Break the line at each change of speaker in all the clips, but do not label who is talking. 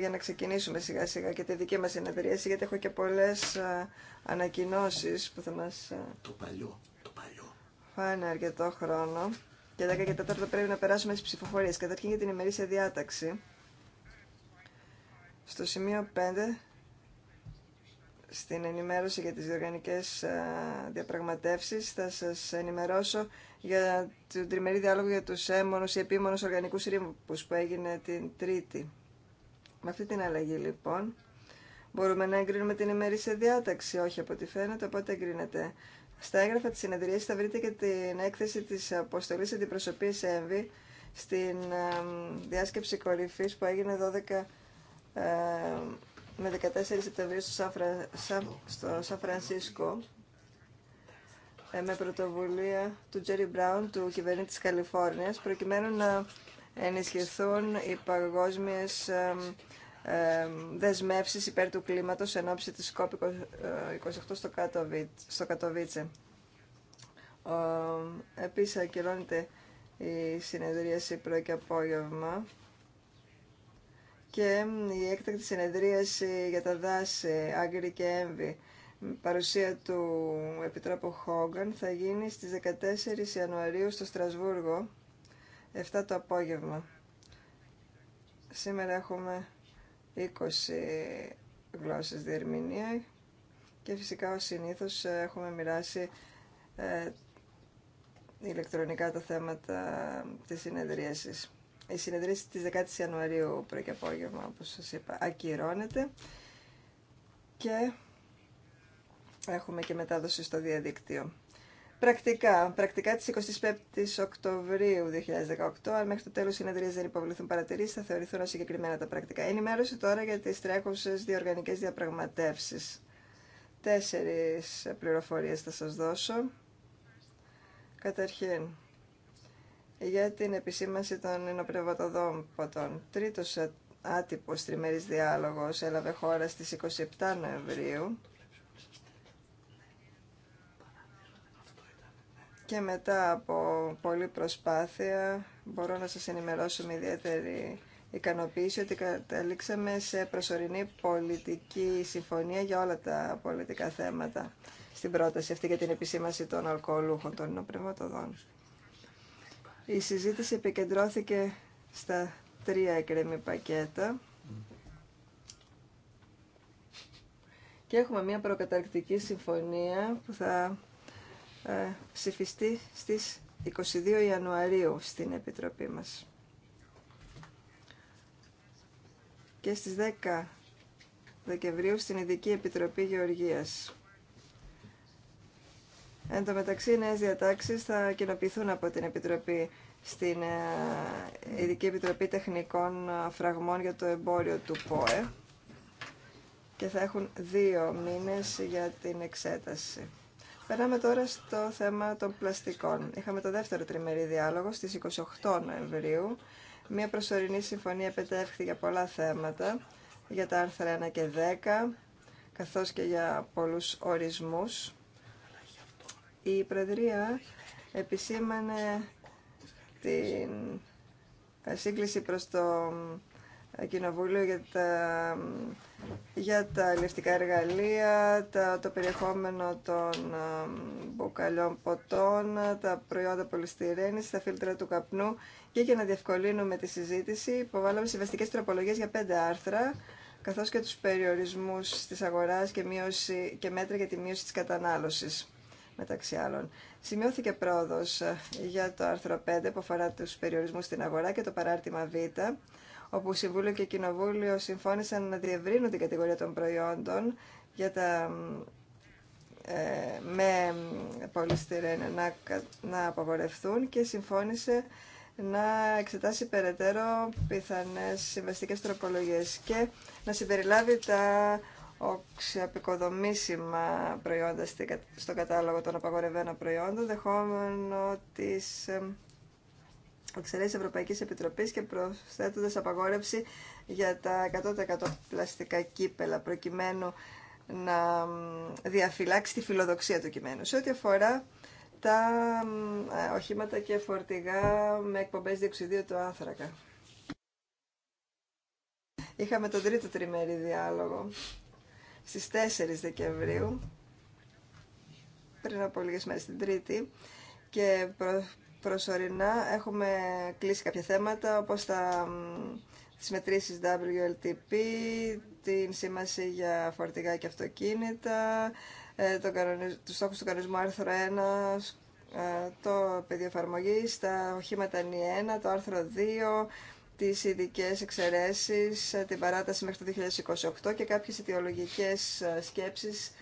για να ξεκινήσουμε σιγά σιγά και τη δική μας συνεδρίαση, γιατί έχω και πολλές ε, ανακοινώσεις που θα μας... Ε,
το παλιό, το παλιό.
Φάνε αρκετό χρόνο. Και 10 και 4 πρέπει να περάσουμε στις ψηφοφορίες. Καταρχήν για την ημερήσια διάταξη. Στο σημείο 5, στην ενημέρωση για τις διοργανικές ε, διαπραγματεύσεις, θα σας ενημερώσω για τον τριμερή διάλογο για τους έμμονους ή επίμονους οργανικούς ρήμπους που έγινε την Τρίτη. Με αυτή την αλλαγή λοιπόν μπορούμε να εγκρίνουμε την ημέρη σε διάταξη, όχι από ό,τι φαίνεται, οπότε εγκρίνεται. Στα έγγραφα της συνεδρίας θα βρείτε και την έκθεση της αποστολής αντιπροσωπής ΕΜΒΗ στην διάσκεψη κορυφής που έγινε 12 με 14 Σεπτεμβρίου στο Σαν Φρανσίσκο ε, με πρωτοβουλία του Τζέρι Μπράουν, του κυβερνήτη της Καλιφόρνιας, προκειμένου να ενισχυθούν οι παγκόσμιες δεσμεύσεις υπέρ του κλίματος εν ώψη της COP28 στο, στο Κατοβίτσε. Επίσης ακυρώνεται η συνεδρίαση πρωί και απόγευμα και η έκτακτη συνεδρίαση για τα δάση, Άγκρη και Έμβη, παρουσία του Επιτρόπου Χόγκαν, θα γίνει στις 14 Ιανουαρίου στο Στρασβούργο, 7 το απόγευμα. Σήμερα έχουμε 20 γλώσσες διερμηνία και φυσικά ως συνήθως έχουμε μοιράσει ε, ηλεκτρονικά τα θέματα της συνεδρίασης. Η συνεδρίαση της 10ης Ιανουαρίου πριν και απόγευμα, όπως σας είπα, ακυρώνεται και έχουμε και μετάδοση στο διαδίκτυο. Πρακτικά, πρακτικά τη 25 η Οκτωβρίου 2018, αν μέχρι το τέλος συνεδρίε δεν υποβληθούν παρατηρήσει, θα θεωρηθούν συγκεκριμένα τα πρακτικά. Ενημέρωση τώρα για τις τρέχουσες διοργανικέ διαπραγματεύσεις. Τέσσερι πληροφορίε θα σας δώσω. Καταρχήν, για την επισήμανση των ενοπνευματοδόμποτων. Τρίτο άτυπο τριμερή διάλογο έλαβε χώρα στι 27 Νοεμβρίου και μετά από πολλή προσπάθεια μπορώ να σας ενημερώσω με ιδιαίτερη ικανοποίηση ότι καταλήξαμε σε προσωρινή πολιτική συμφωνία για όλα τα πολιτικά θέματα στην πρόταση αυτή για την επισήμαση των αλκοολούχων των νοπνευματοδών. Η συζήτηση επικεντρώθηκε στα τρία εκκρεμή πακέτα και έχουμε μια προκαταρκτική συμφωνία που θα ε, ψηφιστεί στις 22 Ιανουαρίου στην Επιτροπή μας. Και στις 10 Δεκεμβρίου στην Ειδική Επιτροπή Γεωργίας. Εν τω μεταξύ, οι θα κοινοποιηθούν από την Επιτροπή στην ε, Ειδική Επιτροπή Τεχνικών Φραγμών για το εμπόριο του ΠΟΕ και θα έχουν δύο μήνες για την εξέταση περάμε τώρα στο θέμα των πλαστικών. Είχαμε το δεύτερο τριμερή διάλογο στις 28 Νοεμβρίου. Μια προσωρινή συμφωνία επετεύχθη για πολλά θέματα, για τα άρθρα 1 και 10, καθώς και για πολλούς ορισμούς. Η Προεδρία επισήμανε την σύγκληση προς το Κοινοβούλιο για τα, για τα λευτικά εργαλεία, το περιεχόμενο των μπουκαλιών ποτών, τα προϊόντα πολυστηρένης, τα φίλτρα του καπνού και για να διευκολύνουμε τη συζήτηση υποβάλαμε συμβαστικές τροπολογίες για πέντε άρθρα καθώς και τους περιορισμούς της αγοράς και, μείωση, και μέτρα για τη μείωση της κατανάλωσης μεταξύ άλλων. Σημειώθηκε πρόοδος για το άρθρο 5 που αφορά τους περιορισμούς στην αγορά και το παράρτημα Β όπου Συμβούλιο και Κοινοβούλιο συμφώνησαν να διευρύνουν την κατηγορία των προϊόντων για τα, ε, με πολυστηρένα να, να απαγορευτούν και συμφώνησε να εξετάσει περαιτέρω πιθανές συμβαστικές τροπολογίες και να συμπεριλάβει τα οξιαπικοδομήσιμα προϊόντα στο κατάλογο των απαγορευμένων προϊόντων, δεχόμενο τις ε, εξαιρέσει Ευρωπαϊκή Επιτροπή και προσθέτοντα απαγόρευση για τα 100% πλαστικά κύπελα προκειμένου να διαφυλάξει τη φιλοδοξία του κειμένου. Σε ό,τι αφορά τα ε, οχήματα και φορτηγά με εκπομπές διοξιδίου του άνθρακα. Είχαμε τον τρίτο τριμέρι διάλογο στις 4 Δεκεμβρίου, πριν από λίγες μέρες την Τρίτη, και Προσωρινά έχουμε κλείσει κάποια θέματα όπως τα, τις μετρήσεις WLTP, την σήμαση για φορτηγά και αυτοκίνητα, ε, το κανονισ... τους στόχους του κανονισμού άρθρο 1, ε, το πεδίο εφαρμογή, τα οχήματα νη 1, το άρθρο 2, τις ειδικέ εξαιρέσει, ε, την παράταση μέχρι το 2028 και κάποιες αιτιολογικές σκέψεις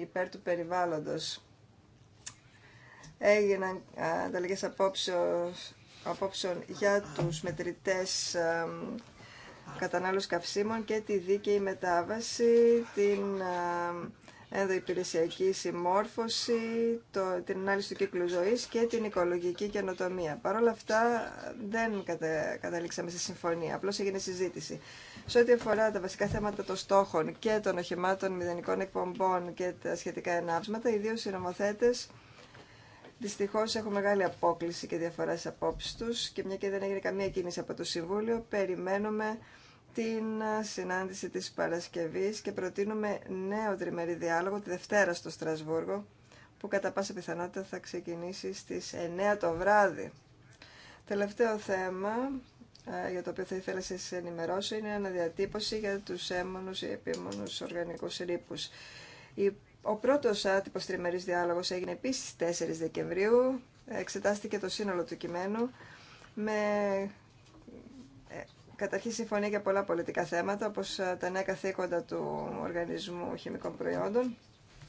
υπέρ του περιβάλλοντος έγιναν ανταλλαγές απόψεων, για τους μετρητές κατανάλωση καυσίμων και τη δίκαιη μετάβαση, την ενδοϊπηρεσιακή συμμόρφωση, το, την ανάλυση του κύκλου ζωής και την οικολογική καινοτομία. Παρ' όλα αυτά δεν κατα, καταλήξαμε σε συμφωνία, απλώς έγινε συζήτηση. Σε ό,τι αφορά τα βασικά θέματα των στόχων και των οχημάτων μηδενικών εκπομπών και τα σχετικά ενάψματα, οι δύο συνομοθέτες Δυστυχώ έχω μεγάλη απόκληση και διαφορά στι απόψει του και μια και δεν έγινε καμία κίνηση από το Συμβούλιο, περιμένουμε την ε, συνάντηση τη παρασκευή και προτείνουμε νέο τριμερή διάλογο τη Δευτέρα στο Στρασβούργο που κατά πάσα πιθανότητα θα ξεκινήσει στι 9 το βράδυ. Τελευταίο θέμα ε, για το οποίο θα ήθελα να σα ενημερώσω είναι αναδιατύπωση για του έμονου η επίμονου Οργανικού ρήπου. Ο πρώτο άτυπο τριμερής διάλογο έγινε επίση 4 Δεκεμβρίου. Εξετάστηκε το σύνολο του κειμένου με ε, καταρχήν συμφωνία για πολλά πολιτικά θέματα, όπως ε, τα νέα καθήκοντα του Οργανισμού Χημικών Προϊόντων.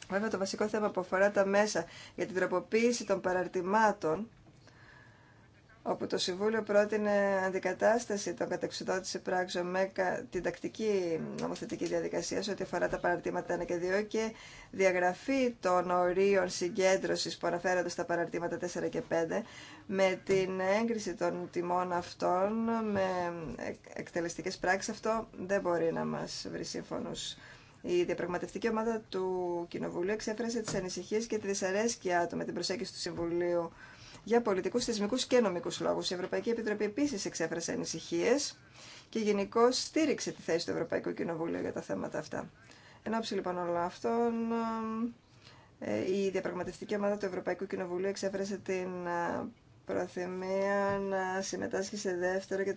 Βέβαια, το βασικό θέμα που αφορά τα μέσα για την τροποποίηση των παραρτημάτων όπου το Συμβούλιο πρότεινε αντικατάσταση των κατεξουδότηση πράξεων με την τακτική νομοθετική διαδικασία σε ό,τι αφορά τα παραρτήματα 1 και 2 και διαγραφή των ορίων συγκέντρωσης που αναφέρονται στα παραρτήματα 4 και 5 με την έγκριση των τιμών αυτών με εκτελεστικές πράξεις αυτό δεν μπορεί να μας βρει σύμφωνο. Η διαπραγματευτική ομάδα του Κοινοβουλίου εξέφρασε τις ανησυχίες και τη δυσαρέσκειά του με την προσέγγιση του Συμβουλίου για πολιτικού θεσμικού και νομικού λόγου. Η Ευρωπαϊκή Επιτροπή επίση εξέφρασε ανησυχίε και γενικώ στήριξε τη θέση του Ευρωπαϊκού Κοινοβουλίου για τα θέματα αυτά. Εν ώψη λοιπόν όλων αυτών, ε, η διαπραγματευτική ομάδα του Ευρωπαϊκού Κοινοβουλίου εξέφρασε την ε, προθυμία να συμμετάσχει σε δεύτερο και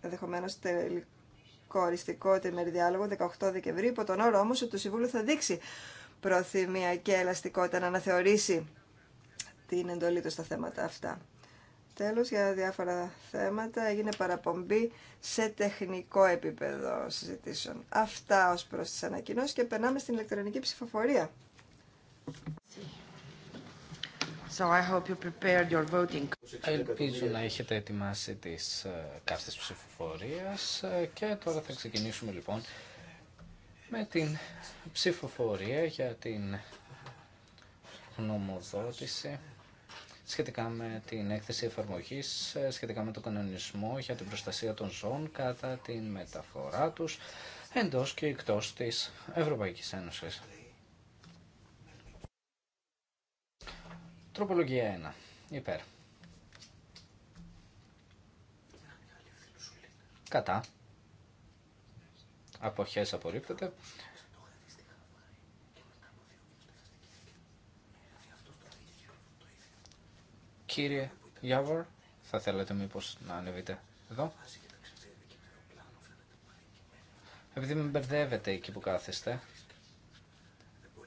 ενδεχομένω τελικό οριστικό τεμερι διάλογο 18 Δεκεμβρίου, υπό τον όρο όμω ότι το Συμβούλιο θα δείξει προθυμία και ελαστικότητα να αναθεωρήσει είναι εντολή του στα θέματα αυτά. Τέλος, για διάφορα θέματα έγινε παραπομπή σε τεχνικό επίπεδο συζητήσεων. Αυτά ως προς τις ανακοινώσεις και περνάμε στην ηλεκτρονική ψηφοφορία. So I hope you prepared your voting. Ελπίζω να
έχετε ετοιμάσει τις ε, κάρτες ψηφοφορίας ε, και τώρα θα ξεκινήσουμε λοιπόν με την ψηφοφορία για την γνωμοδότηση σχετικά με την έκθεση εφαρμογής, ε, σχετικά με τον κανονισμό για την προστασία των ζώων κατά την μεταφορά τους εντός και εκτός της Ευρωπαϊκής Ένωσης. Τροπολογία 1. Υπέρ. Κατά. Αποχές απορρίπτεται. Κύριε Γιάβορ, θα θέλατε μήπως να ανεβείτε εδώ. Επειδή με μπερδεύετε εκεί που κάθεστε.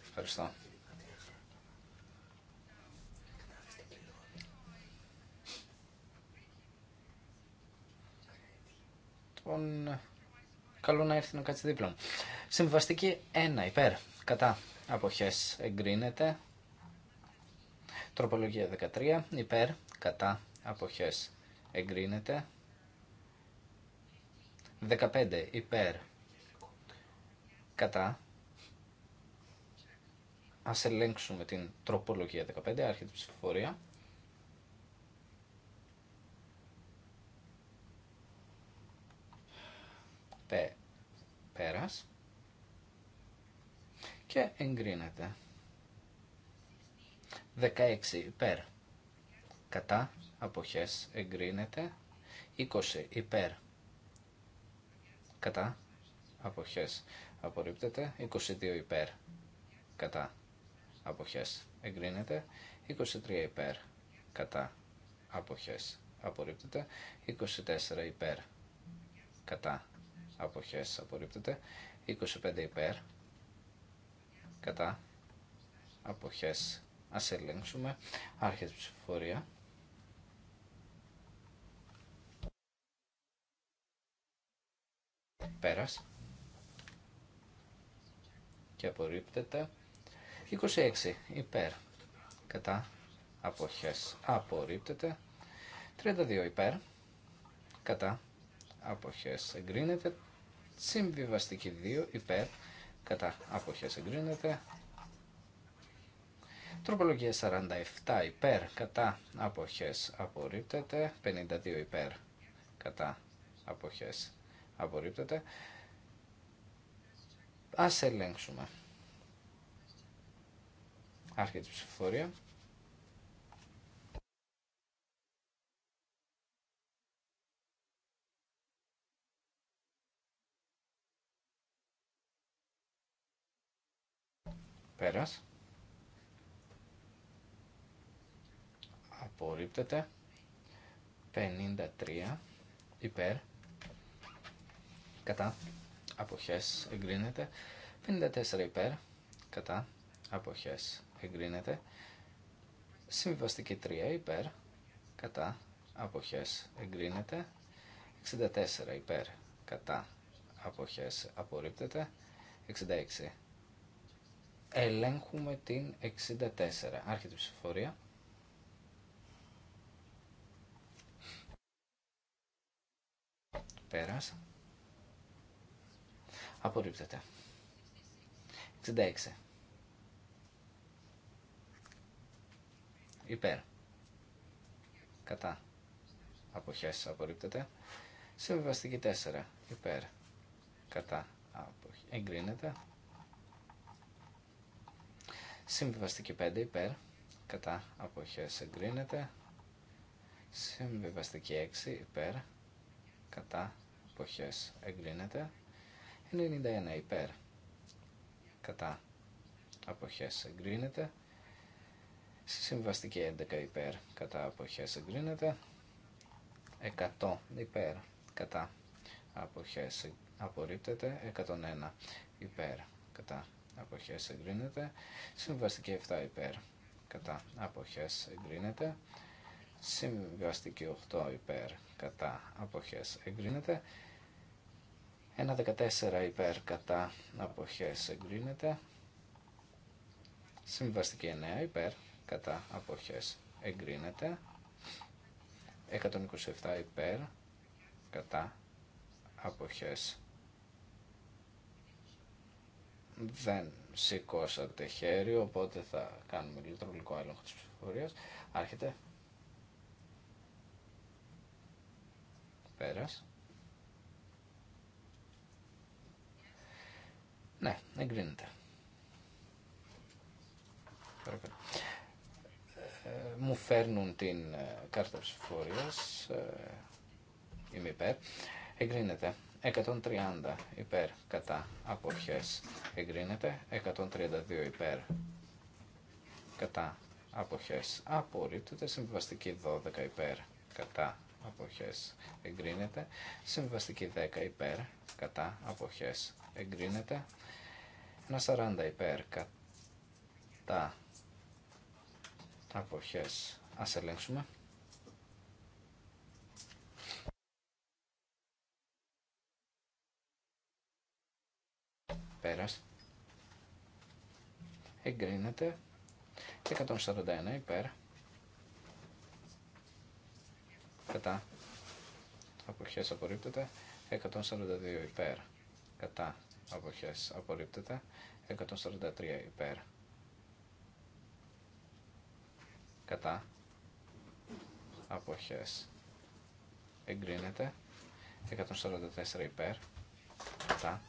Ευχαριστώ. Τον λοιπόν, καλό να έρθει να κάτσει δίπλα μου. Συμβαστική 1 υπέρ, κατά αποχές εγκρίνεται. Τροπολογία 13. Υπέρ, κατά, αποχές. Εγκρίνεται. 15. Υπέρ, κατά. Ας ελέγξουμε την τροπολογία 15, άρχεται η ψηφοφορία. Πε, πέρας. Και εγκρίνεται. 16 υπέρ κατά αποχές εγκρίνεται 20 υπέρ κατά αποχές απορρίπτεται 22 υπέρ κατά αποχές εγκρίνεται 23 υπέρ κατά αποχές απορρίπτεται 24 υπέρ κατά αποχές απορρίπτεται 25 υπέρ κατά αποχές Ας ελέγξουμε. Άρχες ψηφοφορία. Πέρας. Και απορρίπτεται. 26 υπέρ. Κατά αποχές. Απορρίπτεται. 32 υπέρ. Κατά αποχές. Εγκρίνεται. Συμβιβαστική 2 υπέρ. Κατά αποχές εγκρίνεται. Τροπολογία 47 υπέρ κατά αποχές απορρίπτεται. 52 υπέρ κατά αποχές απορρίπτεται. Ας ελέγξουμε. Άρχεται η ψηφοφορία. Πέρας. απορρίπτεται 53 υπέρ κατά αποχές εγκρίνεται 54 υπέρ κατά αποχές εγκρίνεται συμβιβαστική 3 υπέρ κατά αποχές εγκρίνεται 64 υπέρ κατά αποχές απορρίπτεται 66 ελέγχουμε την 64 άρχεται η ψηφορία Πέρας. Απορρίπτεται. 66. Υπέρ. Κατά. Αποχές απορρίπτεται. Συμβιβαστική 4. Υπέρ. Κατά. Εγκρίνεται. Συμβιβαστική 5. Υπέρ. Κατά. Αποχές εγκρίνεται. Συμβιβαστική 6. Υπέρ. Κατά αποχές εγκρίνεται 91 υπέρ κατά αποχές εγκρίνεται συμβαστική 11 υπέρ κατά αποχές εγκρίνεται 100 υπέρ κατά αποχές απορρίπτεται 101 υπέρ κατά αποχές εγκρίνεται συμβαστική 7 υπέρ κατά αποχές εγκρίνεται συμβαστική 8 υπέρ κατά αποχές εγκρίνεται 1.14 υπέρ κατά αποχές εγκρίνεται. Συμβαστική 9 υπέρ κατά αποχές εγκρίνεται. 127 υπέρ κατά αποχές δεν σηκώσατε χέρι οπότε θα κάνουμε ηλεκτρονικό έλεγχο της ψηφοφορίας άρχεται πέρας Ναι, εγκρίνεται. Ε, μου φέρνουν την ε, κάρτα ψηφορίας. Ε, είμαι υπέρ. Εγκρίνεται. 130 υπέρ κατά αποχές εγκρίνεται. 132 υπέρ κατά αποχές απορρίπτεται. Συμβιβαστική 12 υπέρ κατά αποχές εγκρίνεται. Συμβαστική 10 υπέρ κατά αποχές εγκρίνεται. Ένα 40 υπέρ κατά αποχές ας ελέγξουμε. Πέρας. Εγκρίνεται. 141 υπέρ κατά αποχές απορρίπτεται 142 υπέρ κατά αποχές απορρίπτεται 143 υπέρ κατά αποχές εγκρίνεται 144 υπέρ κατά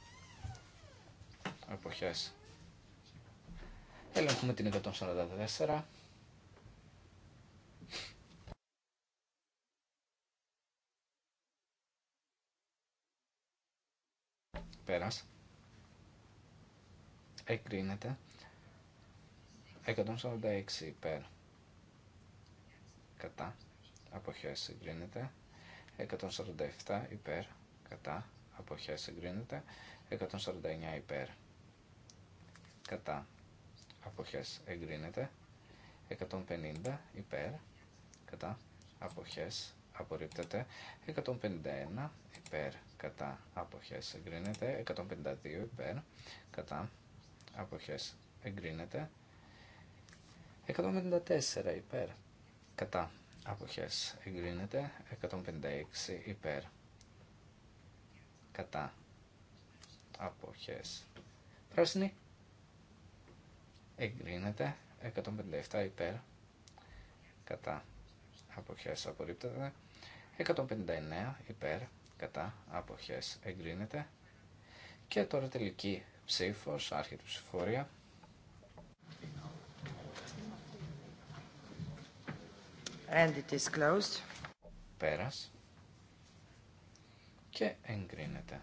αποχές ελέγχουμε την 144 Πέρας. Εκρίνεται. 146 υπέρ. Κατά. Αποχές εγκρίνεται. 147 υπέρ. Κατά. Αποχές εγκρίνεται. 149 υπέρ. Κατά. Αποχές εγκρίνεται. 150 υπέρ. Κατά. Αποχές απορρίπτεται. 151 υπέρ κατά αποχές εγκρίνεται. 152 υπέρ κατά αποχές εγκρίνεται. 154 υπέρ κατά αποχές εγκρίνεται. 156 υπέρ κατά αποχές πράσινη εγκρίνεται. 157 υπέρ κατά αποχές απορρίπτεται. 159 υπέρ κατά αποχές εγκρίνεται και τώρα τελική ψήφος, άρχιτη ψηφορία. And it is closed. Πέρας. Και εγκρίνεται.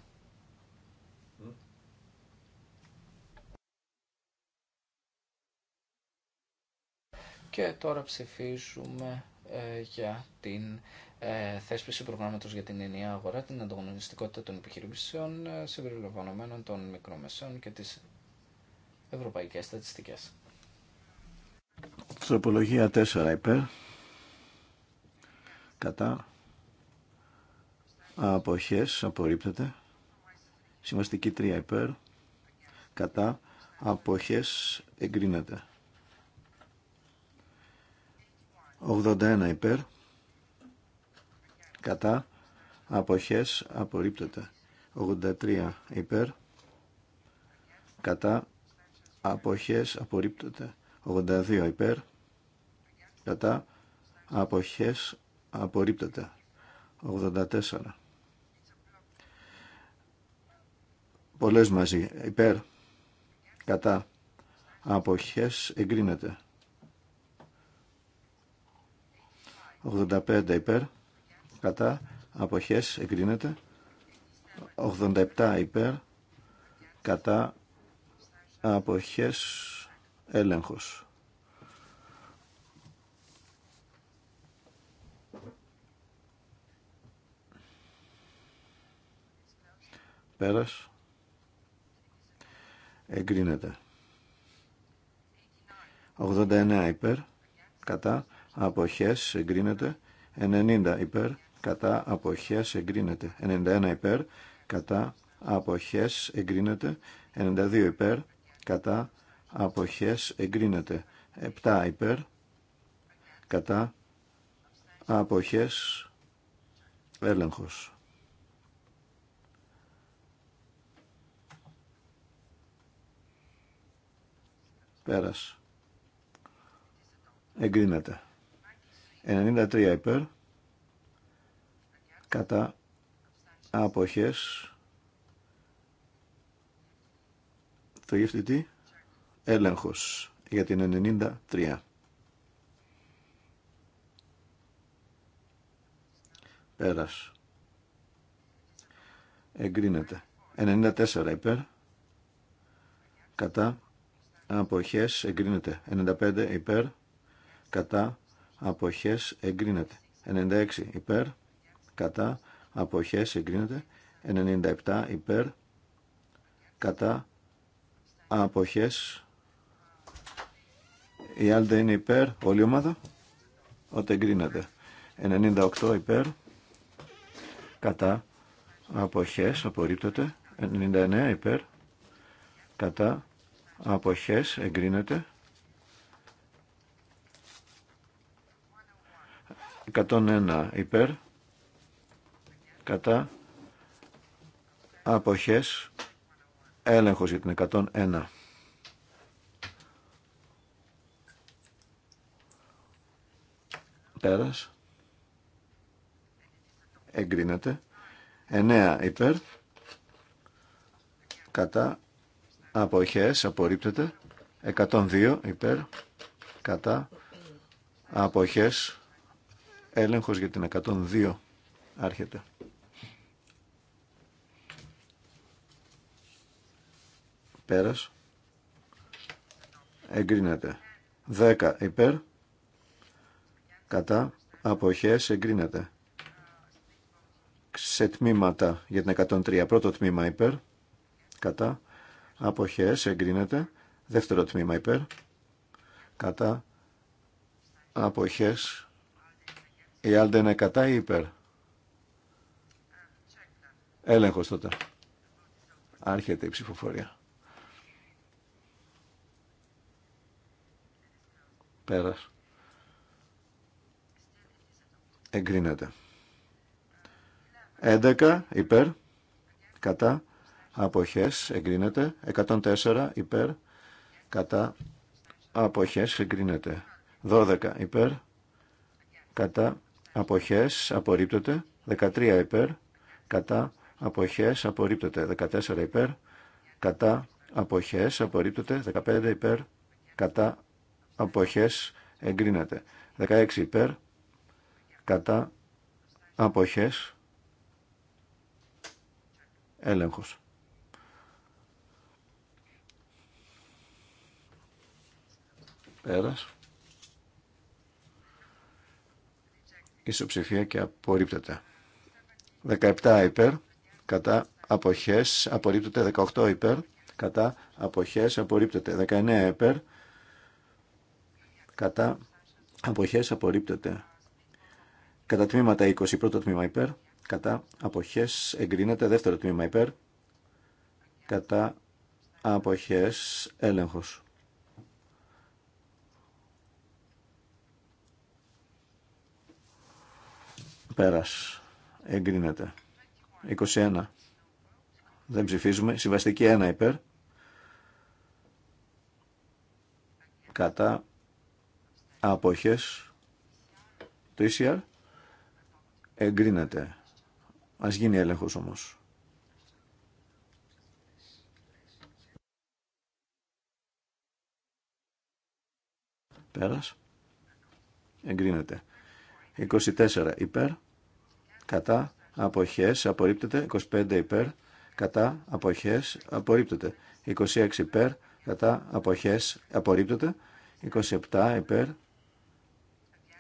Και τώρα ψηφίζουμε ε, για την ε, θέσπιση προγράμματο για την ενιαία αγορά, την ανταγωνιστικότητα των επιχειρήσεων, ε, συμπεριλαμβανομένων των μικρομεσαίων και τις ευρωπαϊκές στατιστικές.
Τροπολογία 4 υπέρ. Κατά. Αποχέ. Απορρίπτεται. Σημαστική 3 υπέρ. Κατά. Αποχέ. Εγκρίνεται. 81 υπέρ κατά αποχές απορρίπτεται 83 υπέρ κατά αποχές απορρίπτεται 82 υπέρ κατά αποχές απορρίπτεται 84 πολλές μαζί υπέρ κατά αποχές εγκρίνεται 85 υπέρ, κατά, αποχές, εγκρίνεται. 87 υπέρ, κατά, αποχές, έλεγχος. Πέρας, εγκρίνεται. 89 υπέρ, κατά, αποχές εγκρίνεται 90 υπέρ κατά αποχές εγκρίνεται 91 υπέρ κατά αποχές εγκρίνεται 92 υπέρ κατά αποχές εγκρίνεται 7 υπέρ κατά αποχές έλεγχος πέρας εγκρίνεται 93 υπέρ κατά αποχές το γεφτητή έλεγχος για την 93 πέρας εγκρίνεται 94 υπέρ κατά αποχές εγκρίνεται 95 υπέρ κατά αποχές εγκρίνεται. 96 υπέρ, κατά, αποχές εγκρίνεται. 97 υπέρ, κατά, αποχές. Η άλλη είναι υπέρ, όλη η ομάδα, ότι εγκρίνεται. 98 υπέρ, κατά, αποχές, απορρίπτεται. 99 υπέρ, κατά, αποχές εγκρίνεται. 101 υπέρ κατά αποχές έλεγχος για την 101 πέρας εγκρίνεται 9 υπέρ κατά αποχές απορρίπτεται 102 υπέρ κατά αποχές Έλεγχος για την 102 άρχεται. Πέρας. Εγκρίνεται. 10 υπέρ. Κατά. Αποχές εγκρίνεται. Σε τμήματα για την 103. Πρώτο τμήμα υπέρ. Κατά. Αποχές εγκρίνεται. Δεύτερο τμήμα υπέρ. Κατά. Αποχές η άλλη είναι κατά ή υπέρ. Έλεγχος τότε. Άρχεται η υπερ ελεγχο τοτε Πέρας. Εγκρίνεται. 11 υπέρ. Κατά. Αποχές. Εγκρίνεται. 104 υπέρ. Κατά. Αποχές. Εγκρίνεται. 12 υπέρ. Κατά αποχές απορρίπτεται 13 υπέρ κατά αποχές απορρίπτεται 14 υπέρ κατά αποχές απορρίπτεται 15 υπέρ κατά αποχές εγκρίνεται 16 υπέρ κατά αποχές έλεγχος πέρας Ισοψηφία και απορρίπτεται. 17 υπέρ. Κατά αποχές απορρίπτεται. 18 υπέρ. Κατά αποχές απορρίπτεται. 19 υπέρ. Κατά αποχές απορρίπτεται. Κατά τμήματα 20. Πρώτο τμήμα υπέρ. Κατά αποχές εγκρίνεται. Δεύτερο τμήμα υπέρ. Κατά αποχές έλεγχος. Πέρας. Εγκρίνεται. 21. Δεν ψηφίζουμε. Συμβαστική 1 υπέρ. Κατά αποχές. Το ECR εγκρίνεται. Ας γίνει έλεγχος όμως. Πέρας. Εγκρίνεται. 24 υπέρ, κατά, αποχές, απορρίπτεται. 25 υπέρ, κατά, αποχές, απορρίπτεται. 26 υπέρ, κατά, αποχές, απορρίπτεται. 27 υπέρ,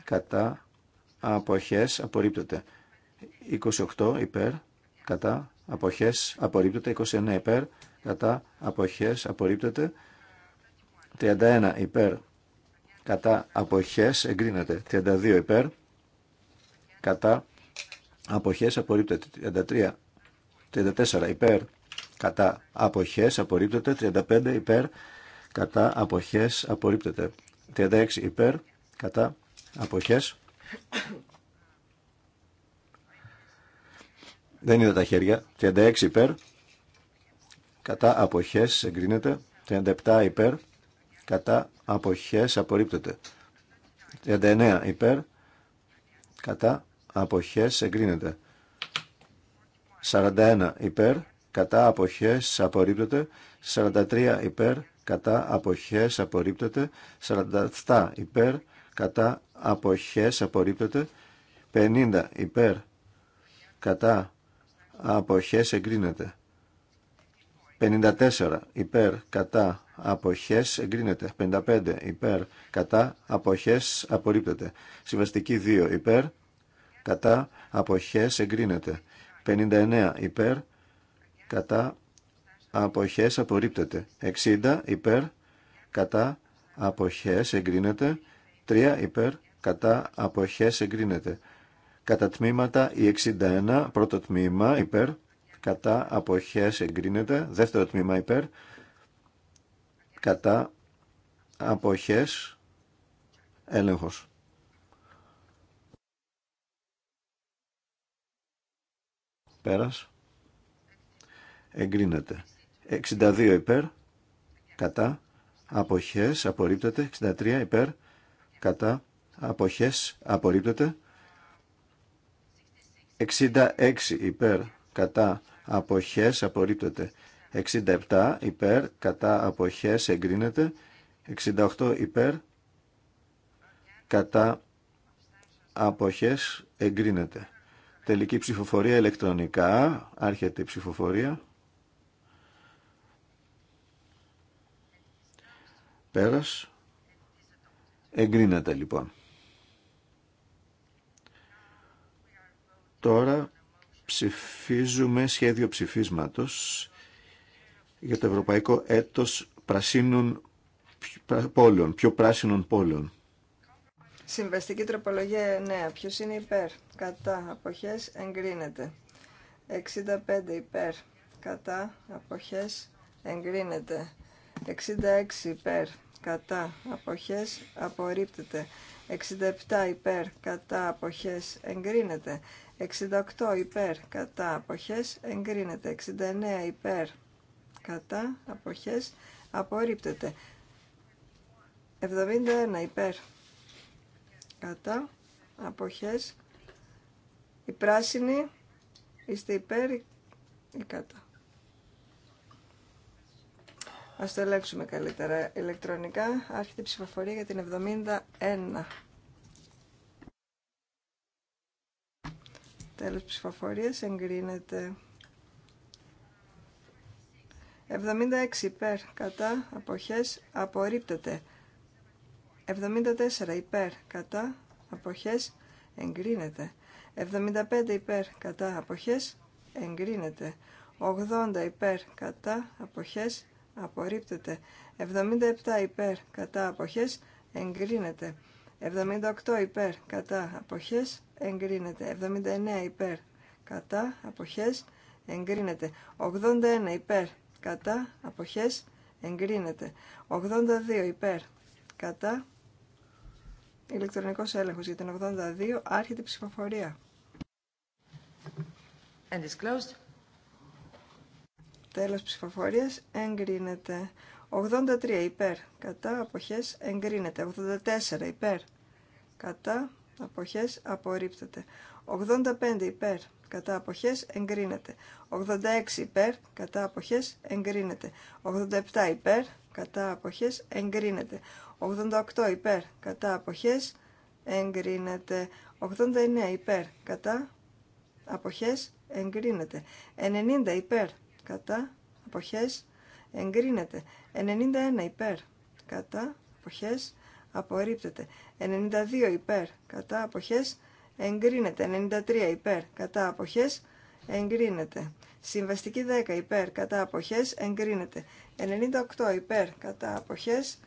κατά, αποχές, απορρίπτεται. 28 υπέρ, κατά, αποχές, απορρίπτεται. 29 υπέρ, κατά, αποχές, απορρίπτεται. 31 υπέρ, κατά, αποχές, εγκρίνεται. 32 υπέρ, κατά αποχές απορρίπτεται 33 34 υπέρ κατά αποχές απορρίπτεται 35 υπέρ κατά αποχές απορρίπτεται 36 υπέρ κατά αποχές δεν είδα τα χέρια 36 υπέρ κατά αποχές εγκρίνεται 37 υπέρ κατά αποχές απορρίπτεται 39 υπέρ κατά αποχές εγκρίνεται. 41 υπέρ, κατά αποχές απορρίπτεται. 43 υπέρ, κατά αποχές απορρίπτεται. 47 υπέρ, κατά αποχές απορρίπτεται. 50 υπέρ, κατά αποχές εγκρίνεται. 54 υπέρ κατά αποχές εγκρίνεται. 55 υπέρ κατά αποχές απορρίπτεται. Συμβαστική 2 υπέρ κατά αποχές εγκρίνεται. 59 υπέρ κατά αποχές απορρίπτεται. 60 υπέρ κατά αποχές εγκρίνεται. 3 υπέρ κατά αποχές εγκρίνεται. Κατά τμήματα η 61 πρώτο τμήμα υπέρ κατά αποχές εγκρίνεται. Δεύτερο τμήμα υπέρ κατά αποχές έλεγχος. Πέρας. Εγκρίνεται. 62 υπέρ. Κατά. Αποχές. Απορρίπτεται. 63 υπέρ. Κατά. Αποχές. Απορρίπτεται. 66 υπέρ. Κατά. Αποχές. Απορρίπτεται. 67 υπέρ. Κατά. Αποχές. Εγκρίνεται. 68 υπέρ. Κατά. Αποχές. Εγκρίνεται. Τελική ψηφοφορία ηλεκτρονικά. Άρχεται η ψηφοφορία. Πέρας. Εγκρίνεται λοιπόν. Τώρα ψηφίζουμε σχέδιο ψηφίσματος για το Ευρωπαϊκό Έτος Πρασίνων Πόλεων, πιο πράσινων πόλεων.
Συμβαστική τροπολογία 9. Ποιο είναι υπέρ. Κατά. απόχέ Εγκρίνεται. 65 υπέρ. Κατά. απόχέ. Εγκρίνεται. 66 υπέρ. Κατά. απόχέ, Απορρίπτεται. 67 υπέρ. Κατά. απόχέ Εγκρίνεται. 68 υπέρ. Κατά. Αποχέ. Εγκρίνεται. 69 υπέρ. Κατά. απόχέ. Απορρίπτεται. 71 υπέρ κατά, αποχές. Η πράσινη είστε υπέρ ή κατά. Ας το ελέγξουμε καλύτερα ηλεκτρονικά. Άρχεται η ψηφοφορία για την 71. Τέλος ψηφοφορίας εγκρίνεται. 76 υπέρ κατά αποχές απορρίπτεται. 74 υπέρ κατά αποχές εγκρίνεται. 75 υπέρ κατά αποχές εγκρίνεται. 80 υπέρ κατά αποχές απορρίπτεται. 77 υπέρ κατά αποχές εγκρίνεται. 78 υπέρ κατά αποχές εγκρίνεται. 79 υπέρ κατά αποχές εγκρίνεται. 81 υπέρ κατά αποχές εγκρίνεται. 82 υπέρ κατά Ηλεκτρονικός έλεγχος για την 82 άρχεται η ψηφοφορία. And ψηφοφορία. Τέλος ψηφοφορίας εγκρίνεται. 83 υπέρ. Κατά αποχές εγκρίνεται. 84 υπέρ. Κατά αποχές απορρίπτεται. 85 υπέρ. Κατά αποχές εγκρίνεται. 86 υπέρ. Κατά αποχές εγκρίνεται. 87 υπέρ. Κατά αποχές εγκρίνεται. 88 υπέρ κατά αποχές εγκρίνεται. 89 υπέρ κατά αποχές εγκρίνεται. 90 υπέρ κατά αποχές εγκρίνεται. 91 υπέρ κατά αποχές απορρίπτεται. 92 υπέρ κατά αποχές εγκρίνεται. 93 υπέρ κατά αποχές εγκρίνεται. Συμβαστική 10 υπέρ κατά αποχές εγκρίνεται. 98 υπέρ κατά αποχές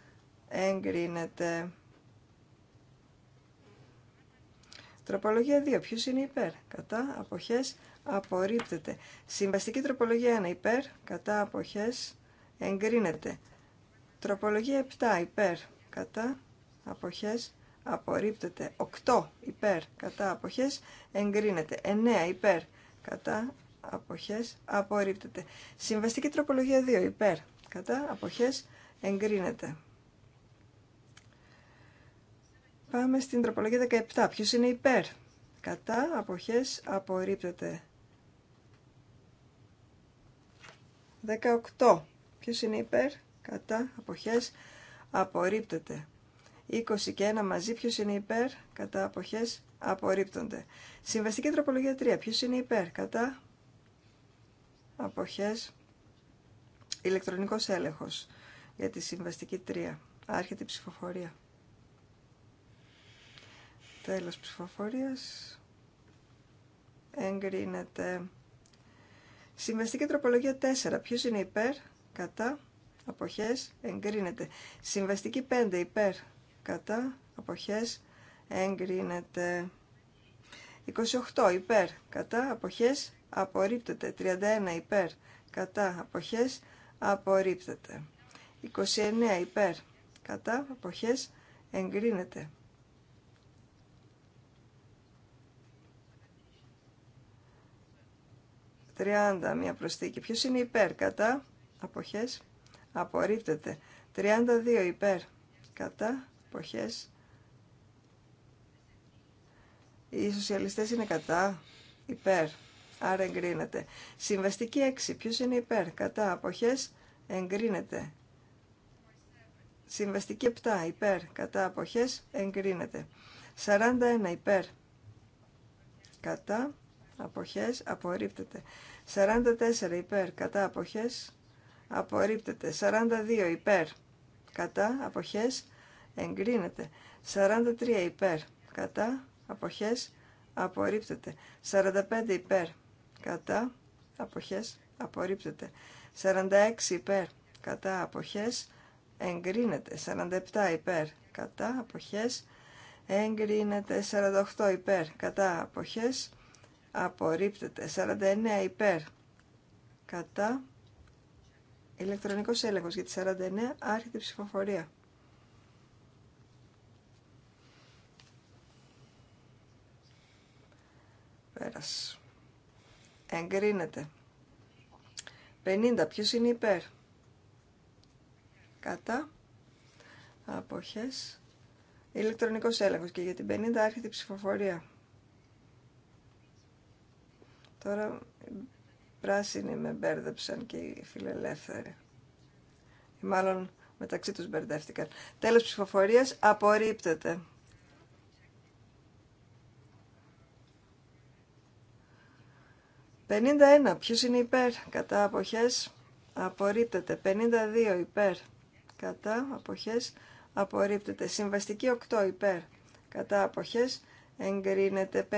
εγκρίνεται. Τροπολογία 2. Ποιος είναι υπέρ, κατά, αποχές, απορρίπτεται. Συμβαστική τροπολογία 1. Υπέρ, κατά, αποχές, εγκρίνεται. Τροπολογία 7. Υπέρ, κατά, αποχές, απορρίπτεται. 8. Υπέρ, κατά, αποχές, εγκρίνεται. 9. Υπέρ, κατά, αποχές, απορρίπτεται. Συμβαστική τροπολογία 2. Υπέρ, κατά, αποχές, εγκρίνεται. Πάμε στην τροπολογία 17. Ποιος είναι υπέρ. Κατά αποχές απορρίπτεται. 18. Ποιος είναι υπέρ. Κατά αποχές απορρίπτεται. 20 και 1 μαζί. Ποιος είναι υπέρ. Κατά αποχές απορρίπτονται. Συμβαστική τροπολογία 3. Ποιος είναι υπέρ. Κατά αποχές ηλεκτρονικός έλεγχος για τη συμβαστική 3. Άρχεται η ψηφοφορία. Τέλος ψηφοφορίας. Εγκρίνεται. Συμβαστική τροπολογία 4. Ποιος είναι υπέρ, κατά, αποχές, εγκρίνεται. Συμβαστική 5. Υπέρ, κατά, αποχές, εγκρίνεται. 28. Υπέρ, κατά, αποχές, απορρίπτεται. 31. Υπέρ, κατά, αποχές, απορρίπτεται. 29. Υπέρ, κατά, αποχές, εγκρίνεται. 30, μια προσθήκη. Ποιο είναι υπέρ, κατά, αποχές, απορρίπτεται. 32 υπέρ, κατά, αποχέ. Οι σοσιαλιστές είναι κατά, υπέρ, άρα εγκρίνεται. Συμβαστική 6, ποιο είναι υπέρ, κατά, απόχέ, εγκρίνεται. Συμβαστική 7, υπέρ, κατά, απόχέ, εγκρίνεται. 41 υπέρ, κατά, αποχές απορρίπτεται. 44 υπέρ κατά αποχές απορρίπτεται. 42 υπέρ κατά αποχές εγκρίνεται. 43 υπέρ κατά αποχές απορρίπτεται. 45 υπέρ κατά αποχές απορρίπτεται. 46 υπέρ κατά αποχές εγκρίνεται. 47 υπέρ κατά αποχές εγκρίνεται. 48 υπέρ κατά αποχές απορρίπτεται 49 υπέρ κατά ηλεκτρονικός έλεγχος για τη 49 άρχεται η ψηφοφορία πέρας εγκρίνεται 50 ποιος είναι υπέρ κατά αποχές ηλεκτρονικός έλεγχος και για την 50 άρχεται η ψηφοφορία Τώρα πράσινοι με μπέρδεψαν και οι φιλελεύθεροι. Μάλλον μεταξύ τους μπερδεύτηκαν. Τέλος ψηφοφορίας απορρίπτεται. «51. Ποιος είναι υπέρ» κατά αποχές απορρίπτεται. «52. Υπέρ» κατά αποχές απορρίπτεται. Συμβαστική 8. Υπέρ κατά αποχές εγκρίνεται.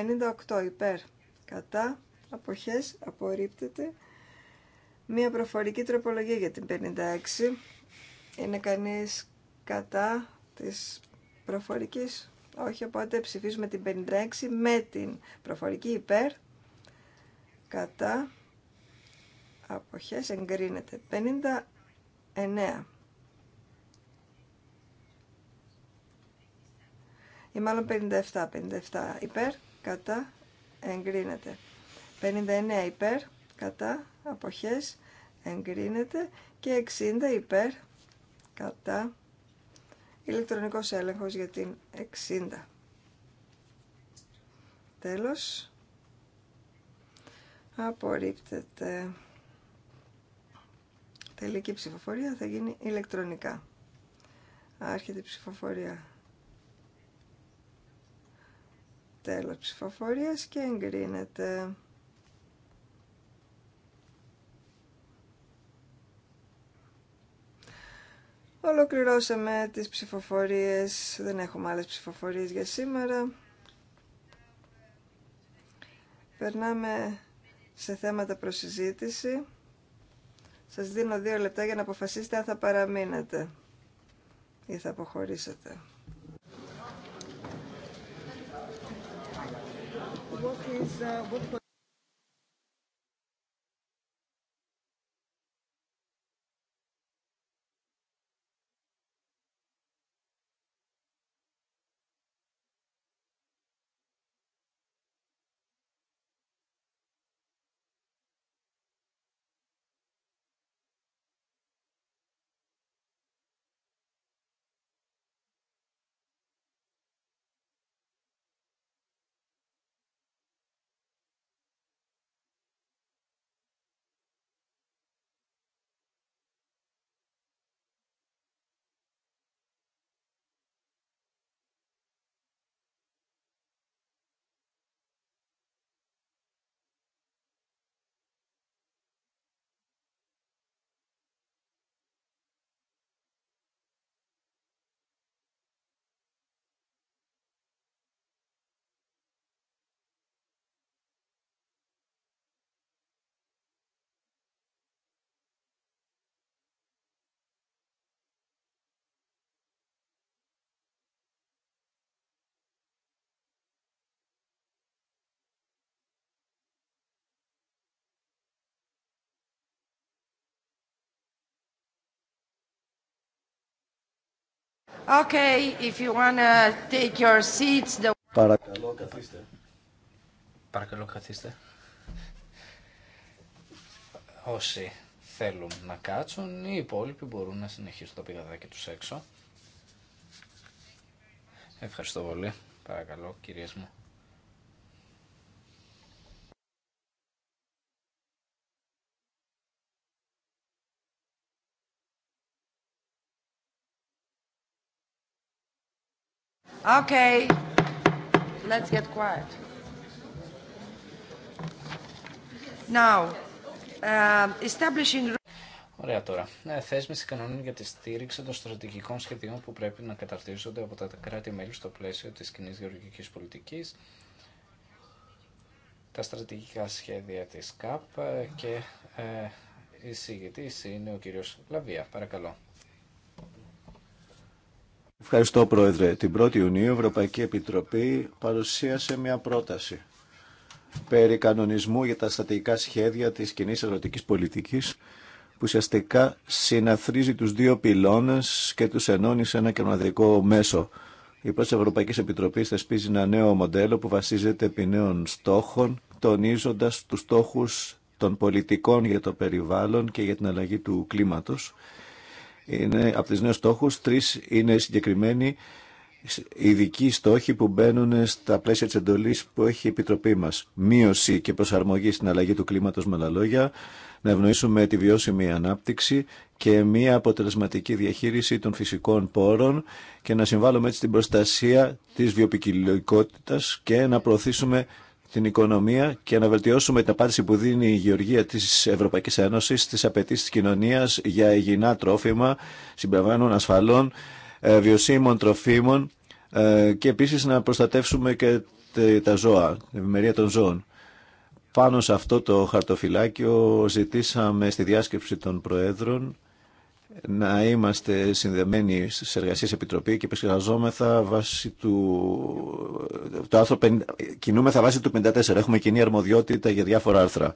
«58. Υπέρ» κατά αποχές απορρίπτεται. Μία προφορική τροπολογία για την 56. Είναι κανείς κατά της προφορικής. Όχι, οπότε ψηφίζουμε την 56 με την προφορική υπέρ. Κατά. Αποχές εγκρίνεται. 59. Ή μάλλον 57. 57 υπέρ. Κατά. Εγκρίνεται. 59 υπέρ, κατά, αποχές, εγκρίνεται και 60 υπέρ, κατά, ηλεκτρονικός έλεγχος για την 60. Τέλος. Απορρίπτεται. Τελική ψηφοφορία θα γίνει ηλεκτρονικά. Άρχεται η ψηφοφορία. Τέλος ψηφοφορίας και εγκρίνεται. Ολοκληρώσαμε τις ψηφοφορίες, δεν έχουμε άλλες ψηφοφορίες για σήμερα. Περνάμε σε θέματα προσυζήτηση. Σας δίνω δύο λεπτά για να αποφασίσετε αν θα παραμείνετε ή θα αποχωρήσετε. Uh, Okay, if you wanna take your seats, the...
Παρακαλώ, καθίστε. Παρακαλώ,
καθίστε. Όσοι θέλουν να κάτσουν, οι υπόλοιποι μπορούν να συνεχίσουν τα πηγαδάκια τους έξω. Ευχαριστώ πολύ. Παρακαλώ, κυρίες μου.
Um,
Ωραία τώρα. Ναι, θέσμιση κανονών για τη στήριξη των στρατηγικών σχεδίων που πρέπει να καταρτίζονται από τα κράτη-μέλη στο πλαίσιο της κοινή γεωργικής πολιτικής, τα στρατηγικά σχέδια της ΚΑΠ ε, και ε, η είναι ο κύριος Λαβία. Παρακαλώ.
Ευχαριστώ, Πρόεδρε. Την 1η Ιουνίου η Ευρωπαϊκή Επιτροπή παρουσίασε μια πρόταση περί κανονισμού για τα στατικά σχέδια της κοινή ερωτικής πολιτικής που ουσιαστικά συναθρίζει τους δύο πυλώνες και τους ενώνει σε ένα κερματικό μέσο. Η τη Ευρωπαϊκή Επιτροπή θεσπίζει ένα νέο μοντέλο που βασίζεται επί νέων στόχων, τονίζοντας τους στόχους των πολιτικών για το περιβάλλον και για την αλλαγή του κλίματος είναι από τις νέους στόχους, τρεις είναι συγκεκριμένοι ειδικοί στόχοι που μπαίνουν στα πλαίσια της εντολής που έχει η Επιτροπή μας. Μείωση και προσαρμογή στην αλλαγή του κλίματος με άλλα λόγια, να ευνοήσουμε τη βιώσιμη ανάπτυξη και μια αποτελεσματική διαχείριση των φυσικών πόρων και να συμβάλλουμε έτσι την προστασία της βιοπικιλικότητας και να προωθήσουμε την οικονομία και να βελτιώσουμε την απάντηση που δίνει η γεωργία της Ευρωπαϊκής Ένωσης της απαιτήσει τη κοινωνίας για υγιεινά τρόφιμα, συμπραγμένων ασφαλών, ε, βιωσίμων τροφίμων ε, και επίσης να προστατεύσουμε και τα ζώα, την ευημερία των ζώων. Πάνω σε αυτό το χαρτοφυλάκιο ζητήσαμε στη διάσκεψη των Προέδρων να είμαστε συνδεμένοι στις εργασίες επιτροπή και επισκευαζόμεθα βάσει του... Το άρθρο Κινούμεθα βάσει του 54. Έχουμε κοινή αρμοδιότητα για διάφορα άρθρα.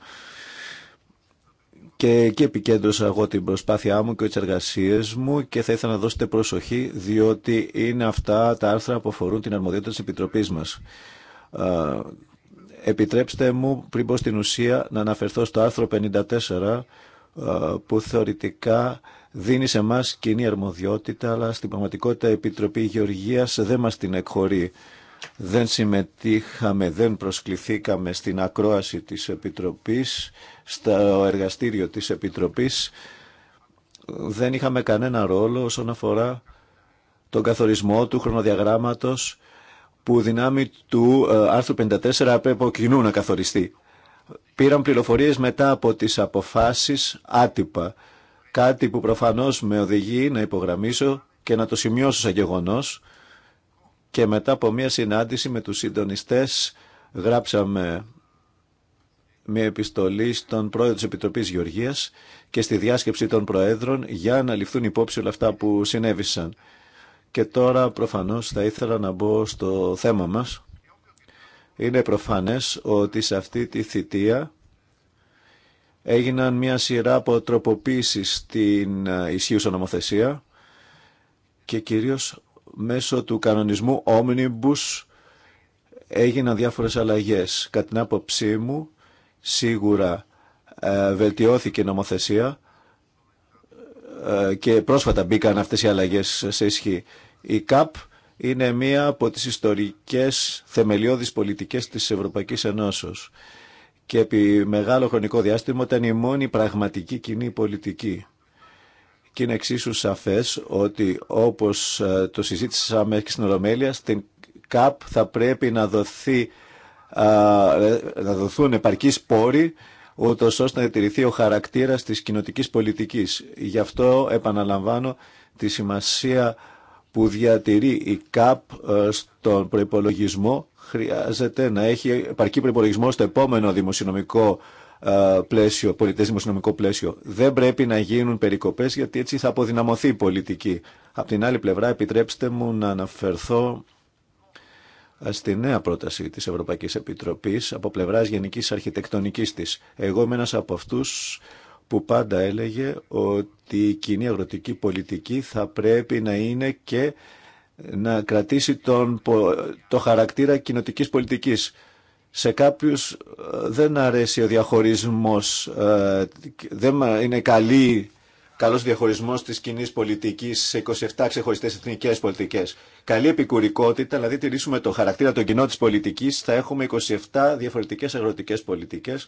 Και εκεί επικέντρωσα εγώ την προσπάθειά μου και τις εργασίες μου και θα ήθελα να δώσετε προσοχή διότι είναι αυτά τα άρθρα που αφορούν την αρμοδιότητα της Επιτροπής μας. Επιτρέψτε μου πριν πω στην ουσία να αναφερθώ στο άρθρο 54 που θεωρητικά δίνει σε εμά κοινή αρμοδιότητα, αλλά στην πραγματικότητα η Επιτροπή Γεωργίας δεν μας την εκχωρεί. Δεν συμμετείχαμε, δεν προσκληθήκαμε στην ακρόαση της Επιτροπής, στο εργαστήριο της Επιτροπής. Δεν είχαμε κανένα ρόλο όσον αφορά τον καθορισμό του χρονοδιαγράμματος που δυνάμει του ε, άρθρου 54 από κοινού να καθοριστεί. Πήραν πληροφορίες μετά από τις αποφάσεις άτυπα Κάτι που προφανώς με οδηγεί να υπογραμμίσω και να το σημειώσω σαν γεγονός και μετά από μια συνάντηση με τους συντονιστές γράψαμε μια επιστολή στον πρόεδρο της Επιτροπής Γεωργίας και στη διάσκεψη των προέδρων για να ληφθούν υπόψη όλα αυτά που συνέβησαν. Και τώρα προφανώς θα ήθελα να μπω στο θέμα μας. Είναι προφανές ότι σε αυτή τη θητεία έγιναν μια σειρά από τροποποίησεις στην ε, ισχύουσα νομοθεσία και κυρίως μέσω του κανονισμού Omnibus έγιναν διάφορες αλλαγές. Κατά την άποψή μου σίγουρα ε, βελτιώθηκε η νομοθεσία ε, και πρόσφατα μπήκαν αυτές οι αλλαγές σε ισχύ. Η ΚΑΠ είναι μία από τις ιστορικές θεμελιώδεις πολιτικές της Ευρωπαϊκής Ενώσεως και επί μεγάλο χρονικό διάστημα ήταν η μόνη πραγματική κοινή πολιτική. Και είναι εξίσου σαφές ότι όπως ε, το συζήτησα μέχρι στην Ολομέλεια, στην ΚΑΠ θα πρέπει να, δοθεί, ε, να δοθούν επαρκείς πόροι ούτω ώστε να διατηρηθεί ο χαρακτήρα τη κοινοτική πολιτική. Γι' αυτό επαναλαμβάνω τη σημασία που διατηρεί η ΚΑΠ ε, στον προπολογισμό χρειάζεται να έχει επαρκή προπολογισμό στο επόμενο δημοσιονομικό ε, πλαίσιο, πολιτές δημοσιονομικό πλαίσιο. Δεν πρέπει να γίνουν περικοπές γιατί έτσι θα αποδυναμωθεί η πολιτική. Απ' την άλλη πλευρά επιτρέψτε μου να αναφερθώ ε, στη νέα πρόταση της Ευρωπαϊκής Επιτροπής από πλευράς γενικής αρχιτεκτονικής της. Εγώ είμαι ένας από αυτούς που πάντα έλεγε ότι η κοινή αγροτική πολιτική θα πρέπει να είναι και να κρατήσει τον, το χαρακτήρα κοινοτικής πολιτικής. Σε κάποιους ε, δεν αρέσει ο διαχωρισμός, ε, δεν είναι καλή, καλός διαχωρισμός της κοινή πολιτικής σε 27 ξεχωριστές εθνικές πολιτικές. Καλή επικουρικότητα, δηλαδή τηρήσουμε το χαρακτήρα των κοινών της πολιτικής, θα έχουμε 27 διαφορετικές αγροτικές πολιτικές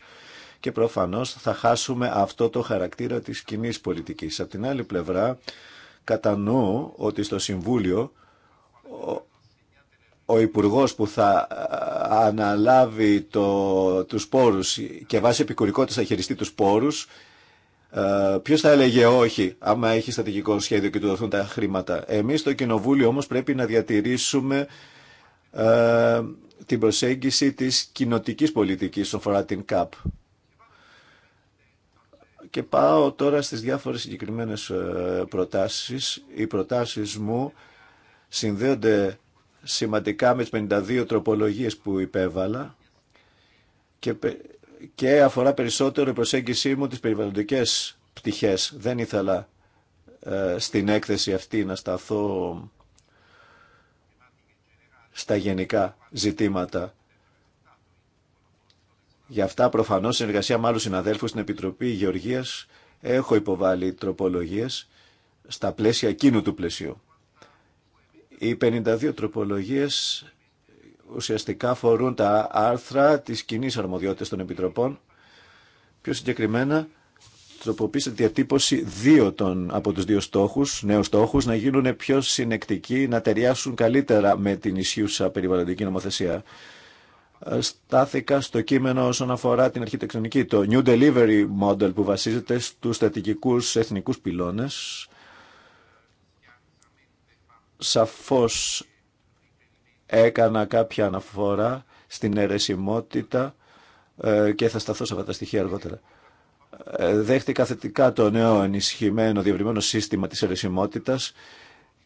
και προφανώς θα χάσουμε αυτό το χαρακτήρα της κοινή πολιτικής. Από την άλλη πλευρά, κατανοώ ότι στο Συμβούλιο ο υπουργός που θα ε, αναλάβει το, τους πόρους και βάσει επικουρικότητας θα χειριστεί τους πόρους, ε, ποιος θα έλεγε όχι άμα έχει στρατηγικό σχέδιο και του δοθούν τα χρήματα. Εμείς το Κοινοβούλιο όμως πρέπει να διατηρήσουμε ε, την προσέγγιση της κοινοτικής πολιτικής όσον αφορά την ΚΑΠ. Και πάω τώρα στις διάφορες συγκεκριμένες προτάσεις. Οι προτάσεις μου συνδέονται σημαντικά με τις 52 τροπολογίες που υπέβαλα και, και αφορά περισσότερο η προσέγγιση μου τις περιβαλλοντικές πτυχές. Δεν ήθελα ε, στην έκθεση αυτή να σταθώ στα γενικά ζητήματα. Γι' αυτά προφανώς συνεργασία με άλλους συναδέλφους στην Επιτροπή Γεωργίας έχω υποβάλει τροπολογίες στα πλαίσια εκείνου του πλαισίου. Οι 52 τροπολογίες ουσιαστικά φορούν τα άρθρα της κοινή αρμοδιότητας των Επιτροπών. Πιο συγκεκριμένα, τροποποίησε τη διατύπωση δύο των, από τους δύο στόχους, νέους στόχους, να γίνουν πιο συνεκτικοί, να ταιριάσουν καλύτερα με την ισχύουσα περιβαλλοντική νομοθεσία. Στάθηκα στο κείμενο όσον αφορά την αρχιτεκτονική, το New Delivery Model που βασίζεται στους στατικικούς εθνικούς πυλώνες, σαφώς έκανα κάποια αναφορά στην αιρεσιμότητα ε, και θα σταθώ σε αυτά τα στοιχεία αργότερα. Ε, δέχτηκα θετικά το νέο ενισχυμένο διευρυμένο σύστημα της αιρεσιμότητας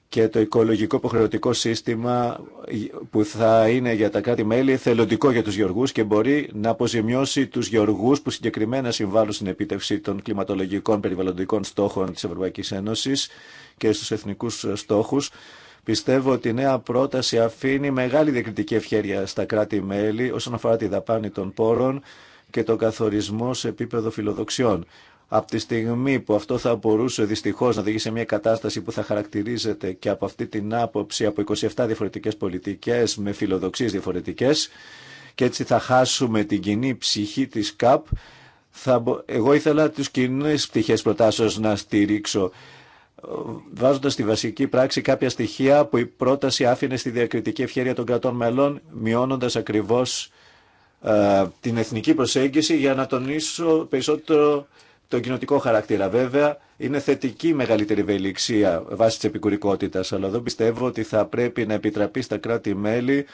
και το οικολογικό υποχρεωτικό σύστημα ε, που θα είναι για τα κράτη-μέλη θελοντικό για τους γεωργούς και μπορεί να αποζημιώσει τους γεωργούς που συγκεκριμένα συμβάλλουν στην επίτευξη των κλιματολογικών περιβαλλοντικών στόχων της Ευρωπαϊκής Ένωσης και στους εθνικούς στόχους Πιστεύω ότι η νέα πρόταση αφήνει μεγάλη διακριτική ευχέρεια στα κράτη-μέλη όσον αφορά τη δαπάνη των πόρων και τον καθορισμό σε επίπεδο φιλοδοξιών. Από τη στιγμή που αυτό θα μπορούσε δυστυχώ να οδηγήσει σε μια κατάσταση που θα χαρακτηρίζεται και από αυτή την άποψη από 27 διαφορετικέ πολιτικέ με φιλοδοξίε διαφορετικέ, και έτσι θα χάσουμε την κοινή ψυχή τη ΚΑΠ. Θα, εγώ ήθελα τι κοινέ πτυχέ προτάσεω να στηρίξω βάζοντας στη βασική πράξη κάποια στοιχεία που η πρόταση άφηνε στη διακριτική ευχαίρεια των κρατών μελών, μειώνοντας ακριβώς ε, την εθνική προσέγγιση για να τονίσω περισσότερο τον κοινοτικό χαρακτήρα. Βέβαια, είναι θετική μεγαλύτερη ευελιξία βάσει τη επικουρικότητα, αλλά εδώ πιστεύω ότι θα πρέπει να επιτραπεί στα κράτη-μέλη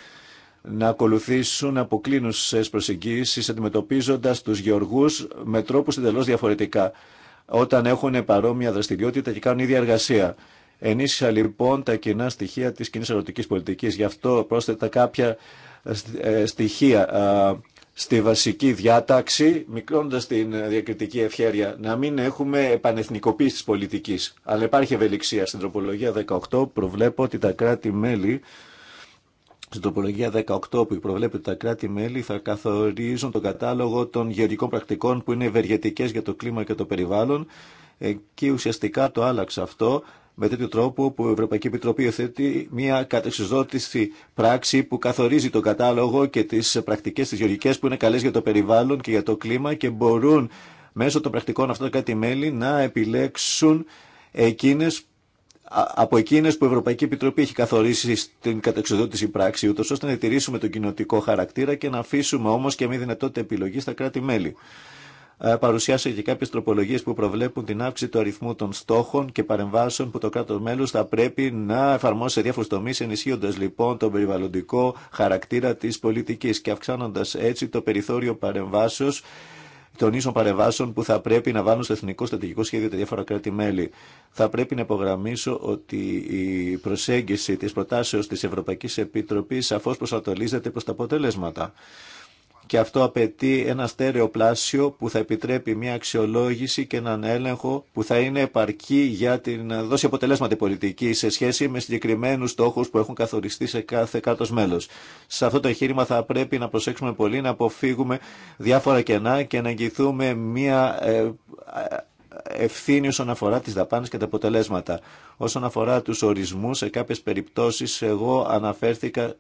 να ακολουθήσουν αποκλίνουσε προσεγγίσει, αντιμετωπίζοντα του γεωργού με τρόπου εντελώ διαφορετικά όταν έχουν παρόμοια δραστηριότητα και κάνουν ίδια εργασία. Ενίσχυσα λοιπόν τα κοινά στοιχεία της κοινή ερωτική πολιτικής. Γι' αυτό πρόσθετα κάποια ε, στοιχεία στη βασική διάταξη, μικρώνοντας την διακριτική ευχέρεια, να μην έχουμε επανεθνικοποίηση της πολιτικής. Αλλά υπάρχει ευελιξία στην τροπολογία 18, προβλέπω ότι τα κράτη-μέλη στην τροπολογία 18 που προβλέπει τα κράτη-μέλη θα καθορίζουν τον κατάλογο των γεωργικών πρακτικών που είναι ευεργετικές για το κλίμα και το περιβάλλον ε, και ουσιαστικά το άλλαξε αυτό με τέτοιο τρόπο που η Ευρωπαϊκή Επιτροπή υιοθέτει μια κατεξοδότηση πράξη που καθορίζει τον κατάλογο και τις πρακτικές τις γεωργικές που είναι καλές για το περιβάλλον και για το κλίμα και μπορούν μέσω των πρακτικών αυτών τα κράτη-μέλη να επιλέξουν εκείνες από εκείνε που η Ευρωπαϊκή Επιτροπή έχει καθορίσει στην κατεξοδότηση πράξη, ούτω ώστε να τηρήσουμε τον κοινοτικό χαρακτήρα και να αφήσουμε όμω και μια δυνατότητα επιλογή στα κράτη-μέλη. Ε, παρουσιάσε και κάποιε τροπολογίε που προβλέπουν την αύξηση του αριθμού των στόχων και παρεμβάσεων που το κράτο μέλο θα πρέπει να εφαρμόσει σε διάφορου τομεί, ενισχύοντα λοιπόν τον περιβαλλοντικό χαρακτήρα τη πολιτική και αυξάνοντα έτσι το περιθώριο παρεμβάσεω των ίσων παρεμβάσεων που θα πρέπει να βάλουν στο εθνικό στρατηγικό σχέδιο τα διάφορα κράτη-μέλη. Θα πρέπει να υπογραμμίσω ότι η προσέγγιση τη προτάσεω τη Ευρωπαϊκή Επιτροπή σαφώ προσανατολίζεται προ τα αποτελέσματα και αυτό απαιτεί ένα στέρεο πλάσιο που θα επιτρέπει μια αξιολόγηση και έναν έλεγχο που θα είναι επαρκή για την δώσει αποτελέσματα πολιτική σε σχέση με συγκεκριμένου στόχου που έχουν καθοριστεί σε κάθε κράτο μέλο. Σε αυτό το εγχείρημα θα πρέπει να προσέξουμε πολύ, να αποφύγουμε διάφορα κενά και να εγγυηθούμε μια ε, ευθύνη όσον αφορά τις δαπάνες και τα αποτελέσματα. Όσον αφορά τους ορισμούς, σε κάποιες περιπτώσεις εγώ αναφέρθηκα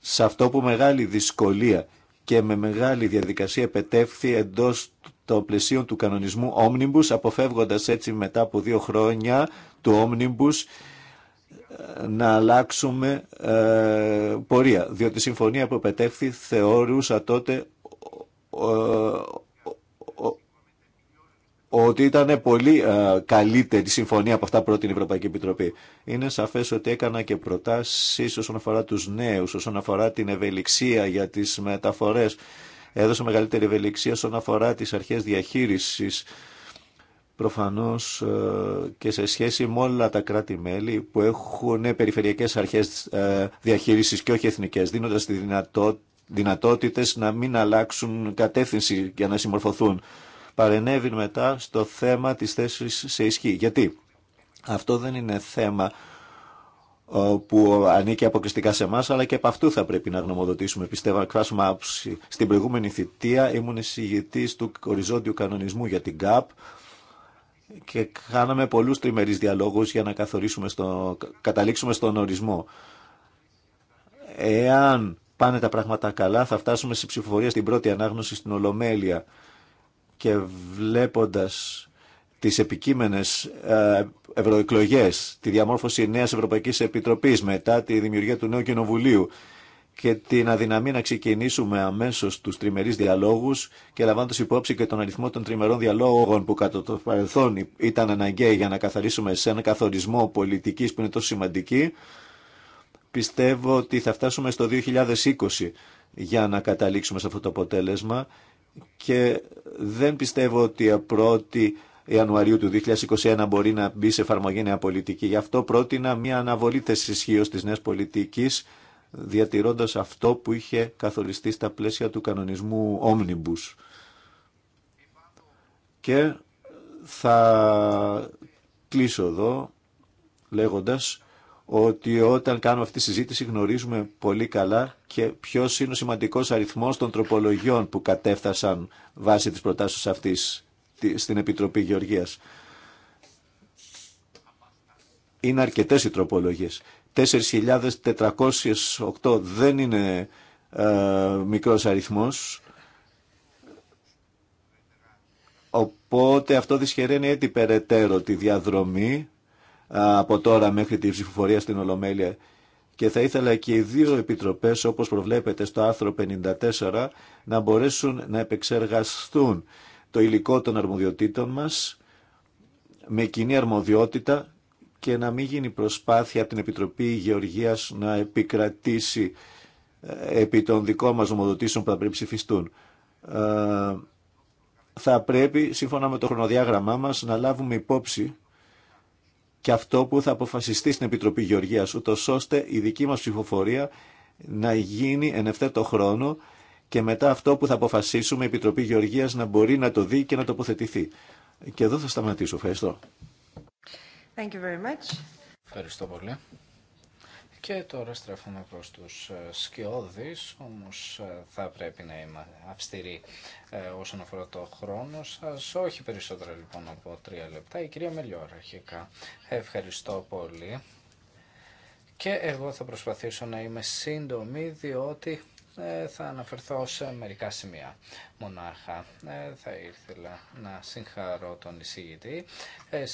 σε αυτό που μεγάλη δυσκολία και με μεγάλη διαδικασία επετεύχθη εντός των πλαισίων του κανονισμού Omnibus, αποφεύγοντας έτσι μετά από δύο χρόνια του Omnibus ε, να αλλάξουμε ε, πορεία. Διότι η συμφωνία που επετεύχθη θεωρούσα τότε ότι ήταν πολύ ε, τη συμφωνία από αυτά που πρότεινε Ευρωπαϊκή Επιτροπή. Είναι σαφές ότι έκανα και προτάσεις όσον αφορά τους νέους, όσον αφορά την ευελιξία για τις μεταφορές. Έδωσε μεγαλύτερη ευελιξία όσον αφορά τις αρχές διαχείρισης. Προφανώς ε, και σε σχέση με όλα τα κράτη-μέλη που έχουν περιφερειακές αρχές ε, διαχείρισης και όχι εθνικές, δίνοντας τη δυνατότητα δυνατότητες να μην αλλάξουν κατεύθυνση για να συμμορφωθούν παρενέβη μετά στο θέμα της θέσης σε ισχύ. Γιατί αυτό δεν είναι θέμα που ανήκει αποκριστικά σε εμά, αλλά και από αυτού θα πρέπει να γνωμοδοτήσουμε. Πιστεύω να εκφράσουμε άποψη. Στην προηγούμενη θητεία ήμουν εισηγητή του οριζόντιου κανονισμού για την ΚΑΠ και κάναμε πολλού τριμερεί διαλόγους για να καθορίσουμε στο, καταλήξουμε στον ορισμό. Εάν πάνε τα πράγματα καλά, θα φτάσουμε σε ψηφοφορία στην πρώτη ανάγνωση στην Ολομέλεια και βλέποντας τις επικείμενες ε, ευρωεκλογέ, τη διαμόρφωση νέας Ευρωπαϊκής Επιτροπής μετά τη δημιουργία του νέου Κοινοβουλίου και την αδυναμία να ξεκινήσουμε αμέσως τους τριμερείς διαλόγους και λαμβάνοντας υπόψη και τον αριθμό των τριμερών διαλόγων που κατά το παρελθόν ήταν αναγκαίοι για να καθαρίσουμε σε ένα καθορισμό πολιτικής που είναι τόσο σημαντική, πιστεύω ότι θα φτάσουμε στο 2020 για να καταλήξουμε σε αυτό το αποτέλεσμα και δεν πιστεύω ότι πρώτη Ιανουαρίου του 2021 μπορεί να μπει σε εφαρμογή νέα πολιτική. Γι' αυτό πρότεινα μια αναβολή τη ισχύω τη νέα πολιτική, διατηρώντας αυτό που είχε καθοριστεί στα πλαίσια του κανονισμού Omnibus. Και θα κλείσω εδώ λέγοντας ότι όταν κάνουμε αυτή τη συζήτηση γνωρίζουμε πολύ καλά και ποιος είναι ο σημαντικός αριθμός των τροπολογιών που κατέφτασαν βάσει της προτάσεως αυτής στην Επιτροπή Γεωργίας. Είναι αρκετές οι τροπολογίες. 4.408 δεν είναι ε, μικρός αριθμός. Οπότε αυτό δυσχεραίνει έτσι περαιτέρω τη διαδρομή από τώρα μέχρι τη ψηφοφορία στην Ολομέλεια. Και θα ήθελα και οι δύο επιτροπές, όπως προβλέπετε στο άρθρο 54, να μπορέσουν να επεξεργαστούν το υλικό των αρμοδιοτήτων μας με κοινή αρμοδιότητα και να μην γίνει προσπάθεια από την Επιτροπή Γεωργίας να επικρατήσει ε, επί των δικών μας νομοδοτήσεων που θα πρέπει ψηφιστούν. Ε, θα πρέπει, σύμφωνα με το χρονοδιάγραμμά μας, να λάβουμε υπόψη και αυτό που θα αποφασιστεί στην Επιτροπή Γεωργίας, ούτως ώστε η δική μας ψηφοφορία να γίνει εν ευθέτω χρόνο και μετά αυτό που θα αποφασίσουμε η Επιτροπή Γεωργίας να μπορεί να το δει και να τοποθετηθεί. Και εδώ θα σταματήσω. Ευχαριστώ.
Thank you very much.
Ευχαριστώ πολύ.
Και τώρα
στρέφουμε προς τους ε, σκιώδεις, όμως ε, θα πρέπει να είμαι αυστηρή ε, όσον αφορά το χρόνο σας, όχι περισσότερα λοιπόν από τρία λεπτά. Η κυρία Μελιόρα αρχικά. Ευχαριστώ πολύ. Και εγώ θα προσπαθήσω να είμαι σύντομη διότι θα αναφερθώ σε μερικά σημεία μονάχα. Ε, θα ήθελα να συγχαρώ τον εισηγητή. Ε,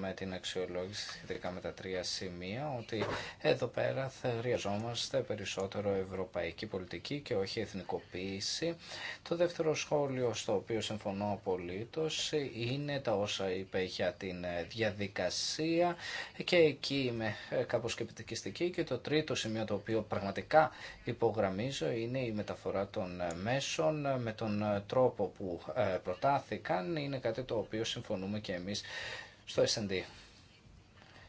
με την αξιολόγηση σχετικά με τα τρία σημεία ότι εδώ πέρα θα χρειαζόμαστε περισσότερο ευρωπαϊκή πολιτική και όχι εθνικοποίηση. Το δεύτερο σχόλιο στο οποίο συμφωνώ απολύτως είναι τα όσα είπε για την ε, διαδικασία και εκεί είμαι ε, κάπως σκεπτικιστική και το τρίτο σημείο το οποίο πραγματικά υπογραμμίζω είναι η μεταφορά των μέσων με τον ε, τρόπο που ε, προτάθηκαν είναι κάτι το οποίο συμφωνούμε και εμείς στο S&D.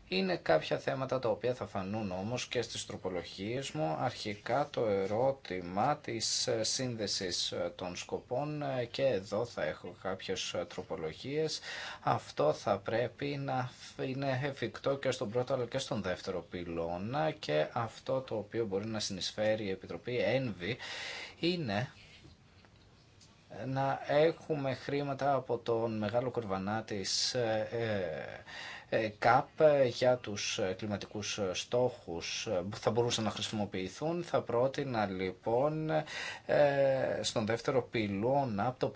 Είναι κάποια θέματα τα οποία θα φανούν όμως και στις τροπολογίες μου. Αρχικά το ερώτημα της ε, σύνδεσης των σκοπών και εδώ θα έχω κάποιες τροπολογίες. Αυτό θα πρέπει να είναι εφικτό και στον πρώτο αλλά και στον δεύτερο πυλώνα και αυτό το οποίο μπορεί να συνεισφέρει η Επιτροπή Envy είναι να έχουμε χρήματα από τον μεγάλο κορβανά της ε, ε, ΚΑΠ για τους κλιματικούς στόχους που θα μπορούσαν να χρησιμοποιηθούν. Θα πρότεινα λοιπόν ε, στον δεύτερο πυλώνα από το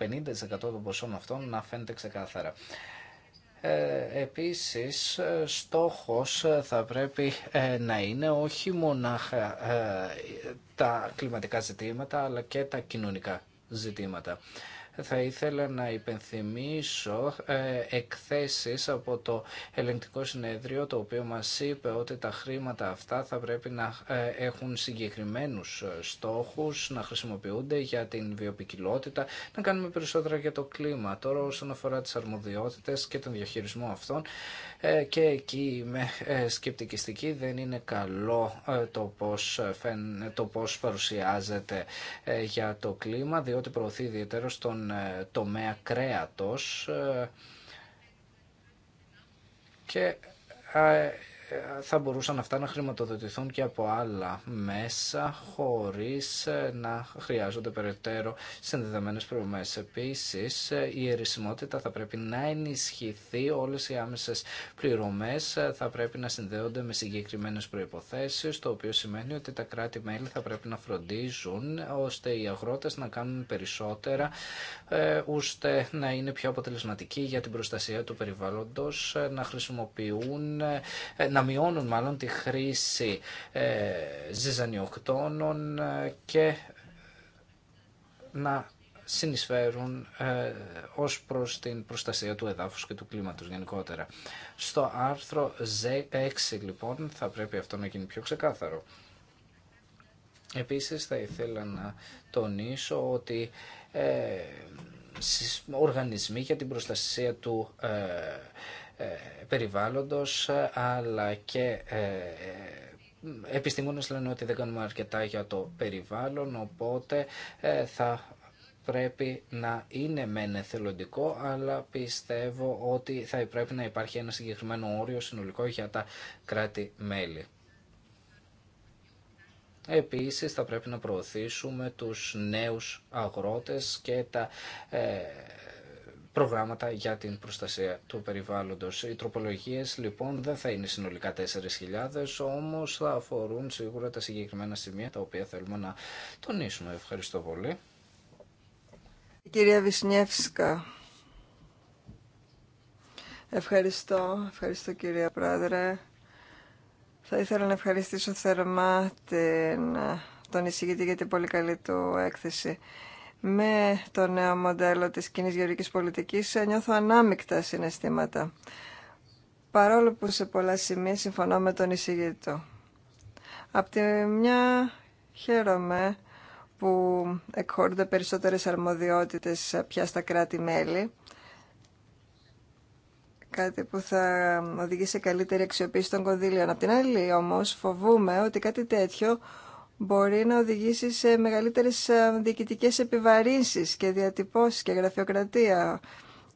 50% των ποσών αυτών να φαίνεται ξεκάθαρα. Επίσης, στόχος θα πρέπει να είναι όχι μονάχα τα κλιματικά ζητήματα, αλλά και τα κοινωνικά ζητήματα θα ήθελα να υπενθυμίσω ε, εκθέσεις από το ελεγκτικό συνέδριο το οποίο μας είπε ότι τα χρήματα αυτά θα πρέπει να ε, έχουν συγκεκριμένους ε, στόχους, να χρησιμοποιούνται για την βιοπικιλότητα, να κάνουμε περισσότερα για το κλίμα. Τώρα όσον αφορά τις αρμοδιότητες και τον διαχειρισμό αυτών και εκεί είμαι σκεπτικιστική, δεν είναι καλό το πώς, το πώς παρουσιάζεται για το κλίμα διότι προωθεί ιδιαίτερο. στον το ε, τομέα κρέατος ε, και ε, θα μπορούσαν αυτά να χρηματοδοτηθούν και από άλλα μέσα χωρίς ε, να χρειάζονται περαιτέρω συνδεδεμένες πληρωμές. Επίσης, ε, η ερησιμότητα θα πρέπει να ενισχυθεί, όλες οι άμεσες πληρωμές ε, θα πρέπει να συνδέονται με συγκεκριμένες προϋποθέσεις, το οποίο σημαίνει ότι τα κράτη-μέλη θα πρέπει να φροντίζουν ώστε οι αγρότες να κάνουν περισσότερα, ώστε να είναι πιο αποτελεσματικοί για την προστασία του περιβάλλοντος, να χρησιμοποιούν, μειώνουν μάλλον τη χρήση ε, ζυζανιοκτώνων ε, και να συνεισφέρουν ε, ως προς την προστασία του εδάφους και του κλίματος γενικότερα. Στο άρθρο 6 λοιπόν θα πρέπει αυτό να γίνει πιο ξεκάθαρο. Επίσης θα ήθελα να τονίσω ότι ε, οργανισμοί για την προστασία του ε, ε, περιβάλλοντος ε, αλλά και ε, επιστήμονες λένε ότι δεν κάνουμε αρκετά για το περιβάλλον οπότε θα πρέπει να είναι μεν εθελοντικό, αλλά πιστεύω ότι θα πρέπει να υπάρχει ένα συγκεκριμένο όριο συνολικό για τα κράτη-μέλη. Επίσης θα πρέπει να προωθήσουμε τους νέους αγρότες και τα προγράμματα για την προστασία του περιβάλλοντος. Οι τροπολογίες λοιπόν δεν θα είναι συνολικά 4.000, όμως θα αφορούν σίγουρα τα συγκεκριμένα σημεία τα οποία θέλουμε να τονίσουμε. Ευχαριστώ πολύ.
κυρία Βυσνιεύσκα. Ευχαριστώ, ευχαριστώ κυρία Πρόεδρε. Θα ήθελα να ευχαριστήσω θερμά τον εισηγητή για την πολύ καλή του έκθεση με το νέο μοντέλο της κοινή γεωργικής πολιτικής ε, νιώθω ανάμεικτα συναισθήματα. Παρόλο που σε πολλά σημεία συμφωνώ με τον εισηγητό. Απ' τη μια χαίρομαι που εκχωρούνται περισσότερες αρμοδιότητες πια στα κράτη-μέλη, κάτι που θα οδηγήσει σε καλύτερη αξιοποίηση των κονδύλιων. Απ' την άλλη όμως φοβούμε ότι κάτι τέτοιο μπορεί να οδηγήσει σε μεγαλύτερες ε, διοικητικές επιβαρύνσεις και διατυπώσεις και γραφειοκρατία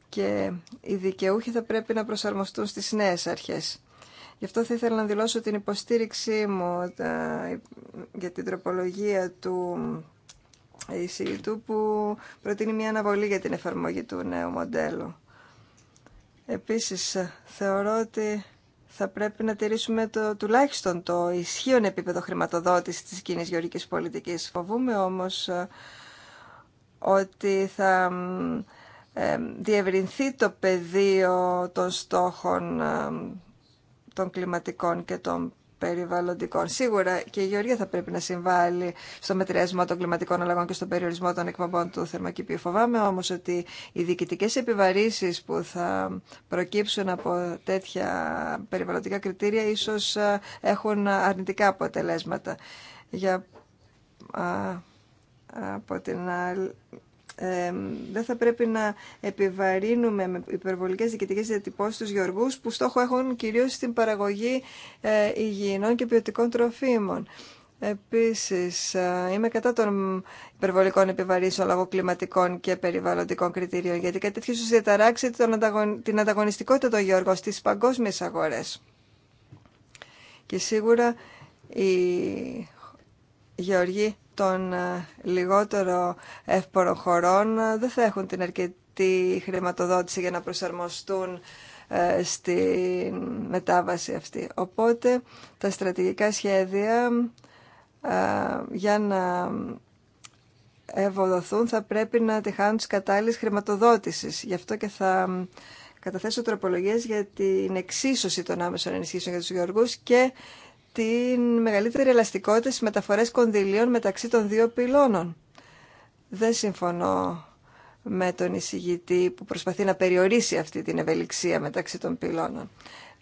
και οι δικαιούχοι θα πρέπει να προσαρμοστούν στις νέες αρχές. Γι' αυτό θα ήθελα να δηλώσω την υποστήριξή μου ε, για την τροπολογία του εισηγητού που προτείνει μια αναβολή για την εφαρμογή του νέου μοντέλου. Επίσης, ε, θεωρώ ότι θα πρέπει να τηρήσουμε το, τουλάχιστον το ισχύον επίπεδο χρηματοδότησης της κοινή γεωργικής πολιτικής. Φοβούμε όμως ε, ότι θα ε, διευρυνθεί το πεδίο των στόχων ε, των κλιματικών και των περιβαλλοντικών. Σίγουρα και η Γεωργία θα πρέπει να συμβάλλει στο μετριασμό των κλιματικών αλλαγών και στο περιορισμό των εκπομπών του θερμοκηπίου. Φοβάμαι όμω ότι οι διοικητικέ επιβαρύνσει που θα προκύψουν από τέτοια περιβαλλοντικά κριτήρια ίσω ε, έχουν αρνητικά αποτελέσματα. Για, από την δεν θα πρέπει να επιβαρύνουμε με υπερβολικές διοικητικέ διατυπώσεις του γεωργού, που στόχο έχουν κυρίως στην παραγωγή ε, υγιεινών και ποιοτικών τροφίμων. Επίσης, ε, είμαι κατά των υπερβολικών επιβαρύνσεων λόγω κλιματικών και περιβαλλοντικών κριτηρίων, γιατί κάτι τέτοιο ίσως διαταράξει την ανταγωνιστικότητα των γεωργών στι παγκόσμίε αγορέ. Και σίγουρα οι γεωργοί των ε, λιγότερο εύπορων χωρών ε, δεν θα έχουν την αρκετή χρηματοδότηση για να προσαρμοστούν ε, στη μετάβαση αυτή. Οπότε τα στρατηγικά σχέδια για να ευοδοθούν θα πρέπει να τη χάνουν τις κατάλληλες χρηματοδότησης. Γι' αυτό και θα καταθέσω τροπολογίες για την εξίσωση των άμεσων ενισχύσεων για τους γεωργούς και την μεγαλύτερη ελαστικότητα στις μεταφορές κονδυλίων μεταξύ των δύο πυλώνων. Δεν συμφωνώ με τον εισηγητή που προσπαθεί να περιορίσει αυτή την ευελιξία μεταξύ των πυλώνων.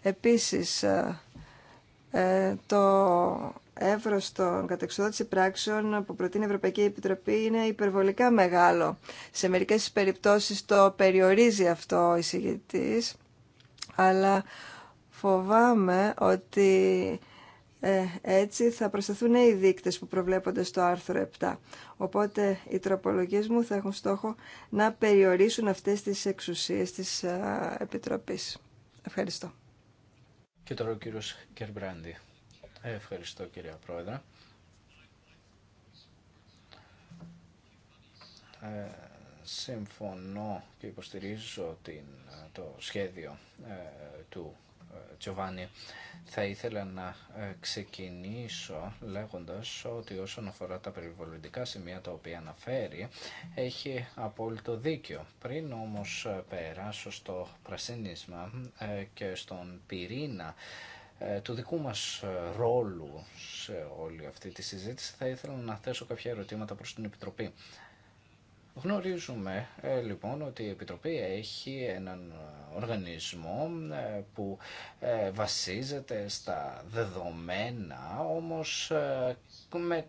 Επίσης, ε, ε, το εύρος των κατεξοδότηση πράξεων που προτείνει η Ευρωπαϊκή Επιτροπή είναι υπερβολικά μεγάλο. Σε μερικές περιπτώσεις το περιορίζει αυτό ο εισηγητής, αλλά φοβάμαι ότι ε, έτσι θα προσταθούν οι δείκτες που προβλέπονται στο άρθρο 7. Οπότε οι τροπολογίες μου θα έχουν στόχο να περιορίσουν αυτές τις εξουσίες της ε, Επιτροπής. Ευχαριστώ.
Και τώρα ο κύριος Κερμπράντη. Ε, ευχαριστώ κυρία Πρόεδρα. συμφωνώ και υποστηρίζω την, το σχέδιο ε, του Τζοβάνι. Θα ήθελα να ε, ξεκινήσω λέγοντας ότι όσον αφορά τα περιβαλλοντικά σημεία τα οποία αναφέρει έχει απόλυτο δίκιο. Πριν όμως ε, περάσω στο πρασίνισμα ε, και στον πυρήνα του δικού μας ρόλου σε όλη αυτή τη συζήτηση θα ήθελα να θέσω κάποια ερωτήματα προς την Επιτροπή. Γνωρίζουμε ε, λοιπόν ότι η Επιτροπή έχει έναν οργανισμό ε, που ε, βασίζεται στα δεδομένα, όμως με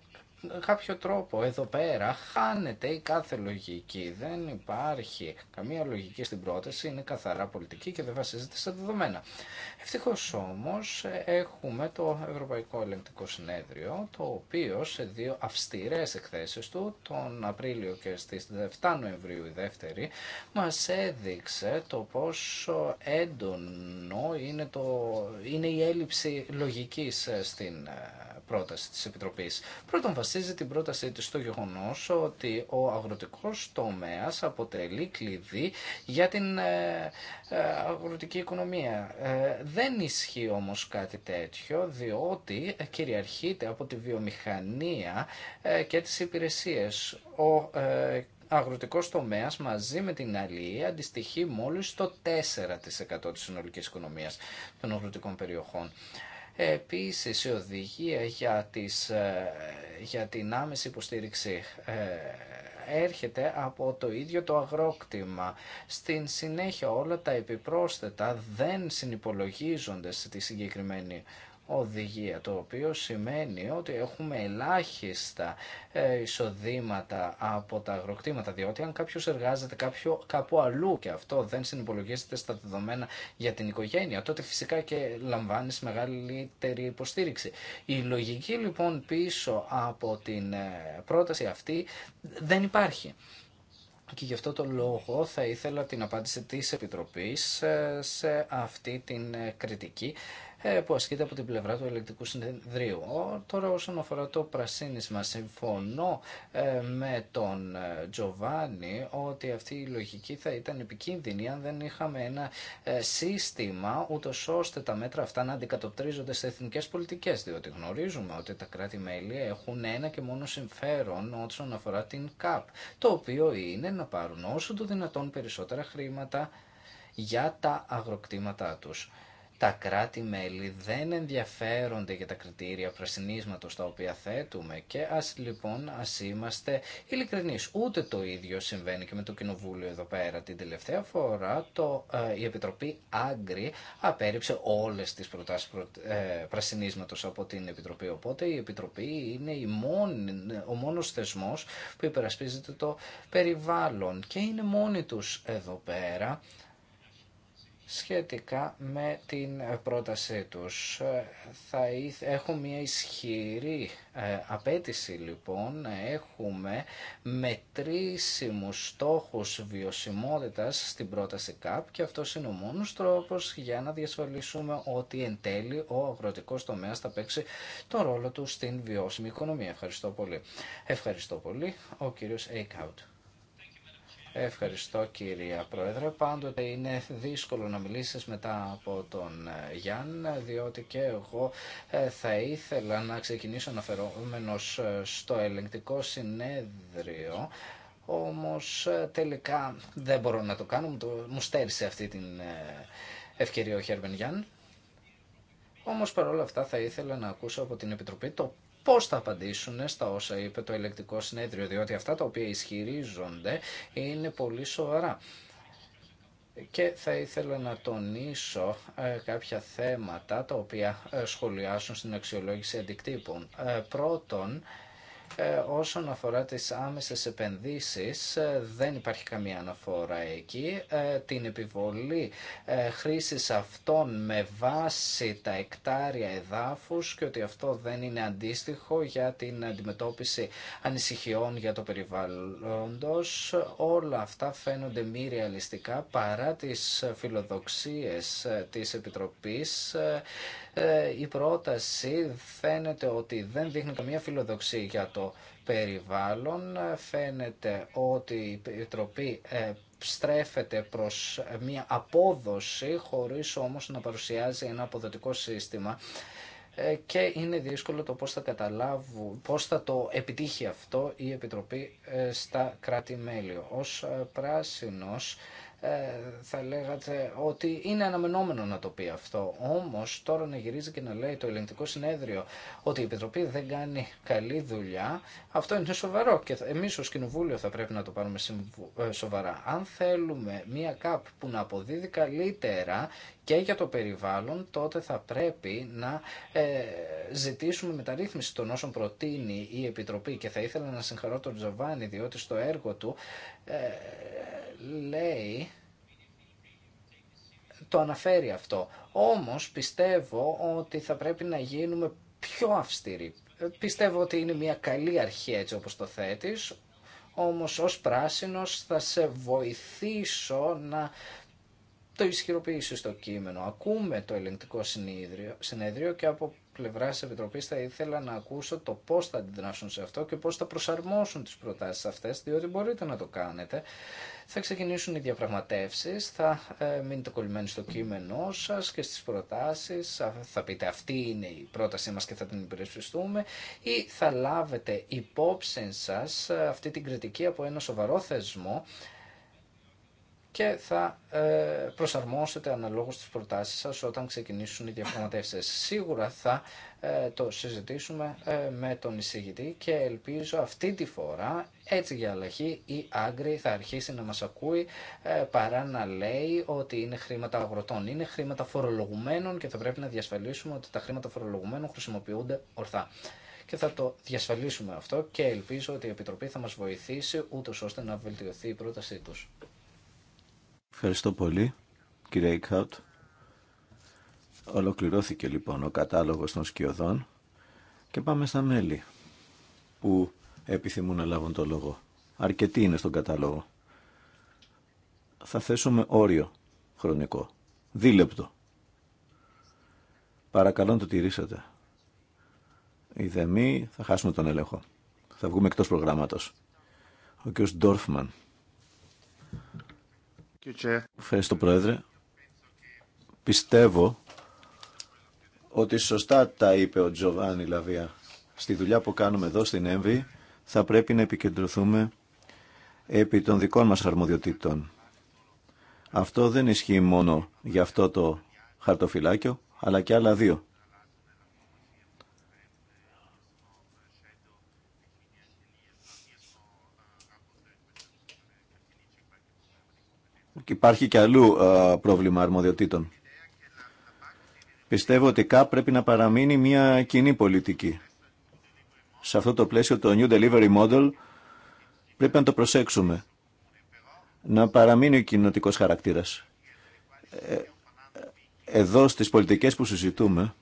κάποιο τρόπο εδώ πέρα χάνεται η κάθε λογική. Δεν υπάρχει καμία λογική στην πρόταση, είναι καθαρά πολιτική και δεν βασίζεται στα δεδομένα. Ευτυχώ όμω ε, έχουμε το Ευρωπαϊκό Ελεγκτικό Συνέδριο, το οποίο σε δύο αυστηρέ εκθέσεις του, τον Απρίλιο και στις 7 Νοεμβρίου η δεύτερη, μας έδειξε το πόσο έντονο είναι, το, είναι η έλλειψη λογικής ε, στην ε, πρόταση της Επιτροπής. Πρώτον βασίζει την πρότασή της στο γεγονός ότι ο αγροτικός τομέας αποτελεί κλειδί για την αγροτική οικονομία δεν ισχύει όμως κάτι τέτοιο διότι ε, κυριαρχείται από τη βιομηχανία ε, και τις υπηρεσίες. Ο ε, αγροτικός τομέας μαζί με την αλληλεία αντιστοιχεί μόλις το 4% της συνολικής οικονομίας των αγροτικών περιοχών. Επίσης η οδηγία για, τις, για την άμεση υποστήριξη έρχεται από το ίδιο το αγρόκτημα. Στην συνέχεια όλα τα επιπρόσθετα δεν συνυπολογίζονται στη συγκεκριμένη οδηγία, το οποίο σημαίνει ότι έχουμε ελάχιστα ε, εισοδήματα από τα αγροκτήματα, διότι αν κάποιος εργάζεται κάποιο, κάπου αλλού και αυτό δεν συνυπολογίζεται στα δεδομένα για την οικογένεια, τότε φυσικά και λαμβάνεις μεγαλύτερη υποστήριξη. Η λογική λοιπόν πίσω από την ε, πρόταση αυτή δεν υπάρχει. Και γι' αυτό το λόγο θα ήθελα την απάντηση της Επιτροπής ε, σε αυτή την κριτική ε, που ασκείται από την πλευρά του ελεκτικού συνεδρίου. Τώρα όσον αφορά το πρασίνισμα, συμφωνώ ε, με τον ε, Τζοβάνι ότι αυτή η λογική θα ήταν επικίνδυνη αν δεν είχαμε ένα σύστημα ούτω ώστε τα μέτρα αυτά να αντικατοπτρίζονται σε εθνικές πολιτικές, διότι γνωρίζουμε ότι τα κράτη-μέλη έχουν ένα και μόνο συμφέρον όσον αφορά την ΚΑΠ, το οποίο είναι να πάρουν όσο το δυνατόν περισσότερα χρήματα για τα αγροκτήματά τους τα κράτη-μέλη δεν ενδιαφέρονται για τα κριτήρια πρασινίσματος τα οποία θέτουμε και ας λοιπόν ας είμαστε ειλικρινείς. Ούτε το ίδιο συμβαίνει και με το Κοινοβούλιο εδώ πέρα. Την τελευταία φορά το, ε, η Επιτροπή Άγκρη απέρριψε όλες τις προτάσεις προ, ε, πρασινίσματος από την Επιτροπή. Οπότε η Επιτροπή είναι η μόνη, ο μόνος θεσμός που υπερασπίζεται το περιβάλλον και είναι μόνοι τους εδώ πέρα σχετικά με την πρότασή τους. Θα Έχουμε μια ισχυρή ε, απέτηση λοιπόν έχουμε μετρήσιμους στόχους βιωσιμότητας στην πρόταση ΚΑΠ και αυτό είναι ο μόνος τρόπος για να διασφαλίσουμε ότι εν τέλει ο αγροτικός τομέας θα παίξει τον ρόλο του στην βιώσιμη οικονομία. Ευχαριστώ πολύ. Ευχαριστώ πολύ ο κύριος Έικαουτ. Ευχαριστώ κυρία Πρόεδρε. Πάντοτε είναι δύσκολο να μιλήσεις μετά από τον Γιάννη διότι και εγώ ε, θα ήθελα να ξεκινήσω αναφερόμενος ε, στο ελεγκτικό συνέδριο, όμως ε, τελικά δεν μπορώ να το κάνω, μου στέρισε αυτή την ευκαιρία ο Χέρμεν Γιάνν. Όμως παρόλα αυτά θα ήθελα να ακούσω από την Επιτροπή το Πώ θα απαντήσουν στα όσα είπε το ελεκτικό συνέδριο, διότι αυτά τα οποία ισχυρίζονται είναι πολύ σοβαρά. Και θα ήθελα να τονίσω ε, κάποια θέματα τα οποία ε, σχολιάσουν στην αξιολόγηση αντικτύπων. Ε, πρώτον, ε, όσον αφορά τις άμεσες επενδύσεις ε, δεν υπάρχει καμία αναφορά εκεί. Ε, την επιβολή χρήσης αυτών με βάση τα εκτάρια εδάφους και ότι αυτό δεν είναι αντίστοιχο για την αντιμετώπιση ανησυχιών για το περιβάλλοντος. Όλα αυτά φαίνονται μη ρεαλιστικά παρά τις φιλοδοξίες της Επιτροπής ε, η πρόταση φαίνεται ότι δεν δείχνει καμία φιλοδοξία για το περιβάλλον. Φαίνεται ότι η Επιτροπή ε, στρέφεται προς μια απόδοση χωρίς όμως να παρουσιάζει ένα αποδοτικό σύστημα ε, και είναι δύσκολο το πώς θα καταλάβουν, πώς θα το επιτύχει αυτό η Επιτροπή στα κράτη-μέλη. Ως πράσινος ε, θα λέγατε ότι είναι αναμενόμενο να το πει αυτό. Όμως τώρα να γυρίζει και να λέει το ελληνικό συνέδριο ότι η Επιτροπή δεν κάνει καλή δουλειά, αυτό είναι σοβαρό και εμείς ως Κοινοβούλιο θα πρέπει να το πάρουμε ε, σοβαρά. Αν θέλουμε μια ΚΑΠ που να αποδίδει καλύτερα και για το περιβάλλον, τότε θα πρέπει να ε, ζητήσουμε μεταρρύθμιση των όσων προτείνει η Επιτροπή και θα ήθελα να συγχαρώ τον Τζοβάνι διότι στο έργο του λέει, το αναφέρει αυτό. Όμως πιστεύω ότι θα πρέπει να γίνουμε πιο αυστηροί. Πιστεύω ότι είναι μια καλή αρχή έτσι όπως το θέτεις, όμως ως πράσινος θα σε βοηθήσω να το ισχυροποιήσει το κείμενο. Ακούμε το ελεγκτικό συνέδριο, συνέδριο και από πλευρά τη Επιτροπή θα ήθελα να ακούσω το πώ θα αντιδράσουν σε αυτό και πώ θα προσαρμόσουν τι προτάσει αυτέ, διότι μπορείτε να το κάνετε. Θα ξεκινήσουν οι διαπραγματεύσεις, θα ε, μείνετε κολλημένοι στο κείμενό σας και στις προτάσεις, θα πείτε αυτή είναι η πρότασή μας και θα την υπηρεσπιστούμε ή θα λάβετε υπόψη σας ε, αυτή την κριτική από ένα σοβαρό θεσμό και θα ε, προσαρμόσετε αναλόγως τις προτάσεις σας όταν ξεκινήσουν οι διαπραγματεύσεις. Σίγουρα θα ε, το συζητήσουμε ε, με τον εισηγητή και ελπίζω αυτή τη φορά έτσι για αλλαχή η Άγκρη θα αρχίσει να μας ακούει παρά να λέει ότι είναι χρήματα αγροτών. Είναι χρήματα φορολογουμένων και θα πρέπει να διασφαλίσουμε ότι τα χρήματα φορολογουμένων χρησιμοποιούνται ορθά και θα το διασφαλίσουμε αυτό και ελπίζω ότι η Επιτροπή θα μας βοηθήσει ούτως ώστε να βελτιωθεί η πρότασή τους.
Ευχαριστώ πολύ, κύριε Ικχάουτ. Ολοκληρώθηκε λοιπόν ο κατάλογος των σκιωδών και πάμε στα μέλη που επιθυμούν να λάβουν το λόγο. Αρκετοί είναι στον κατάλογο. Θα θέσουμε όριο χρονικό. Δίλεπτο. Παρακαλώ να το τηρήσετε. Οι δεμή θα χάσουμε τον έλεγχο. Θα βγούμε εκτός προγράμματος. Ο κ. Ντόρφμαν. Ευχαριστώ, Πρόεδρε. Πιστεύω ότι σωστά τα είπε ο Τζοβάνι Λαβία. Στη δουλειά που κάνουμε εδώ στην ΕΜΒΗ θα πρέπει να επικεντρωθούμε επί των δικών μας αρμοδιοτήτων. Αυτό δεν ισχύει μόνο για αυτό το χαρτοφυλάκιο, αλλά και άλλα δύο. υπάρχει και αλλού ε, πρόβλημα αρμοδιοτήτων. Πιστεύω ότι ΚΑΠ πρέπει να παραμείνει μια κοινή πολιτική. Σε αυτό το πλαίσιο το New Delivery Model πρέπει να το προσέξουμε. Να παραμείνει ο κοινωτικός χαρακτήρας. Ε, εδώ στις πολιτικές που συζητούμε,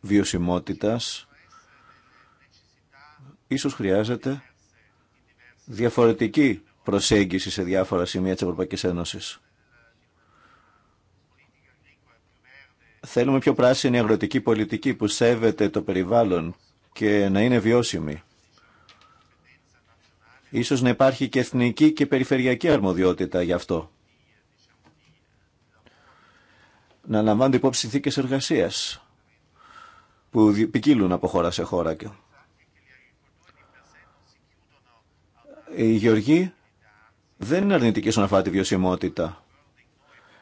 βιωσιμότητας, ίσως χρειάζεται διαφορετική προσέγγιση σε διάφορα σημεία της Ευρωπαϊκής Ένωσης. Θέλουμε πιο πράσινη αγροτική πολιτική που σέβεται το περιβάλλον και να είναι βιώσιμη. Ίσως να υπάρχει και εθνική και περιφερειακή αρμοδιότητα γι' αυτό. Να λαμβάνονται υπόψη συνθήκες εργασίας που ποικίλουν από χώρα σε χώρα. Οι γεωργοί δεν είναι αρνητική όσον αφορά βιωσιμότητα.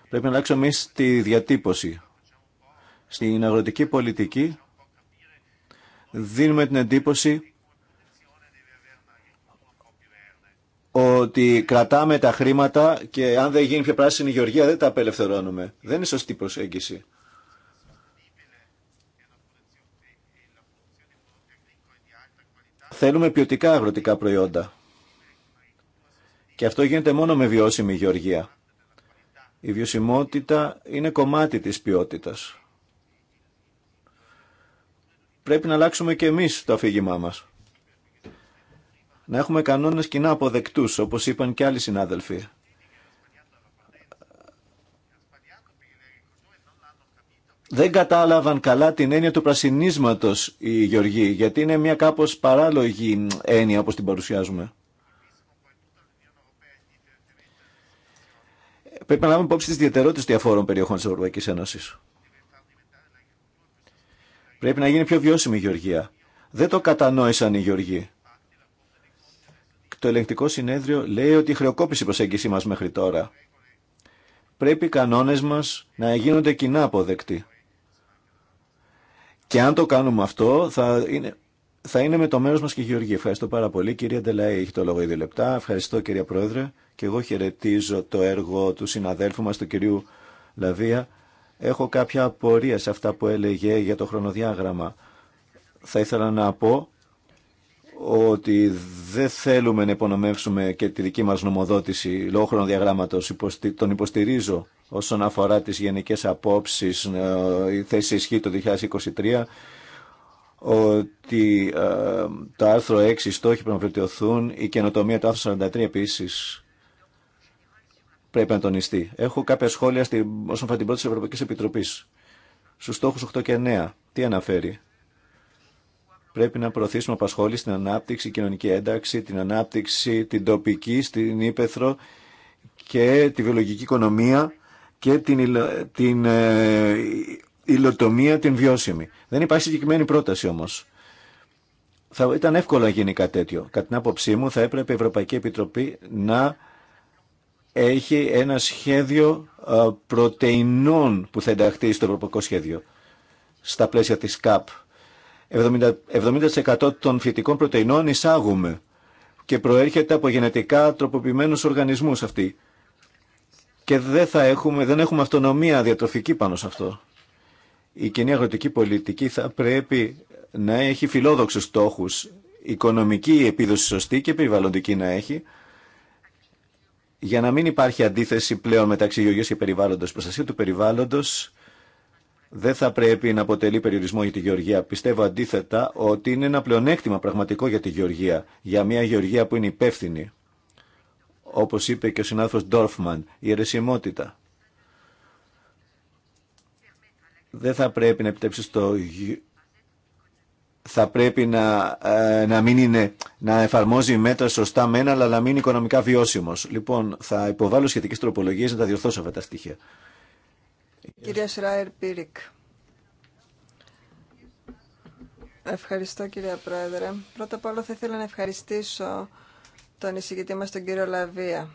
Πρέπει να αλλάξουμε εμεί τη διατύπωση. Στην αγροτική πολιτική δίνουμε την εντύπωση ότι κρατάμε τα χρήματα και αν δεν γίνει πιο πράσινη γεωργία δεν τα απελευθερώνουμε. Δεν είναι σωστή προσέγγιση. Θέλουμε ποιοτικά αγροτικά προϊόντα. Και αυτό γίνεται μόνο με βιώσιμη γεωργία. Η βιωσιμότητα είναι κομμάτι της ποιότητας. Πρέπει να αλλάξουμε και εμείς το αφήγημά μας. Να έχουμε κανόνες κοινά αποδεκτούς, όπως είπαν και άλλοι συνάδελφοι. δεν κατάλαβαν καλά την έννοια του πρασινίσματος η Γεωργοί, γιατί είναι μια κάπως παράλογη έννοια όπως την παρουσιάζουμε. Πρέπει να λάβουμε υπόψη τι ιδιαιτερότητε διαφόρων περιοχών τη Ευρωπαϊκή Ένωση. Πρέπει να γίνει πιο βιώσιμη η γεωργία. Δεν το κατανόησαν οι γεωργοί. Το ελεγκτικό συνέδριο λέει ότι η η προσέγγιση μα μέχρι τώρα. Πρέπει οι κανόνε μα να γίνονται κοινά αποδεκτοί. Και αν το κάνουμε αυτό θα είναι, θα είναι με το μέρο μα και η Γεωργία. Ευχαριστώ πάρα πολύ. Κυρία Ντελαή έχει το λόγο δύο λεπτά. Ευχαριστώ κυρία Πρόεδρε και εγώ χαιρετίζω το έργο του συναδέλφου μας, του κυρίου Λαβία. Έχω κάποια απορία σε αυτά που έλεγε για το χρονοδιάγραμμα. Θα ήθελα να πω ότι δεν θέλουμε να υπονομεύσουμε και τη δική μας νομοδότηση λόγω χρονοδιαγράμματος. Τον υποστηρίζω όσον αφορά τις γενικές απόψεις, ε, η θέση ισχύει το 2023, ότι ε, το άρθρο 6 στόχοι πρέπει να βελτιωθούν, η καινοτομία του άρθρου 43 επίσης πρέπει να τονιστεί. Έχω κάποια σχόλια στη, όσον αφορά την πρόταση τη Ευρωπαϊκή Επιτροπή. Στου στόχου 8 και 9, τι αναφέρει. Πρέπει να προωθήσουμε απασχόληση στην ανάπτυξη, κοινωνική ένταξη, την ανάπτυξη, την τοπική, στην ύπεθρο και τη βιολογική οικονομία και την, την ε, υλοτομία την βιώσιμη. Δεν υπάρχει συγκεκριμένη πρόταση όμω. Θα ήταν εύκολο να γίνει κάτι τέτοιο. Κατά την άποψή μου θα έπρεπε η Ευρωπαϊκή Επιτροπή να έχει ένα σχέδιο ε, πρωτεϊνών που θα ενταχθεί στο ευρωπαϊκό σχέδιο στα πλαίσια της ΚΑΠ. 70% των φυτικών πρωτεϊνών εισάγουμε και προέρχεται από γενετικά τροποποιημένους οργανισμούς αυτή. Και δεν, θα έχουμε, δεν έχουμε αυτονομία διατροφική πάνω σε αυτό. Η κοινή αγροτική πολιτική θα πρέπει να έχει φιλόδοξους στόχους, οικονομική επίδοση σωστή και περιβαλλοντική να έχει, για να μην υπάρχει αντίθεση πλέον μεταξύ γεωργίας και περιβάλλοντος. Προστασία του περιβάλλοντος δεν θα πρέπει να αποτελεί περιορισμό για τη γεωργία. Πιστεύω αντίθετα ότι είναι ένα πλεονέκτημα πραγματικό για τη γεωργία, για μια γεωργία που είναι υπεύθυνη. Όπως είπε και ο συνάδελφος Ντόρφμαν, η αιρεσιμότητα. Δεν θα πρέπει να επιτρέψει στο θα πρέπει να, ε, να, μην είναι, να εφαρμόζει μέτρα σωστά μένα, αλλά να μην είναι οικονομικά βιώσιμο. Λοιπόν, θα υποβάλω σχετικέ τροπολογίε να τα διορθώσω αυτά τα στοιχεία.
Κυρία Σράιρ Πίρικ. Ευχαριστώ κυρία Πρόεδρε. Πρώτα απ' όλα θα ήθελα να ευχαριστήσω τον εισηγητή μας τον κύριο Λαβία.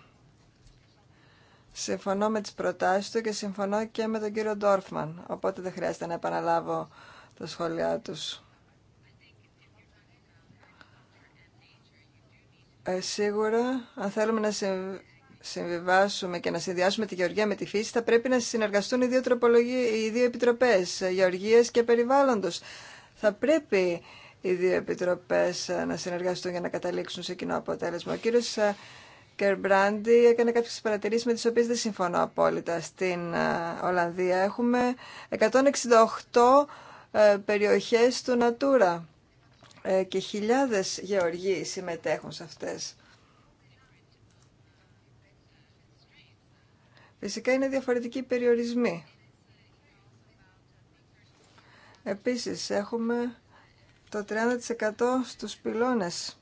Συμφωνώ με τις προτάσεις του και συμφωνώ και με τον κύριο Ντόρφμαν, οπότε δεν χρειάζεται να επαναλάβω τα σχόλιά τους. Ε, σίγουρα, αν θέλουμε να συμβιβάσουμε και να συνδυάσουμε τη γεωργία με τη φύση, θα πρέπει να συνεργαστούν οι δύο, οι δύο επιτροπές, γεωργίες και περιβάλλοντος. Θα πρέπει οι δύο επιτροπές ε, να συνεργαστούν για να καταλήξουν σε κοινό αποτέλεσμα. Ο κύριος ε, Κερμπράντι έκανε κάποιε παρατηρήσει με τις οποίες δεν συμφωνώ απόλυτα. Στην Ολλανδία έχουμε 168 περιοχές του Natura ε, και χιλιάδες γεωργοί συμμετέχουν σε αυτές. Φυσικά είναι διαφορετικοί περιορισμοί. Επίσης έχουμε το 30% στους πυλώνες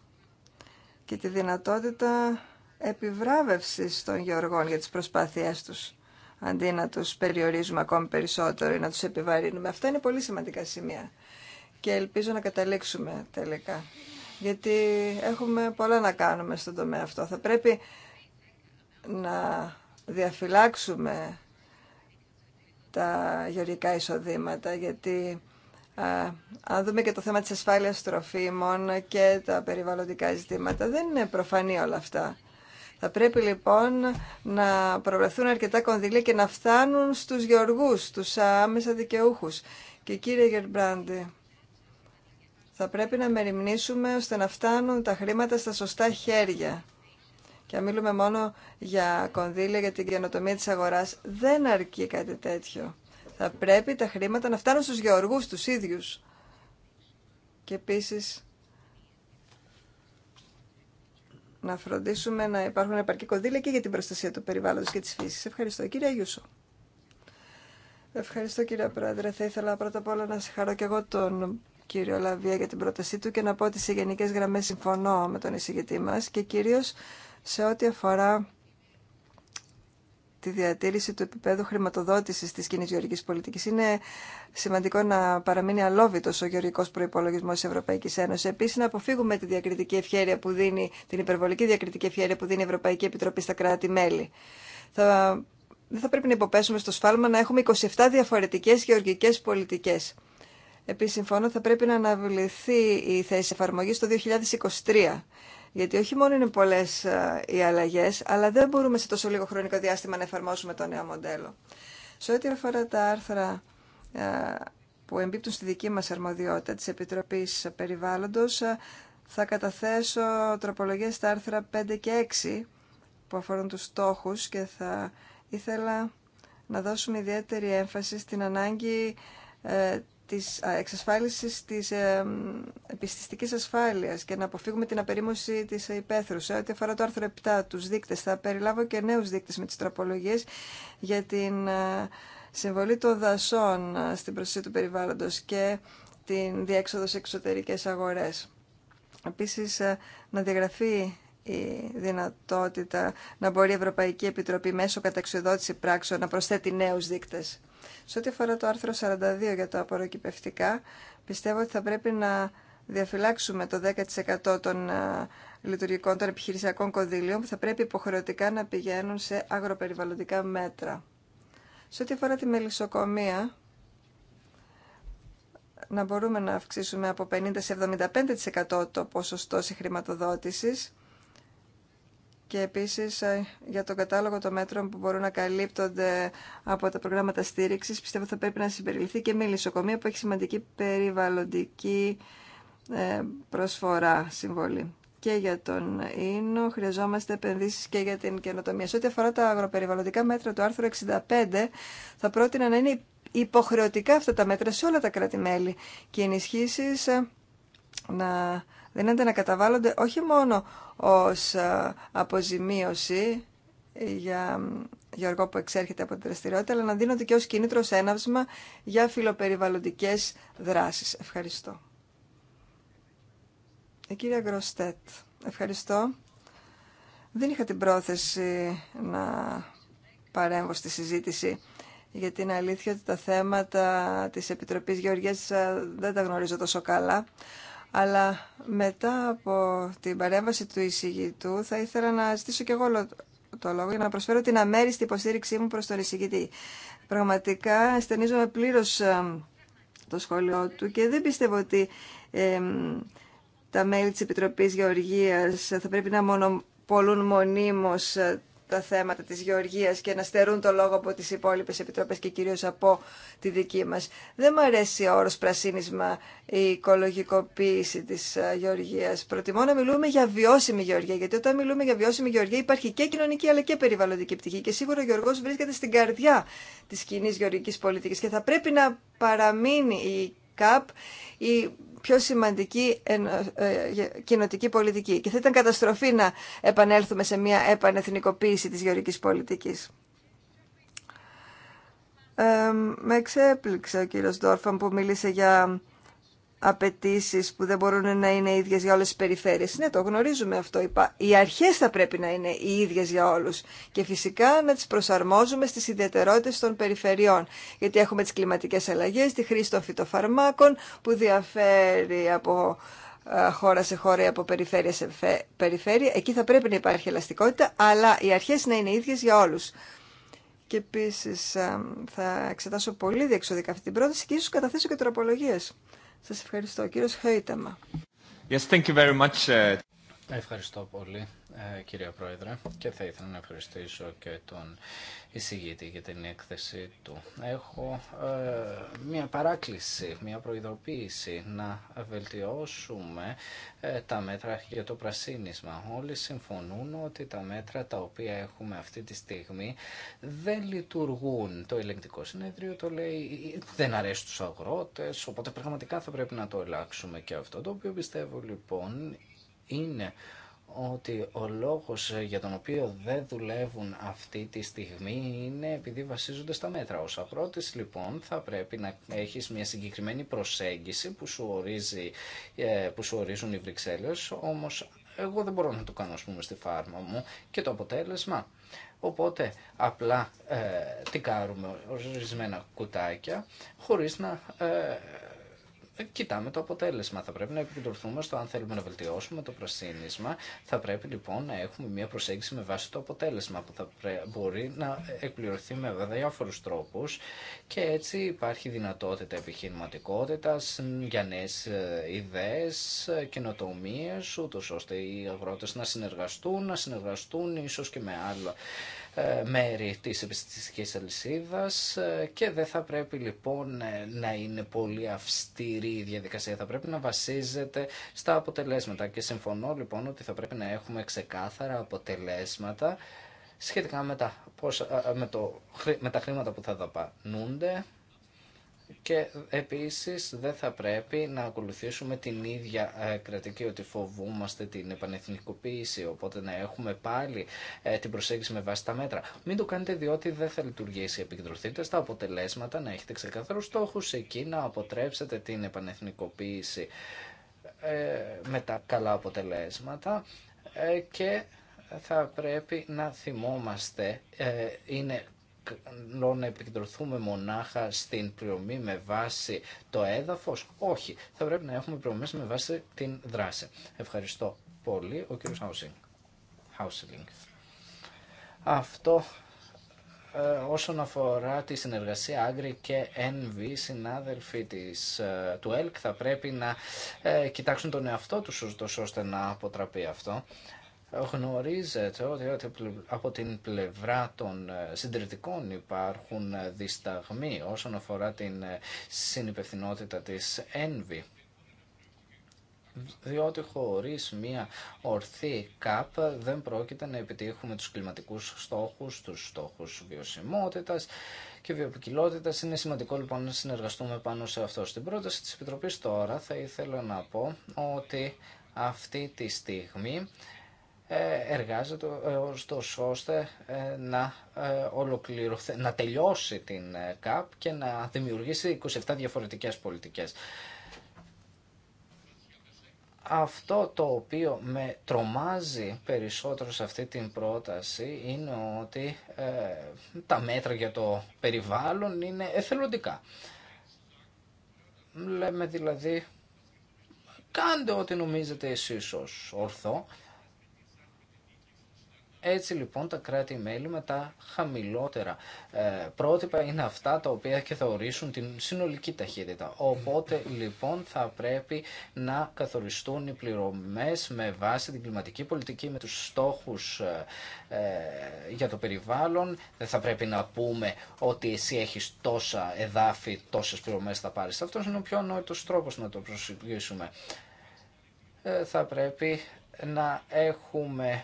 και τη δυνατότητα επιβράβευσης των γεωργών για τις προσπάθειές τους αντί να τους περιορίζουμε ακόμη περισσότερο ή να τους επιβαρύνουμε. Αυτά είναι πολύ σημαντικά σημεία και ελπίζω να καταλήξουμε τελικά. Γιατί έχουμε πολλά να κάνουμε στον τομέα αυτό. Θα πρέπει να διαφυλάξουμε τα γεωργικά εισοδήματα, γιατί αν δούμε και το θέμα της ασφάλειας τροφίμων και τα περιβαλλοντικά ζητήματα, δεν είναι προφανή όλα αυτά. Θα πρέπει λοιπόν να προβλεφθούν αρκετά κονδύλια και να φτάνουν στους γεωργούς, τους άμεσα δικαιούχους. Και κύριε Γερμπράντη, θα πρέπει να μεριμνήσουμε ώστε να φτάνουν τα χρήματα στα σωστά χέρια. Και αν μιλούμε μόνο για κονδύλια για την καινοτομία της αγοράς, δεν αρκεί κάτι τέτοιο. Θα πρέπει τα χρήματα να φτάνουν στους γεωργούς τους ίδιους. Και επίσης να φροντίσουμε να υπάρχουν επαρκή κονδύλια και για την προστασία του περιβάλλοντος και της φύσης. Ευχαριστώ. Κύριε Αγιούσο. Ευχαριστώ κύριε Πρόεδρε. Θα ήθελα πρώτα απ' όλα να συγχαρώ και εγώ τον κύριο Λαβία για την πρότασή του και να πω ότι σε γενικέ γραμμές συμφωνώ με τον εισηγητή μα και κυρίω σε ό,τι αφορά τη διατήρηση του επίπεδου χρηματοδότηση τη κοινή γεωργική πολιτική. Είναι σημαντικό να παραμείνει αλόβητο ο γεωργικό προπολογισμό τη Ευρωπαϊκή Ένωση. Επίση, να αποφύγουμε τη διακριτική ευχαίρεια που δίνει, την υπερβολική διακριτική ευχαίρεια που δίνει η Ευρωπαϊκή Επιτροπή στα κράτη-μέλη. Θα, δεν θα πρέπει να υποπέσουμε στο σφάλμα να έχουμε 27 διαφορετικέ γεωργικέ πολιτικέ. Επίσης, συμφωνώ θα πρέπει να αναβληθεί η θέση εφαρμογής το 2023. Γιατί όχι μόνο είναι πολλές ε, οι αλλαγές, αλλά δεν μπορούμε σε τόσο λίγο χρονικό διάστημα να εφαρμόσουμε το νέο μοντέλο. Σε ό,τι αφορά τα άρθρα ε, που εμπίπτουν στη δική μας αρμοδιότητα της Επιτροπής Περιβάλλοντος, ε, θα καταθέσω τροπολογίες στα άρθρα 5 και 6 που αφορούν τους στόχους και θα ήθελα να δώσουμε ιδιαίτερη έμφαση στην ανάγκη της εξασφάλισης της ε, επιστηστικής ασφάλειας και να αποφύγουμε την απερίμωση της υπαίθρου. Σε ό,τι αφορά το άρθρο 7, τους δείκτες, θα περιλάβω και νέους δείκτες με τις τροπολογίες για την ε, συμβολή των δασών ε, στην προστασία του περιβάλλοντος και την διέξοδο σε εξωτερικές αγορές. Επίσης, ε, να διαγραφεί η δυνατότητα να μπορεί η Ευρωπαϊκή Επιτροπή μέσω καταξιοδότηση πράξεων να προσθέτει νέους δείκτες. Σε ό,τι αφορά το άρθρο 42 για τα απορροκυπευτικά, πιστεύω ότι θα πρέπει να διαφυλάξουμε το 10% των ε, λειτουργικών των επιχειρησιακών κονδύλιων που θα πρέπει υποχρεωτικά να πηγαίνουν σε αγροπεριβαλλοντικά μέτρα. Σε ό,τι αφορά τη μελισσοκομεία, να μπορούμε να αυξήσουμε από 50% σε 75% το ποσοστό χρηματοδότησης και επίσης ε, για τον κατάλογο των μέτρων που μπορούν να καλύπτονται από τα προγράμματα στήριξης πιστεύω θα πρέπει να συμπεριληφθεί και με λησοκομεία που έχει σημαντική περιβαλλοντική ε, προσφορά συμβολή. Και για τον Ίνο χρειαζόμαστε επενδύσεις και για την καινοτομία. Σε ό,τι αφορά τα αγροπεριβαλλοντικά μέτρα του άρθρου 65 θα πρότεινα να είναι υποχρεωτικά αυτά τα μέτρα σε όλα τα κράτη-μέλη και οι ενισχύσεις ε, να δίνονται να καταβάλλονται όχι μόνο ως ε, αποζημίωση για γεωργό που εξέρχεται από την δραστηριότητα, αλλά να δίνονται και ως κίνητρο έναυσμα για φιλοπεριβαλλοντικές δράσεις. Ευχαριστώ. Η ε, κυρία Γκροστέτ, ευχαριστώ. Δεν είχα την πρόθεση να παρέμβω στη συζήτηση γιατί την αλήθεια ότι τα θέματα της Επιτροπής Γεωργίας ε, δεν τα γνωρίζω τόσο καλά, αλλά μετά από την παρέμβαση του εισηγητού θα ήθελα να ζητήσω και εγώ το λόγο για να προσφέρω την αμέριστη υποστήριξή μου προς τον εισηγητή. Πραγματικά στενίζομαι πλήρως ε, το σχόλιο του και δεν πιστεύω ότι ε, τα μέλη της Επιτροπής Γεωργίας θα πρέπει να μονοπολούν μονίμως ε, τα θέματα της γεωργίας και να στερούν το λόγο από τις υπόλοιπες επιτροπές και κυρίως από τη δική μας. Δεν μου αρέσει ο όρος πρασίνισμα η οικολογικοποίηση της ε, γεωργίας. Προτιμώ να μιλούμε για βιώσιμη γεωργία, γιατί όταν μιλούμε για βιώσιμη γεωργία υπάρχει και κοινωνική αλλά και περιβαλλοντική πτυχή και σίγουρα ο Γεωργός βρίσκεται στην καρδιά της κοινή γεωργικής πολιτικής και θα πρέπει να παραμείνει η ΚΑΠ η πιο σημαντική ε, ε, κοινοτική πολιτική. Και θα ήταν καταστροφή να επανέλθουμε σε μια επανεθνικοποίηση της γεωρικής πολιτικής. Ε, με εξέπληξε ο κύριος Ντόρφαν που μίλησε για απαιτήσει που δεν μπορούν να είναι ίδιε για όλε τι περιφέρειε. Ναι, το γνωρίζουμε αυτό. Οι αρχέ θα πρέπει να είναι οι ίδιε για όλου. Και φυσικά να τι προσαρμόζουμε στι ιδιαιτερότητε των περιφερειών. Γιατί έχουμε τι κλιματικέ αλλαγέ, τη χρήση των φυτοφαρμάκων που διαφέρει από ε, χώρα σε χώρα ή από περιφέρεια σε περιφέρεια. Εκεί θα πρέπει να υπάρχει ελαστικότητα, αλλά οι αρχέ να είναι ίδιε για όλου. Και επίση ε, θα εξετάσω πολύ διεξοδικά αυτή την πρόταση και ίσω καταθέσω και τροπολογίε. Σας ευχαριστώ. Κύριος Χαϊταμα.
Yes, thank you very much. Uh,
Ευχαριστώ πολύ κύριε Πρόεδρε και θα ήθελα να ευχαριστήσω και τον εισηγήτη για την έκθεση του. Έχω ε, μια παράκληση, μια προειδοποίηση να βελτιώσουμε ε, τα μέτρα για το πρασίνισμα. Όλοι συμφωνούν ότι τα μέτρα τα οποία έχουμε αυτή τη στιγμή δεν λειτουργούν. Το ελεγκτικό συνέδριο το λέει δεν αρέσει στους αγρότες, οπότε πραγματικά θα πρέπει να το ελάξουμε και αυτό. Το οποίο πιστεύω λοιπόν είναι ότι ο λόγος για τον οποίο δεν δουλεύουν αυτή τη στιγμή είναι επειδή βασίζονται στα μέτρα. Ως απρότης λοιπόν θα πρέπει να έχεις μια συγκεκριμένη προσέγγιση που σου, ορίζει, ε, που σου ορίζουν οι Βρυξέλλες, όμως εγώ δεν μπορώ να το κάνω ας πούμε στη φάρμα μου και το αποτέλεσμα. Οπότε απλά ε, τικάρουμε ορισμένα κουτάκια χωρίς να ε, κοιτάμε το αποτέλεσμα. Θα πρέπει να επικεντρωθούμε στο αν θέλουμε να βελτιώσουμε το πρασίνισμα. Θα πρέπει λοιπόν να έχουμε μια προσέγγιση με βάση το αποτέλεσμα που θα μπορεί να εκπληρωθεί με διάφορου τρόπου και έτσι υπάρχει δυνατότητα επιχειρηματικότητα για νέε ιδέε, καινοτομίε, ούτω ώστε οι αγρότε να συνεργαστούν, να συνεργαστούν ίσω και με άλλα ε, μέρη της επιστημιστικής αλυσίδας ε, και δεν θα πρέπει λοιπόν ε, να είναι πολύ αυστηρή η διαδικασία, θα πρέπει να βασίζεται στα αποτελέσματα και συμφωνώ λοιπόν ότι θα πρέπει να έχουμε ξεκάθαρα αποτελέσματα σχετικά με τα, με το, με τα χρήματα που θα δαπανούνται και επίσης δεν θα πρέπει να ακολουθήσουμε την ίδια ε, κρατική ότι φοβούμαστε την επανεθνικοποίηση οπότε να έχουμε πάλι ε, την προσέγγιση με βάση τα μέτρα. Μην το κάνετε διότι δεν θα λειτουργήσει. Επικεντρωθείτε στα αποτελέσματα, να έχετε ξεκαθαρούς στόχους εκεί, να αποτρέψετε την επανεθνικοποίηση ε, με τα καλά αποτελέσματα και θα πρέπει να θυμόμαστε, είναι να επικεντρωθούμε μονάχα στην πληρωμή με βάση το έδαφος. Όχι, θα πρέπει να έχουμε πληρωμές με βάση την δράση. Ευχαριστώ πολύ. Ο κύριος Χάουσιλινγκ. Αυτό ε, όσον αφορά τη συνεργασία Άγκρη και NV συνάδελφοι της, ε, του ΕΛΚ θα πρέπει να ε, κοιτάξουν τον εαυτό τους ώστε να αποτραπεί αυτό. Γνωρίζετε ότι από την πλευρά των ε, συντηρητικών υπάρχουν ε, δισταγμοί όσον αφορά την ε, συνυπευθυνότητα της ΕΝΒΗ διότι χωρίς μία ορθή ΚΑΠ δεν πρόκειται να επιτύχουμε τους κλιματικούς στόχους, τους στόχους βιωσιμότητας και βιοποικιλότητας. Είναι σημαντικό λοιπόν να συνεργαστούμε πάνω σε αυτό. Στην πρόταση της Επιτροπής τώρα θα ήθελα να πω ότι αυτή τη στιγμή ε, εργάζεται ε, ωστόσο ώστε ε, να, ολοκληρωθεί, να τελειώσει την ΚΑΠ και να δημιουργήσει 27 διαφορετικές πολιτικές. Αυτό το οποίο με τρομάζει περισσότερο σε αυτή την πρόταση είναι ότι τα μέτρα για το περιβάλλον είναι εθελοντικά. Λέμε δηλαδή κάντε ό,τι νομίζετε εσείς ως ορθό έτσι λοιπόν τα κράτη-μέλη με τα χαμηλότερα ε, πρότυπα είναι αυτά τα οποία και θα ορίσουν την συνολική ταχύτητα. Οπότε λοιπόν θα πρέπει να καθοριστούν οι πληρωμές με βάση την κλιματική πολιτική, με τους στόχους ε, ε, για το περιβάλλον. Δεν θα πρέπει να πούμε ότι εσύ έχεις τόσα εδάφη, τόσες πληρωμές θα πάρεις. Αυτός είναι ο πιο ανόητος τρόπος να το προσεγγίσουμε. Θα πρέπει να έχουμε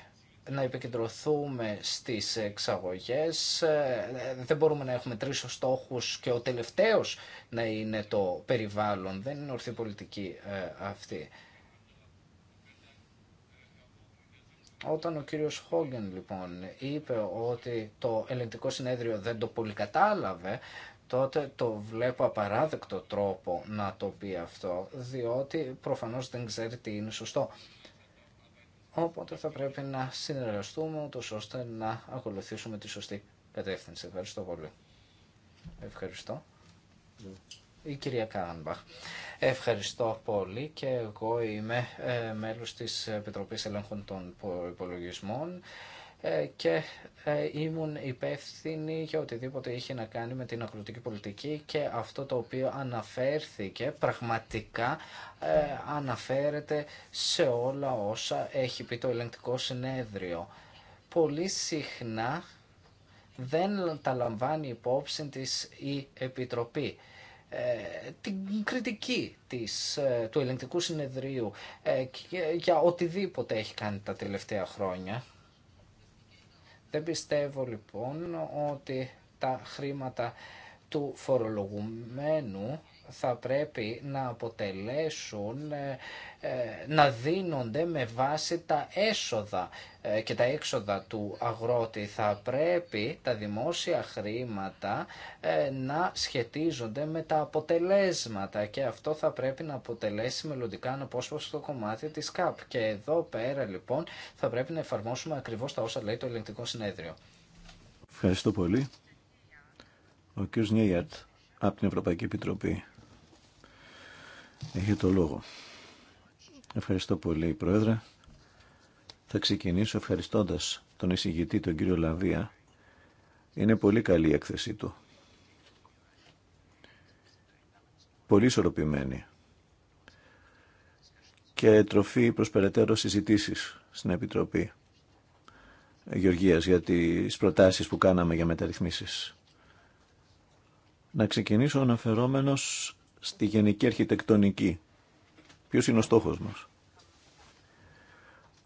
να επικεντρωθούμε στις εξαγωγές. Ε, δεν μπορούμε να έχουμε τρεις στόχους και ο τελευταίος να είναι το περιβάλλον. Δεν είναι ορθή πολιτική ε, αυτή. Όταν ο κύριος Χόγγεν λοιπόν είπε ότι το ελεγκτικό συνέδριο δεν το πολύ κατάλαβε, τότε το βλέπω απαράδεκτο τρόπο να το πει αυτό, διότι προφανώς δεν ξέρει τι είναι σωστό. Οπότε θα πρέπει να συνεργαστούμε ούτως ώστε να ακολουθήσουμε τη σωστή κατεύθυνση. Ευχαριστώ πολύ. Ευχαριστώ. Η κυρία Κάνμπαχ. Ευχαριστώ πολύ και εγώ είμαι ε, μέλος της Επιτροπής Ελέγχων των Υπολογισμών. Ε, και ε, ήμουν υπεύθυνη για οτιδήποτε είχε να κάνει με την ακροτική πολιτική και αυτό το οποίο αναφέρθηκε πραγματικά ε, αναφέρεται σε όλα όσα έχει πει το ελεγκτικό συνέδριο. Πολύ συχνά δεν τα λαμβάνει υπόψη της η Επιτροπή την κριτική της, του ελεγκτικού συνεδρίου για οτιδήποτε έχει κάνει τα τελευταία χρόνια. Δεν πιστεύω λοιπόν ότι τα χρήματα του φορολογουμένου θα πρέπει να αποτελέσουν, ε, ε, να δίνονται με βάση τα έσοδα ε, και τα έξοδα του αγρότη. Θα πρέπει τα δημόσια χρήματα να σχετίζονται με τα αποτελέσματα και αυτό θα πρέπει να αποτελέσει μελλοντικά αναπόσπαστο κομμάτι της ΚΑΠ. Και εδώ πέρα λοιπόν θα πρέπει να εφαρμόσουμε ακριβώς τα όσα λέει το ελεγκτικό συνέδριο.
Ευχαριστώ πολύ. Ο κ. Νιέγερτ από την Ευρωπαϊκή Επιτροπή έχει το λόγο. Ευχαριστώ πολύ, Πρόεδρε. Θα ξεκινήσω ευχαριστώντας τον εισηγητή, τον κύριο Λαβία. Είναι πολύ καλή η έκθεσή του. Πολύ ισορροπημένη. Και τροφή προς περαιτέρω συζητήσεις στην Επιτροπή Γεωργίας για τις προτάσεις που κάναμε για μεταρρυθμίσεις. Να ξεκινήσω αναφερόμενος στη γενική αρχιτεκτονική. Ποιος είναι ο στόχος μας.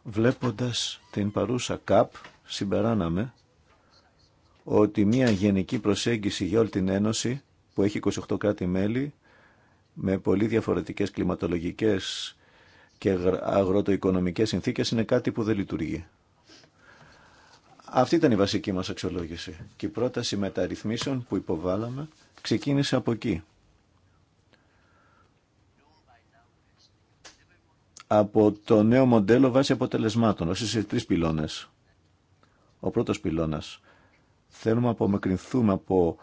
Βλέποντας την παρούσα ΚΑΠ, συμπεράναμε ότι μια γενική προσέγγιση για όλη την Ένωση που έχει 28 κράτη-μέλη με πολύ διαφορετικές κλιματολογικές και αγροτοοικονομικές συνθήκες είναι κάτι που δεν λειτουργεί. Αυτή ήταν η βασική μας αξιολόγηση και η πρόταση μεταρρυθμίσεων που υποβάλαμε ξεκίνησε από εκεί. από το νέο μοντέλο βάσει αποτελεσμάτων, όσοι σε τρεις πυλώνες. Ο πρώτος πυλώνας. Θέλουμε να απομακρυνθούμε από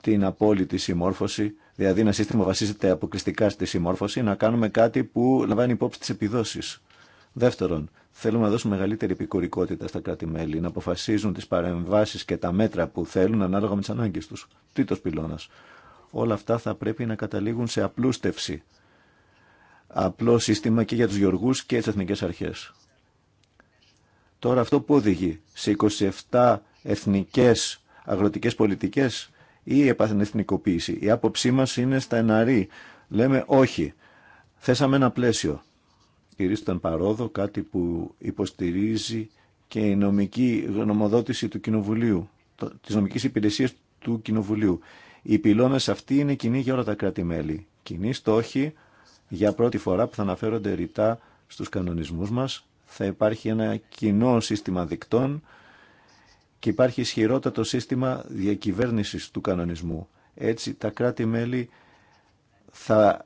την απόλυτη συμμόρφωση, δηλαδή ένα σύστημα βασίζεται αποκλειστικά στη συμμόρφωση, να κάνουμε κάτι που λαμβάνει υπόψη τις επιδόσεις. Δεύτερον, θέλουμε να δώσουμε μεγαλύτερη επικουρικότητα στα κράτη-μέλη, να αποφασίζουν τις παρεμβάσεις και τα μέτρα που θέλουν ανάλογα με τις ανάγκες τους. Τρίτος πυλώνας. Όλα αυτά θα πρέπει να καταλήγουν σε απλούστευση απλό σύστημα και για τους γεωργούς και τις εθνικές αρχές. Τώρα αυτό που οδηγεί σε 27 εθνικές αγροτικές πολιτικές ή επανεθνικοποίηση. Η άποψή μας είναι στα εναρή. Λέμε όχι. Θέσαμε ένα πλαίσιο. Κυρίσταν παρόδο κάτι που υποστηρίζει και η νομική γνωμοδότηση του Κοινοβουλίου, της νομικής υπηρεσίας του Κοινοβουλίου. Οι πυλώνες αυτοί είναι κοινοί για όλα τα κράτη-μέλη. Κοινή στόχη για πρώτη φορά που θα αναφέρονται ρητά στους κανονισμούς μας. Θα υπάρχει ένα κοινό σύστημα δικτών και υπάρχει ισχυρότατο σύστημα διακυβέρνησης του κανονισμού. Έτσι τα κράτη-μέλη θα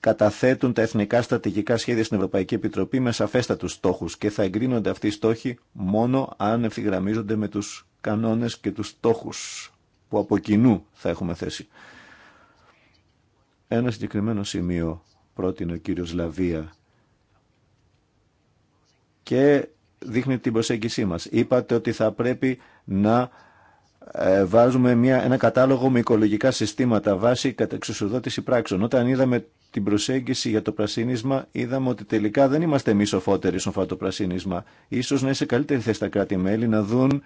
καταθέτουν τα εθνικά στρατηγικά σχέδια στην Ευρωπαϊκή Επιτροπή με σαφέστατους στόχους και θα εγκρίνονται αυτοί οι στόχοι μόνο αν ευθυγραμμίζονται με τους κανόνες και τους στόχους που από κοινού θα έχουμε θέσει. Ένα συγκεκριμένο σημείο πρότεινε ο κύριος Λαβία και δείχνει την προσέγγισή μας. Είπατε ότι θα πρέπει να ε, βάζουμε μια, ένα κατάλογο με οικολογικά συστήματα βάσει κατά εξουσιοδότηση πράξεων. Όταν είδαμε την προσέγγιση για το πρασίνισμα, είδαμε ότι τελικά δεν είμαστε εμεί σοφότεροι στον φάτο πρασίνισμα. Ίσως να είσαι καλύτερη θέση στα κράτη-μέλη να δουν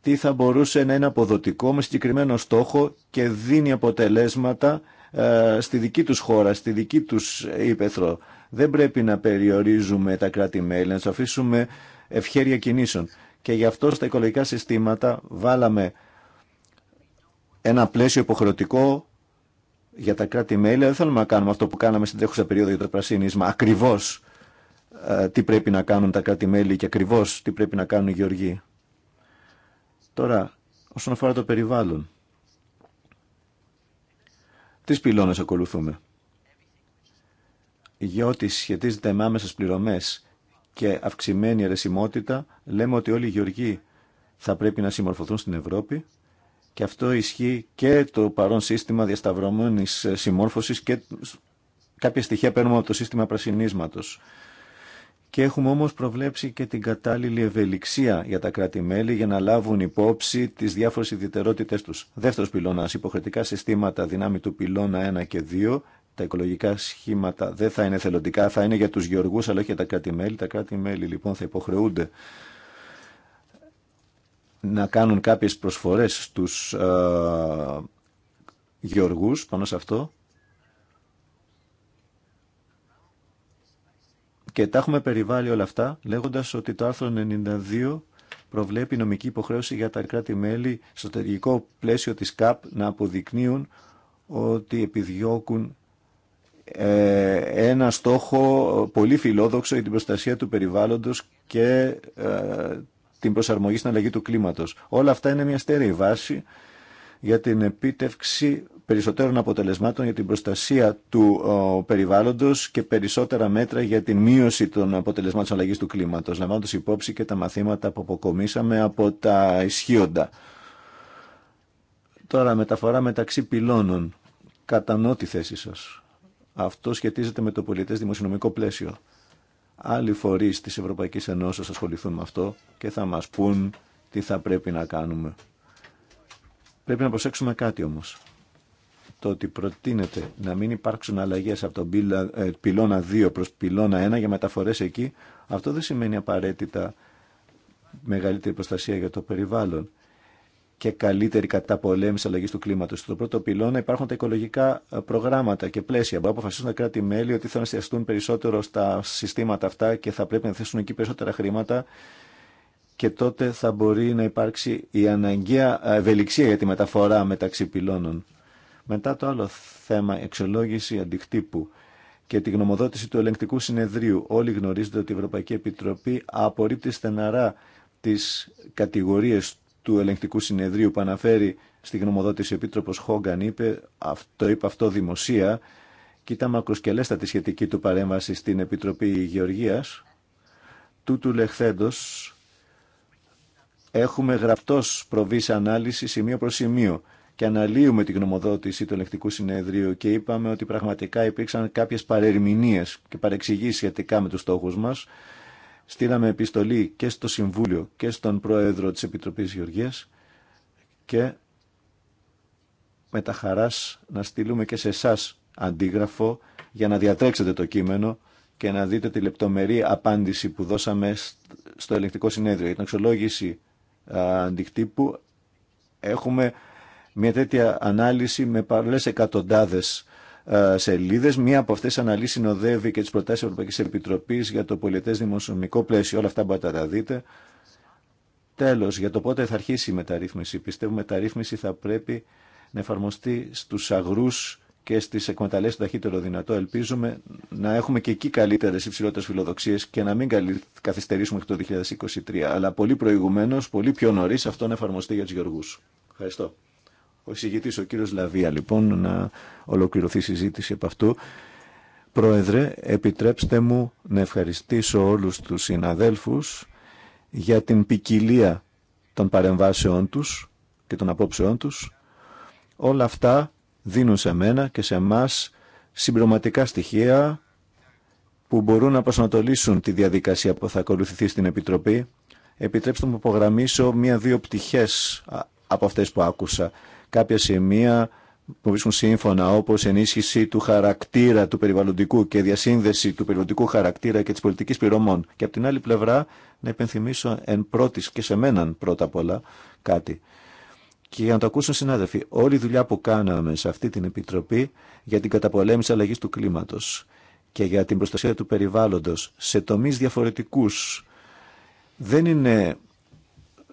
τι θα μπορούσε να είναι αποδοτικό με συγκεκριμένο στόχο και δίνει αποτελέσματα ε, στη δική τους χώρα, στη δική τους ύπεθρο. Δεν πρέπει να περιορίζουμε τα κράτη-μέλη, να του αφήσουμε ευχέρεια κινήσεων. Και γι' αυτό στα οικολογικά συστήματα βάλαμε ένα πλαίσιο υποχρεωτικό για τα κράτη-μέλη. Δεν θέλουμε να κάνουμε αυτό που κάναμε στην τρέχουσα περίοδο για το πρασίνισμα. ακριβώς ε, τι πρέπει να κάνουν τα κράτη-μέλη και ακριβώς τι πρέπει να κάνουν οι γεωργοί. Τώρα, όσον αφορά το περιβάλλον. Τις πυλώνες ακολουθούμε. Για ό,τι σχετίζεται με άμεσες πληρωμές και αυξημένη αρεσιμότητα λέμε ότι όλοι οι γεωργοί θα πρέπει να συμμορφωθούν στην Ευρώπη και αυτό ισχύει και το παρόν σύστημα διασταυρωμένης συμμόρφωσης και κάποια στοιχεία παίρνουμε από το σύστημα πρασινίσματος και έχουμε όμως προβλέψει και την κατάλληλη ευελιξία για τα κράτη-μέλη για να λάβουν υπόψη τις διάφορες ιδιαιτερότητες τους. Δεύτερος πυλώνας, υποχρετικά συστήματα δυνάμει του πυλώνα 1 και 2, τα οικολογικά σχήματα δεν θα είναι θελοντικά, θα είναι για τους γεωργούς αλλά όχι για τα κράτη-μέλη. Τα κράτη-μέλη λοιπόν θα υποχρεούνται να κάνουν κάποιες προσφορές στους ε, γεωργούς πάνω σε αυτό Και τα έχουμε περιβάλει όλα αυτά λέγοντας ότι το άρθρο 92 προβλέπει νομική υποχρέωση για τα κράτη-μέλη στο στρατηγικό πλαίσιο της ΚΑΠ να αποδεικνύουν ότι επιδιώκουν ε, ένα στόχο πολύ φιλόδοξο για την προστασία του περιβάλλοντος και ε, την προσαρμογή στην αλλαγή του κλίματος. Όλα αυτά είναι μια στέρεη βάση για την επίτευξη περισσότερων αποτελεσμάτων για την προστασία του περιβάλλοντο και περισσότερα μέτρα για την μείωση των αποτελεσμάτων αλλαγή αλλαγής του κλίματο. λαμβάνοντα υπόψη και τα μαθήματα που αποκομίσαμε από τα ισχύοντα. Τώρα, μεταφορά μεταξύ πυλώνων. Κατανοώ τη θέση σα. Αυτό σχετίζεται με το πολιτέ δημοσιονομικό πλαίσιο. Άλλοι φορεί τη Ευρωπαϊκή Ενώση ασχοληθούν με αυτό και θα μα πούν τι θα πρέπει να κάνουμε. Πρέπει να προσέξουμε κάτι όμως το ότι προτείνεται να μην υπάρξουν αλλαγέ από τον ε, πυλώνα 2 προ πυλώνα 1 για μεταφορέ εκεί, αυτό δεν σημαίνει απαραίτητα μεγαλύτερη προστασία για το περιβάλλον και καλύτερη καταπολέμηση αλλαγή του κλίματο. Στο πρώτο πυλώνα υπάρχουν τα οικολογικά ε, προγράμματα και πλαίσια. Μπορεί να αποφασίσουν τα κράτη-μέλη ότι θα εστιαστούν περισσότερο στα συστήματα αυτά και θα πρέπει να θέσουν εκεί περισσότερα χρήματα και τότε θα μπορεί να υπάρξει η αναγκαία ε, ευελιξία για τη μεταφορά μεταξύ πυλώνων. Μετά το άλλο θέμα, εξολόγηση αντικτύπου και τη γνωμοδότηση του ελεγκτικού συνεδρίου. Όλοι γνωρίζετε ότι η Ευρωπαϊκή Επιτροπή απορρίπτει στεναρά τι κατηγορίες του ελεγκτικού συνεδρίου που αναφέρει στη γνωμοδότηση ο Επίτροπος Χόγκαν είπε, το είπε αυτό δημοσία και ήταν της σχετική του παρέμβαση στην Επιτροπή Γεωργίας. Τούτου λεχθέντος έχουμε γραπτό προβεί ανάλυση σημείο προ σημείο και αναλύουμε την γνωμοδότηση του ελεκτικού συνεδρίου και είπαμε ότι πραγματικά υπήρξαν κάποιες παρερμηνίες και παρεξηγήσεις σχετικά με τους στόχους μας. Στείλαμε επιστολή και στο Συμβούλιο και στον Πρόεδρο της Επιτροπής Γεωργίας και με τα χαράς να στείλουμε και σε εσά αντίγραφο για να διατρέξετε το κείμενο και να δείτε τη λεπτομερή απάντηση που δώσαμε στο ελεκτικό συνέδριο. Για την αξιολόγηση αντικτύπου έχουμε μια τέτοια ανάλυση με παρελές εκατοντάδες ε, σελίδες. Μία από αυτές τι αναλύσεις συνοδεύει και τις προτάσεις Ευρωπαϊκής Επιτροπής για το πολιτές δημοσιονομικό πλαίσιο. Όλα αυτά μπορείτε να τα δείτε. Τέλος, για το πότε θα αρχίσει η μεταρρύθμιση. Πιστεύω μεταρρύθμιση θα πρέπει να εφαρμοστεί στους αγρούς και στις εκμεταλλεύσεις το ταχύτερο δυνατό. Ελπίζουμε να έχουμε και εκεί καλύτερες υψηλότερες φιλοδοξίες και να μην καθυστερήσουμε το 2023. Αλλά πολύ προηγουμένως, πολύ πιο νωρίς αυτό να εφαρμοστεί για τους γεωργούς. Ευχαριστώ ο εισηγητής ο κύριος Λαβία λοιπόν να ολοκληρωθεί η συζήτηση από αυτού. Πρόεδρε, επιτρέψτε μου να ευχαριστήσω όλους τους συναδέλφους για την ποικιλία των παρεμβάσεών τους και των απόψεών τους. Όλα αυτά δίνουν σε μένα και σε μας συμπληρωματικά στοιχεία που μπορούν να προσανατολίσουν τη διαδικασία που θα ακολουθηθεί στην Επιτροπή. Επιτρέψτε μου να απογραμμίσω μία-δύο πτυχές από αυτές που άκουσα κάποια σημεία που βρίσκουν σύμφωνα, όπως ενίσχυση του χαρακτήρα του περιβαλλοντικού και διασύνδεση του περιβαλλοντικού χαρακτήρα και της πολιτικής πληρωμών. Και από την άλλη πλευρά, να υπενθυμίσω εν πρώτης και σε μέναν πρώτα απ' όλα κάτι. Και για να το ακούσουν συνάδελφοι, όλη η δουλειά που κάναμε σε αυτή την Επιτροπή για την καταπολέμηση αλλαγή του κλίματος και για την προστασία του περιβάλλοντος σε τομείς διαφορετικούς δεν είναι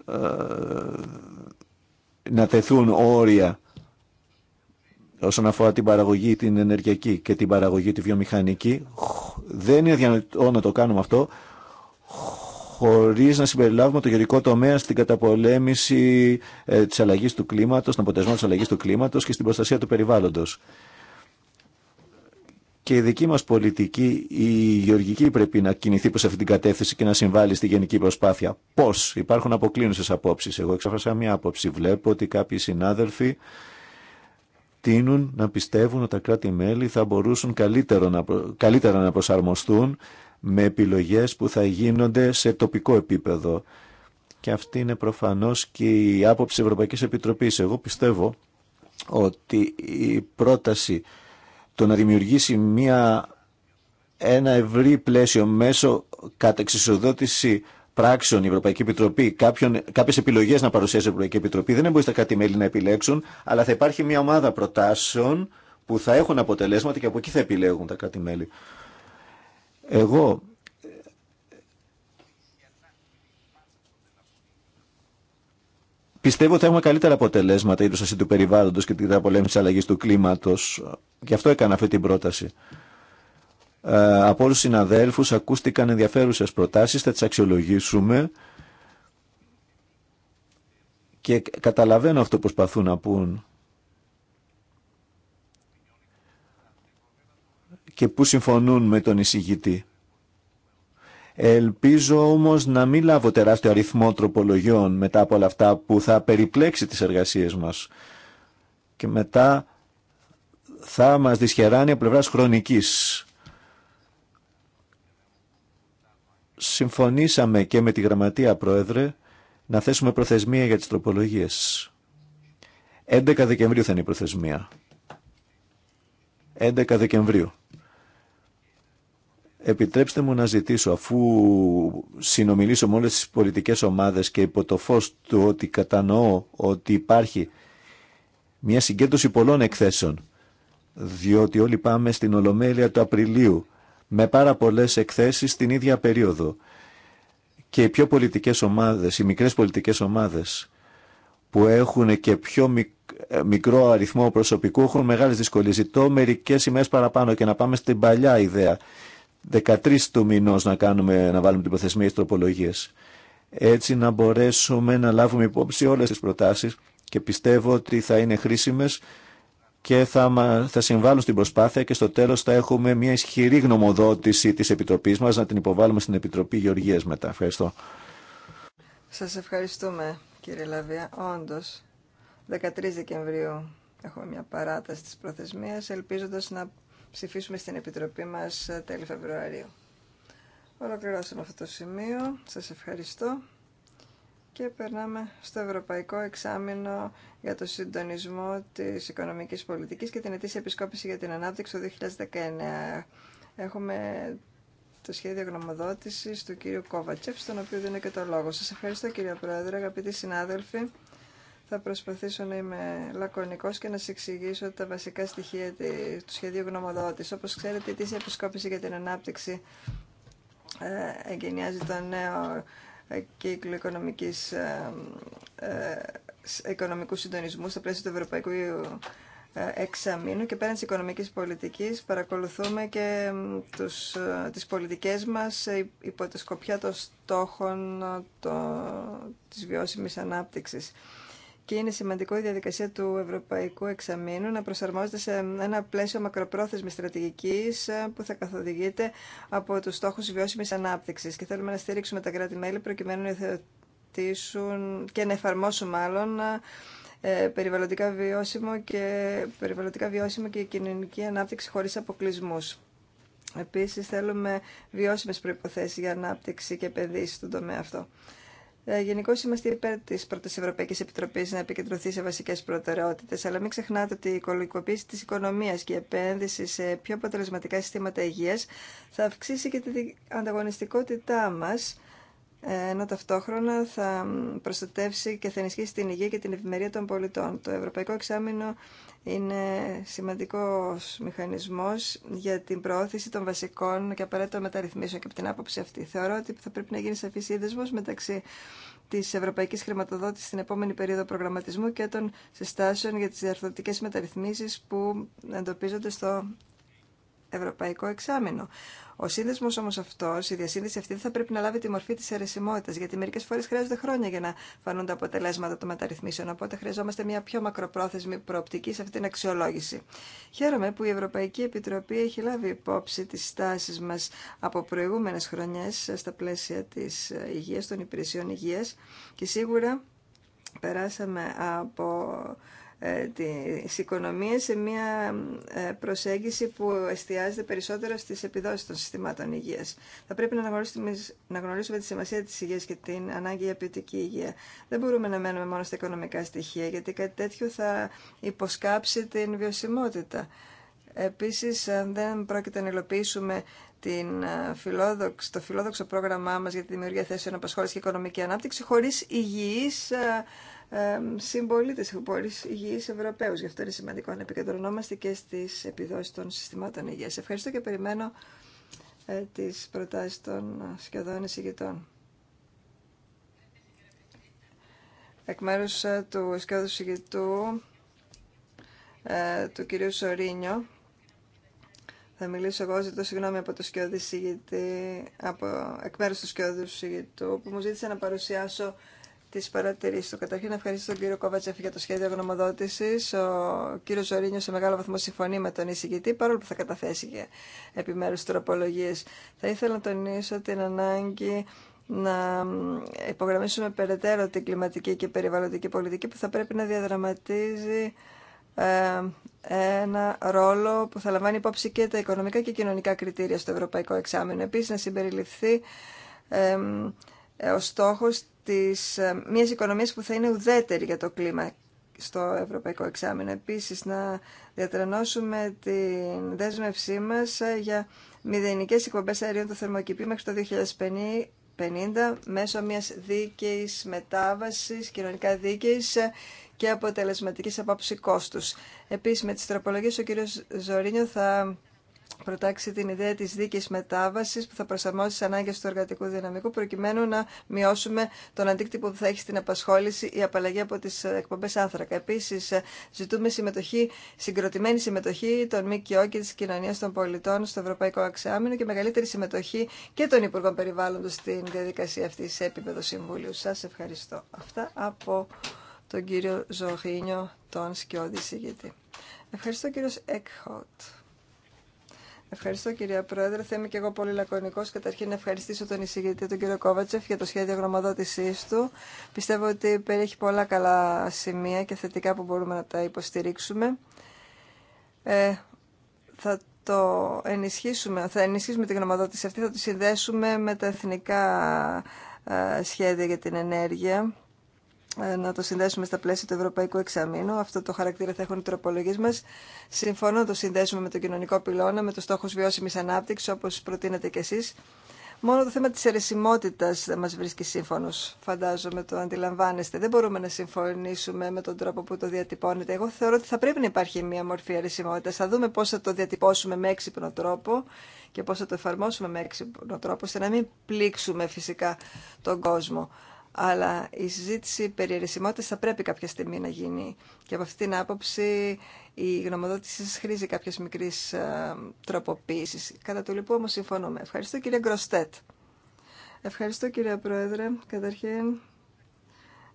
ε, να τεθούν όρια όσον αφορά την παραγωγή την ενεργειακή και την παραγωγή τη βιομηχανική. Δεν είναι διανοητό να το κάνουμε αυτό χωρίς να συμπεριλάβουμε το γενικό τομέα στην καταπολέμηση ε, της αλλαγής του κλίματος, στον αποτεσμό της αλλαγής του κλίματος και στην προστασία του περιβάλλοντος και η δική μας πολιτική, η γεωργική πρέπει να κινηθεί προς αυτή την κατεύθυνση και να συμβάλλει στη γενική προσπάθεια. Πώς υπάρχουν αποκλίνουσες απόψεις. Εγώ εξέφρασα μια άποψη. Βλέπω ότι κάποιοι συνάδελφοι τίνουν να πιστεύουν ότι τα κράτη-μέλη θα μπορούσαν καλύτερο να, καλύτερα να προσαρμοστούν με επιλογές που θα γίνονται σε τοπικό επίπεδο. Και αυτή είναι προφανώς και η άποψη Ευρωπαϊκής Επιτροπής. Εγώ πιστεύω ότι η πρόταση το να δημιουργήσει μια, ένα ευρύ πλαίσιο μέσω κατά εξισοδότηση πράξεων η Ευρωπαϊκή Επιτροπή, κάποιες επιλογές να παρουσιάσει η Ευρωπαϊκή Επιτροπή, δεν μπορεί τα κάτι μελη να επιλέξουν, αλλά θα υπάρχει μια ομάδα προτάσεων που θα έχουν αποτελέσματα και από εκεί θα επιλέγουν τα κάτι μελη Εγώ Πιστεύω ότι θα έχουμε καλύτερα αποτελέσματα η προστασία του περιβάλλοντο και την καταπολέμηση τη αλλαγή του κλίματο. Γι' αυτό έκανα αυτή την πρόταση. Ε, από όλου του συναδέλφου ακούστηκαν ενδιαφέρουσε προτάσει, θα τι αξιολογήσουμε. Και καταλαβαίνω αυτό που προσπαθούν να πούν. Και πού συμφωνούν με τον εισηγητή. Ελπίζω όμως να μην λάβω τεράστιο αριθμό τροπολογιών μετά από όλα αυτά που θα περιπλέξει τις εργασίες μας. Και μετά θα μας δυσχεράνει από πλευράς χρονικής. Συμφωνήσαμε και με τη Γραμματεία Πρόεδρε να θέσουμε προθεσμία για τις τροπολογίες. 11 Δεκεμβρίου θα είναι η προθεσμία. 11 Δεκεμβρίου. Επιτρέψτε μου να ζητήσω, αφού συνομιλήσω με όλες τις πολιτικές ομάδες και υπό το φως του ότι κατανοώ ότι υπάρχει μια συγκέντρωση πολλών εκθέσεων, διότι όλοι πάμε στην Ολομέλεια του Απριλίου, με πάρα πολλές εκθέσεις την ίδια περίοδο. Και οι πιο πολιτικές ομάδες, οι μικρές πολιτικές ομάδες, που έχουν και πιο ε, μικρό αριθμό προσωπικού, έχουν μεγάλες δυσκολίες. Ζητώ μερικές ημέρες παραπάνω και να πάμε στην παλιά ιδέα 13 του μηνό να, κάνουμε, να βάλουμε την προθεσμία στις τροπολογίες. Έτσι να μπορέσουμε να λάβουμε υπόψη όλες τις προτάσεις και πιστεύω ότι θα είναι χρήσιμες και θα, θα συμβάλλουν στην προσπάθεια και στο τέλος θα έχουμε μια ισχυρή γνωμοδότηση της Επιτροπής μας να την υποβάλουμε στην Επιτροπή Γεωργίας μετά. Ευχαριστώ.
Σας ευχαριστούμε κύριε Λαβία. Όντως, 13 Δεκεμβρίου έχουμε μια παράταση της προθεσμίας ελπίζοντας να ψηφίσουμε στην Επιτροπή μας ε, τέλη Φεβρουαρίου. Ολοκληρώσαμε αυτό το σημείο. Σας ευχαριστώ. Και περνάμε στο Ευρωπαϊκό Εξάμεινο για το Συντονισμό της Οικονομικής Πολιτικής και την Ετήσια Επισκόπηση για την Ανάπτυξη το 2019. Έχουμε το σχέδιο γνωμοδότησης του κύριου Κόβατσεφ, στον οποίο δίνω και το λόγο. Σας ευχαριστώ κ. Πρόεδρε, αγαπητοί συνάδελφοι. Θα προσπαθήσω να είμαι λακωνικός και να σας εξηγήσω τα βασικά στοιχεία του σχεδίου γνωμοδότης. Όπως ξέρετε, η Τήσια Επισκόπηση για την Ανάπτυξη ε, εγκαινιάζει το νέο ε, κύκλο οικονομικής, ε, οικονομικού συντονισμού στα πλαίσια του Ευρωπαϊκού εξαμήνου και πέραν της οικονομικής πολιτικής παρακολουθούμε και τους, τις πολιτικές μας υπό τη σκοπιά των στόχων το, της βιώσιμης και είναι σημαντικό η διαδικασία του Ευρωπαϊκού Εξαμήνου να προσαρμόζεται σε ένα πλαίσιο μακροπρόθεσμη στρατηγική ε, που θα καθοδηγείται από του στόχου βιώσιμη ανάπτυξη. και θέλουμε να στηρίξουμε τα κράτη-μέλη προκειμένου να υιοθετήσουν και να εφαρμόσουν μάλλον ε, ε, περιβαλλοντικά βιώσιμο και, περιβαλλοντικά βιώσιμο και κοινωνική ανάπτυξη χωρί αποκλεισμού. Επίση, θέλουμε βιώσιμε προποθέσει για ανάπτυξη και επενδύσει στον τομέα αυτό. Ε, γενικώ είμαστε υπέρ τη πρώτη Ευρωπαϊκή Επιτροπή να επικεντρωθεί σε βασικέ προτεραιότητε, αλλά μην ξεχνάτε ότι η οικολογικοποίηση τη οικονομία και η επένδυση σε πιο αποτελεσματικά συστήματα υγεία θα αυξήσει και την ανταγωνιστικότητά μα ενώ ταυτόχρονα θα προστατεύσει και θα ενισχύσει την υγεία και την ευημερία των πολιτών. Το Ευρωπαϊκό Εξάμεινο είναι σημαντικός μηχανισμός για την προώθηση των βασικών και απαραίτητων μεταρρυθμίσεων και από την άποψη αυτή. Θεωρώ ότι θα πρέπει να γίνει σαφή σύνδεσμο μεταξύ τη ευρωπαϊκή χρηματοδότηση στην επόμενη περίοδο προγραμματισμού και των συστάσεων για τι διαρθρωτικέ μεταρρυθμίσει που εντοπίζονται στο ευρωπαϊκό εξάμεινο. Ο σύνδεσμο όμω αυτό, η διασύνδεση αυτή, θα πρέπει να λάβει τη μορφή τη αιρεσιμότητα, γιατί μερικέ φορέ χρειάζονται χρόνια για να φανούν τα αποτελέσματα των μεταρρυθμίσεων. Οπότε χρειαζόμαστε μια πιο μακροπρόθεσμη προοπτική σε αυτή την αξιολόγηση. Χαίρομαι που η Ευρωπαϊκή Επιτροπή έχει λάβει υπόψη τι στάσει μα από προηγούμενε χρονιέ στα πλαίσια τη υγεία, των υπηρεσιών υγεία και σίγουρα περάσαμε από ε, τις οικονομίες σε μια ε, προσέγγιση που εστιάζεται περισσότερο στις επιδόσεις των συστημάτων υγείας. Θα πρέπει να γνωρίσουμε, να γνωρίσουμε τη σημασία της υγείας και την ανάγκη για ποιοτική υγεία. Δεν μπορούμε να μένουμε μόνο στα οικονομικά στοιχεία, γιατί κάτι τέτοιο θα υποσκάψει την βιωσιμότητα. Επίσης, αν δεν πρόκειται να υλοποιήσουμε την ε, το φιλόδοξο πρόγραμμά μας για τη δημιουργία θέσεων απασχόλησης και οικονομική ανάπτυξη χωρίς υγιείς συμπολίτε χωρί υγιεί Ευρωπαίου. Γι' αυτό είναι σημαντικό να επικεντρωνόμαστε και στι επιδόσει των συστημάτων υγεία. Ευχαριστώ και περιμένω ε, τι προτάσει των ε, σχεδόν εισηγητών. Εκ μέρου ε, του σχεδόν εισηγητού ε, του κυρίου Σορίνιο. Θα μιλήσω εγώ, ζητώ συγγνώμη από το σκιώδη συγητή, από, εκ μέρους του σκιώδη εισηγητού που μου ζήτησε να παρουσιάσω τι παρατηρήσει του. Καταρχήν, να τον κύριο Κόβατσεφ για το σχέδιο γνωμοδότηση. Ο κύριο Ζωρίνιο σε μεγάλο βαθμό συμφωνεί με τον εισηγητή, παρόλο που θα καταθέσει και επιμέρου τροπολογίε. Θα ήθελα να τονίσω την ανάγκη να υπογραμμίσουμε περαιτέρω την κλιματική και περιβαλλοντική πολιτική που θα πρέπει να διαδραματίζει ε, ένα ρόλο που θα λαμβάνει υπόψη και τα οικονομικά και κοινωνικά κριτήρια στο Ευρωπαϊκό Εξάμεινο. Επίση, να συμπεριληφθεί ο στόχος της ε, μιας οικονομίας που θα είναι ουδέτερη για το κλίμα στο Ευρωπαϊκό Εξάμεινο. Επίσης, να διατρανώσουμε την δέσμευσή μας ε, για μηδενικές εκπομπές αερίων του θερμοκηπίου μέχρι το 2050 μέσω μιας δίκαιης μετάβασης, κοινωνικά δίκαιης ε, και αποτελεσματικής απόψη κόστους. Επίσης, με τις τροπολογίες ο κύριος Ζωρίνιο θα προτάξει την ιδέα της δίκης μετάβασης που θα προσαρμόσει τις ανάγκες του εργατικού δυναμικού προκειμένου να μειώσουμε τον αντίκτυπο που θα έχει στην απασχόληση η απαλλαγή από τις εκπομπές άνθρακα. Επίσης, ζητούμε συμμετοχή, συγκροτημένη συμμετοχή των ΜΚΟ και της κοινωνίας των πολιτών στο Ευρωπαϊκό Αξιάμινο και μεγαλύτερη συμμετοχή και των Υπουργών Περιβάλλοντος στην διαδικασία αυτή σε επίπεδο Συμβούλιου. Σας ευχαριστώ. Αυτά από τον κύριο Ζωγίνιο, τον Σκιώδη Συγητή. Ευχαριστώ κύριο Εκχότ. Ευχαριστώ κυρία Πρόεδρε. Θα είμαι και εγώ πολύ λακωνικό. Καταρχήν να ευχαριστήσω τον εισηγητή, τον κύριο Κόβατσεφ, για το σχέδιο γνωμοδότησή του. Πιστεύω ότι περιέχει πολλά καλά σημεία και θετικά που μπορούμε να τα υποστηρίξουμε. Ε, θα το ενισχύσουμε, θα ενισχύσουμε την γνωμοδότηση αυτή, θα τη συνδέσουμε με τα εθνικά ε, σχέδια για την ενέργεια ε, να το συνδέσουμε στα πλαίσια του Ευρωπαϊκού Εξαμήνου. Αυτό το χαρακτήρα θα έχουν οι τροπολογίε μα. Συμφωνώ να το συνδέσουμε με τον κοινωνικό πυλώνα, με το στόχο βιώσιμη ανάπτυξη, όπω προτείνετε κι εσεί. Μόνο το θέμα τη αιρεσιμότητα δεν μα βρίσκει σύμφωνο. Φαντάζομαι το αντιλαμβάνεστε. Δεν μπορούμε να συμφωνήσουμε με τον τρόπο που το διατυπώνετε. Εγώ θεωρώ ότι θα πρέπει να υπάρχει μια μορφή αιρεσιμότητα. Θα δούμε πώ θα το διατυπώσουμε με έξυπνο τρόπο και πώ θα το εφαρμόσουμε με έξυπνο τρόπο, ώστε να μην πλήξουμε φυσικά τον κόσμο αλλά η συζήτηση περί ερεσιμότητας θα πρέπει κάποια στιγμή να γίνει. Και από αυτή την άποψη η γνωμοδότηση σας χρήζει κάποιες μικρής ε, Κατά το λοιπόν όμως συμφωνούμε. Ευχαριστώ κύριε Γκροστέτ. Ευχαριστώ κύριε Πρόεδρε. Καταρχήν...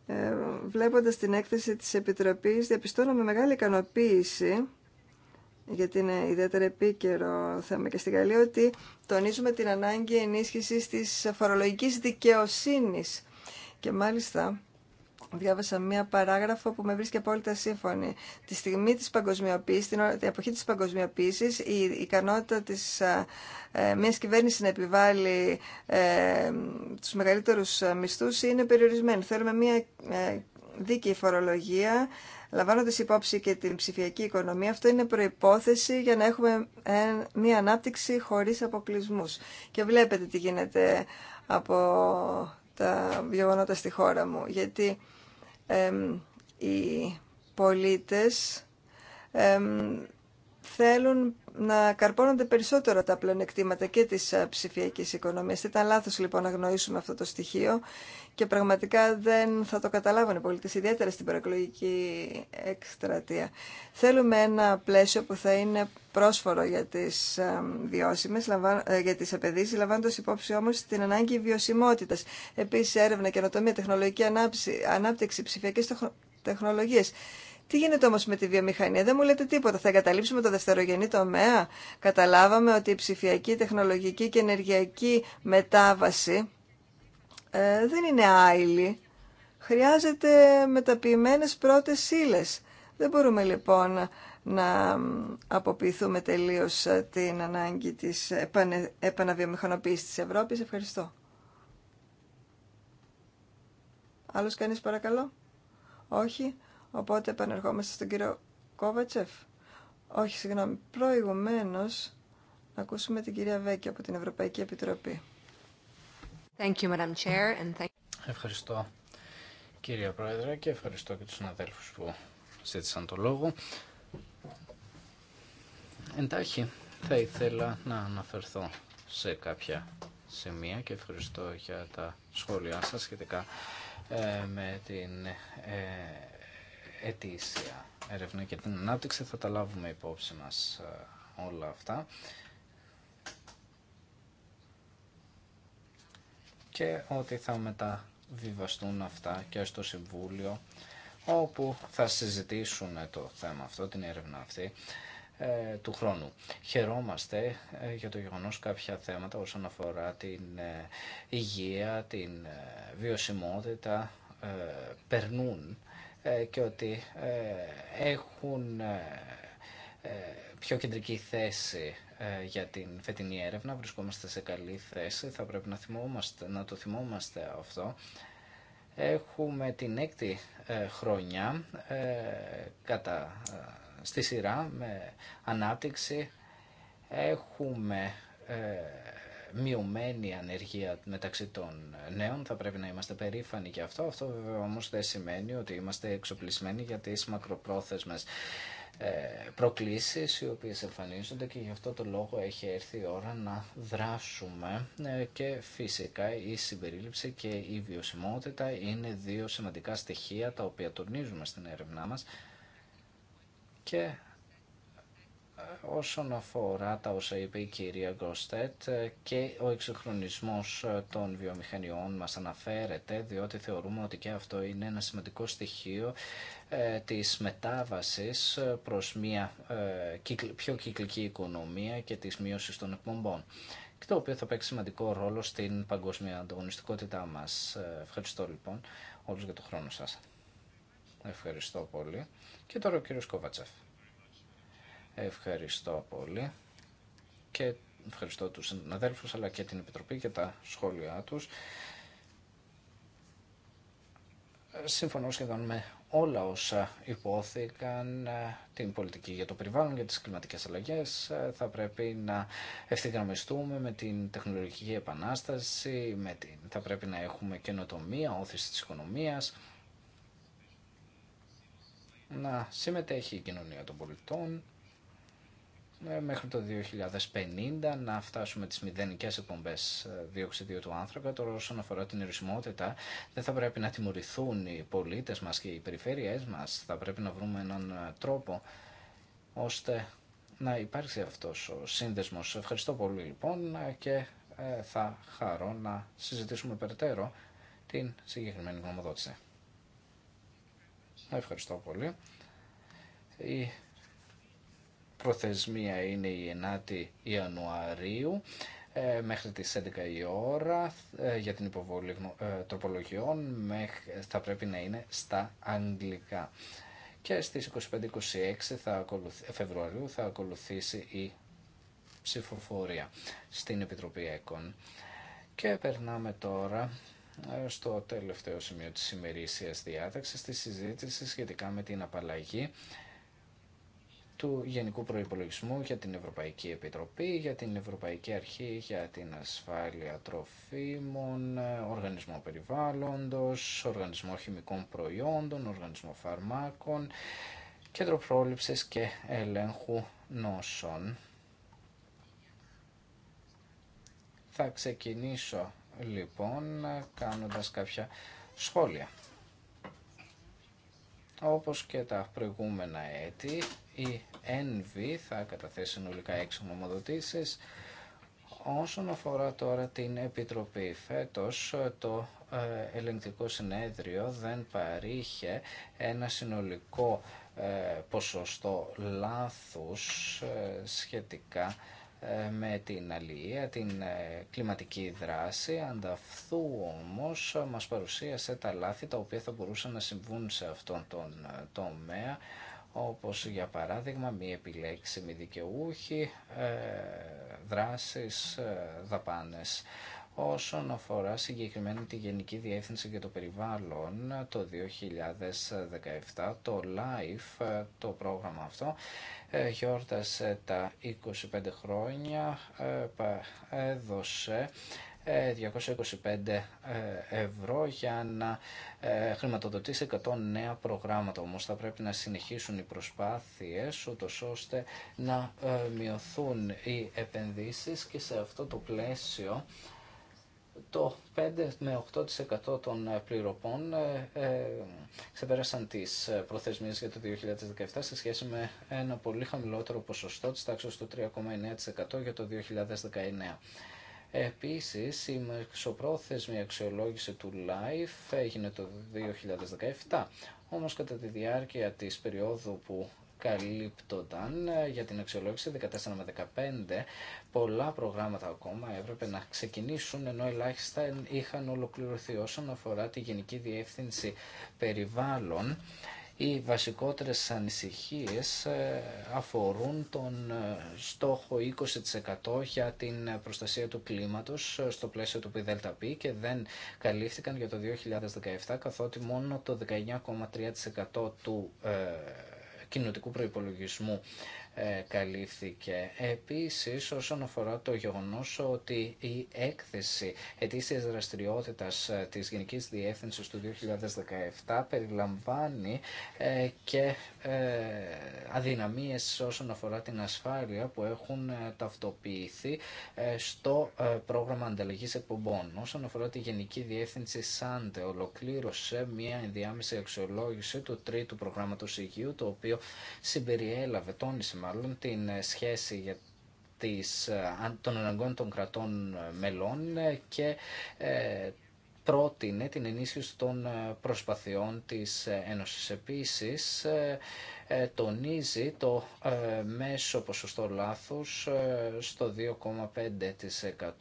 Ε, βλέποντας την έκθεση της Επιτροπής, διαπιστώνω με μεγάλη ικανοποίηση γιατί είναι ιδιαίτερα επίκαιρο θέμα και στην Γαλλία, ότι τονίζουμε την ανάγκη ενίσχυσης της φορολογικής δικαιοσύνης και μάλιστα διάβασα μία παράγραφο που με βρίσκει απόλυτα σύμφωνη. Τη στιγμή της παγκοσμιοποίησης, την, εποχή της παγκοσμιοποίησης, η ικανότητα της ε, μιας κυβέρνησης να επιβάλλει ε, τους μεγαλύτερους ε, μισθούς είναι περιορισμένη. Θέλουμε μία ε, δίκαιη φορολογία, λαμβάνοντας υπόψη και την ψηφιακή οικονομία. Αυτό είναι προϋπόθεση για να έχουμε ε, μία ανάπτυξη χωρίς αποκλεισμούς. Και βλέπετε τι γίνεται από τα γεγονότα στη χώρα μου, γιατί οι πολίτες θέλουν να καρπώνονται περισσότερο τα πλεονεκτήματα και της ε, ψηφιακής οικονομίας. Ήταν λάθος λοιπόν να γνωρίσουμε αυτό το στοιχείο και πραγματικά δεν θα το καταλάβουν οι πολίτες, ιδιαίτερα στην προεκλογική εκστρατεία. Θέλουμε ένα πλαίσιο που θα είναι πρόσφορο για τις ε, βιώσιμες, ε, για τις λαμβάνοντας υπόψη όμως την ανάγκη βιωσιμότητας. Επίσης έρευνα, καινοτομία, τεχνολογική ανάπτυξη, ψηφιακές τεχνολογίες τι γίνεται όμω με τη βιομηχανία, δεν μου λέτε τίποτα. Θα εγκαταλείψουμε το δευτερογενή τομέα. Καταλάβαμε ότι η ψηφιακή, τεχνολογική και ενεργειακή μετάβαση ε, δεν είναι άειλη. Χρειάζεται μεταποιημένες πρώτες ύλε. Δεν μπορούμε λοιπόν να αποποιηθούμε τελείως ε, την ανάγκη της επαναβιομηχανοποίησης της Ευρώπης. Ευχαριστώ. Άλλος κανείς παρακαλώ. Όχι. Οπότε επανερχόμαστε στον κύριο Κόβατσεφ. Όχι, συγγνώμη, προηγουμένω να ακούσουμε την κυρία Βέκη από την Ευρωπαϊκή Επιτροπή.
Ευχαριστώ κύριε Πρόεδρε και ευχαριστώ και του συναδέλφου που ζήτησαν το λόγο. Εντάχει, θα ήθελα να αναφερθώ σε κάποια σημεία και ευχαριστώ για τα σχόλιά σας σχετικά ε, με την ε, ετήσια έρευνα και την ανάπτυξη θα τα λάβουμε υπόψη μας ε, όλα αυτά και ότι θα μεταβιβαστούν αυτά και στο Συμβούλιο όπου θα συζητήσουν το θέμα αυτό, την έρευνα αυτή ε, του χρόνου. Χαιρόμαστε ε, για το γεγονός κάποια θέματα όσον αφορά την υγεία, την βιωσιμότητα περνούν ε, και ότι ε, έχουν ε, πιο κεντρική θέση για την φετινή έρευνα. Βρισκόμαστε σε καλή θέση, θα πρέπει να, να το θυμόμαστε αυτό. Έχουμε την έκτη χρονιά κατά, στη σειρά με ανάπτυξη. Έχουμε μειωμένη ανεργία μεταξύ των νέων. Θα πρέπει να είμαστε περήφανοι για αυτό. Αυτό βέβαια όμως δεν σημαίνει ότι είμαστε εξοπλισμένοι για τις μακροπρόθεσμες ε, προκλήσεις οι οποίες εμφανίζονται και γι' αυτό το λόγο έχει έρθει η ώρα να δράσουμε ε, και φυσικά η συμπερίληψη και η βιωσιμότητα είναι δύο σημαντικά στοιχεία τα οποία τονίζουμε στην έρευνά μας και όσον αφορά τα όσα είπε η κυρία Γκροστέτ ε, και ο εξυγχρονισμός ε, των βιομηχανιών μας αναφέρεται διότι θεωρούμε ότι και αυτό είναι ένα σημαντικό στοιχείο ε, της μετάβασης προς μια πιο κυκλική οικονομία και της μείωσης των εκπομπών και το οποίο θα παίξει σημαντικό ρόλο στην παγκόσμια ανταγωνιστικότητά μας. Ευχαριστώ λοιπόν όλους για τον χρόνο σας. Ευχαριστώ πολύ. Και τώρα ο κύριος Κόβατσεφ. Ευχαριστώ πολύ και ευχαριστώ τους συναδέλφους αλλά και την Επιτροπή για τα σχόλιά τους. Συμφωνώ σχεδόν με όλα όσα υπόθηκαν ε, την πολιτική για το περιβάλλον, για τις κλιματικές αλλαγές. Ε, θα πρέπει να ευθυγραμμιστούμε με την τεχνολογική επανάσταση, με την... θα πρέπει να έχουμε καινοτομία, όθηση της οικονομίας, να συμμετέχει η κοινωνία των πολιτών, ε, μέχρι το 2050 να φτάσουμε τις μηδενικές εκπομπές ε, διοξιδίου του άνθρακα. Τώρα όσον αφορά την ερωσιμότητα δεν θα πρέπει να τιμωρηθούν οι πολίτες μας και οι περιφέρειές μας. Θα πρέπει να βρούμε έναν ε, τρόπο ώστε να υπάρξει αυτός ο σύνδεσμος. Ευχαριστώ πολύ λοιπόν και θα χαρώ να συζητήσουμε περαιτέρω την συγκεκριμένη γνωμοδότηση. Ευχαριστώ πολύ. Η Προθεσμία είναι η 9η Ιανουαρίου ε, μέχρι τις 11 η ώρα ε, για την υποβολή ε, τροπολογιών θα πρέπει να είναι στα αγγλικά. Και στις 25-26 θα Φεβρουαρίου θα ακολουθήσει η ψηφοφορία στην Επιτροπή ΕΚΟΝ. Και περνάμε τώρα στο τελευταίο σημείο της ημερήσιας διάταξης, της συζήτηση σχετικά με την απαλλαγή του Γενικού Προϋπολογισμού για την Ευρωπαϊκή Επιτροπή, για την Ευρωπαϊκή Αρχή, για την Ασφάλεια Τροφίμων, Οργανισμό Περιβάλλοντος, Οργανισμό Χημικών Προϊόντων, Οργανισμό Φαρμάκων, Κέντρο Πρόληψης και Ελέγχου Νόσων. Θα ξεκινήσω λοιπόν κάνοντας κάποια σχόλια. Όπως και τα προηγούμενα έτη, η ΕΝΒ θα καταθέσει συνολικά έξι νομοδοτήσεις. Όσον αφορά τώρα την Επιτροπή, φέτος το ε, ελεγκτικό συνέδριο δεν παρήχε ένα συνολικό ε, ποσοστό λάθους ε, σχετικά με την αλληλεία, την κλιματική δράση. Ανταυτού όμως μας παρουσίασε τα λάθη τα οποία θα μπορούσαν να συμβούν σε αυτόν τον τομέα όπως για παράδειγμα μη επιλέξιμη δικαιούχη, ε, δράσεις, ε, δαπάνες. Όσον αφορά συγκεκριμένα τη Γενική Διεύθυνση για το Περιβάλλον το 2017, το LIFE, ε, το πρόγραμμα αυτό, γιόρτασε τα 25 χρόνια, έδωσε 225 ε, ε, ευρώ για να ε, χρηματοδοτήσει 100 νέα προγράμματα. Όμως θα πρέπει να συνεχίσουν οι προσπάθειες ούτως ώστε να μειωθούν οι επενδύσεις και σε αυτό το πλαίσιο το 5 με 8% των πληροπών ξεπέρασαν τις προθεσμίες για το 2017 σε σχέση με ένα πολύ χαμηλότερο ποσοστό της τάξης του 3,9% για το 2019. Επίσης, η μεσοπρόθεσμη αξιολόγηση του LIFE έγινε το 2017, όμως κατά τη διάρκεια της περίοδου που καλύπτονταν ε, για την αξιολόγηση 14 με 15, πολλά προγράμματα ακόμα έπρεπε να ξεκινήσουν ενώ ελάχιστα είχαν ολοκληρωθεί όσον αφορά τη Γενική Διεύθυνση Περιβάλλον. Οι βασικότερες ανησυχίες ε, αφορούν τον ε, στόχο 20% για την προστασία του κλίματος ε, στο πλαίσιο του ΠΔΠ και δεν καλύφθηκαν για το 2017 καθότι μόνο το 19,3% του κοινωτικού προϋπολογισμού ε, καλύφθηκε. Επίσης, όσον αφορά το γεγονός ότι η έκθεση ετήσιας δραστηριότητας ε, της Γενικής Διεύθυνσης του 2017 περιλαμβάνει ε, και αδυναμίες όσον αφορά την ασφάλεια που έχουν ταυτοποιηθεί στο πρόγραμμα ανταλλαγής εκπομπών. Όσον αφορά τη Γενική Διεύθυνση ΣΑΝΤΕ, ολοκλήρωσε μια ενδιάμεση αξιολόγηση του τρίτου προγράμματος υγείου, το οποίο συμπεριέλαβε, τόνισε μάλλον την ε, σχέση για ε, των αναγκών των κρατών ε, μελών και πρότεινε την ενίσχυση των ε, προσπαθειών της ε, Ένωσης. Επίσης, ε, τονίζει το μέσο ποσοστό λάθους στο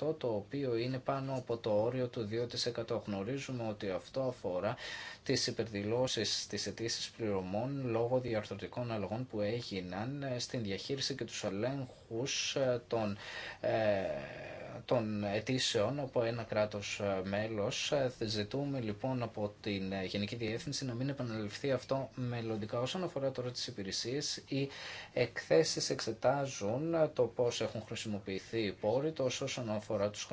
2,5% το οποίο είναι πάνω από το όριο του 2%. Γνωρίζουμε ότι αυτό αφορά τις υπερδηλώσεις της αιτήσει πληρωμών λόγω διαρθρωτικών αλλαγών που έγιναν στην διαχείριση και τους ελέγχους των των αιτήσεων από ένα κράτος ε, μέλος. Ε, ζητούμε λοιπόν από την ε, Γενική Διεύθυνση να μην επαναληφθεί αυτό μελλοντικά. Όσον αφορά τώρα τις υπηρεσίες, οι εκθέσεις εξετάζουν το πώς έχουν χρησιμοποιηθεί οι πόροι, τόσο όσον αφορά τους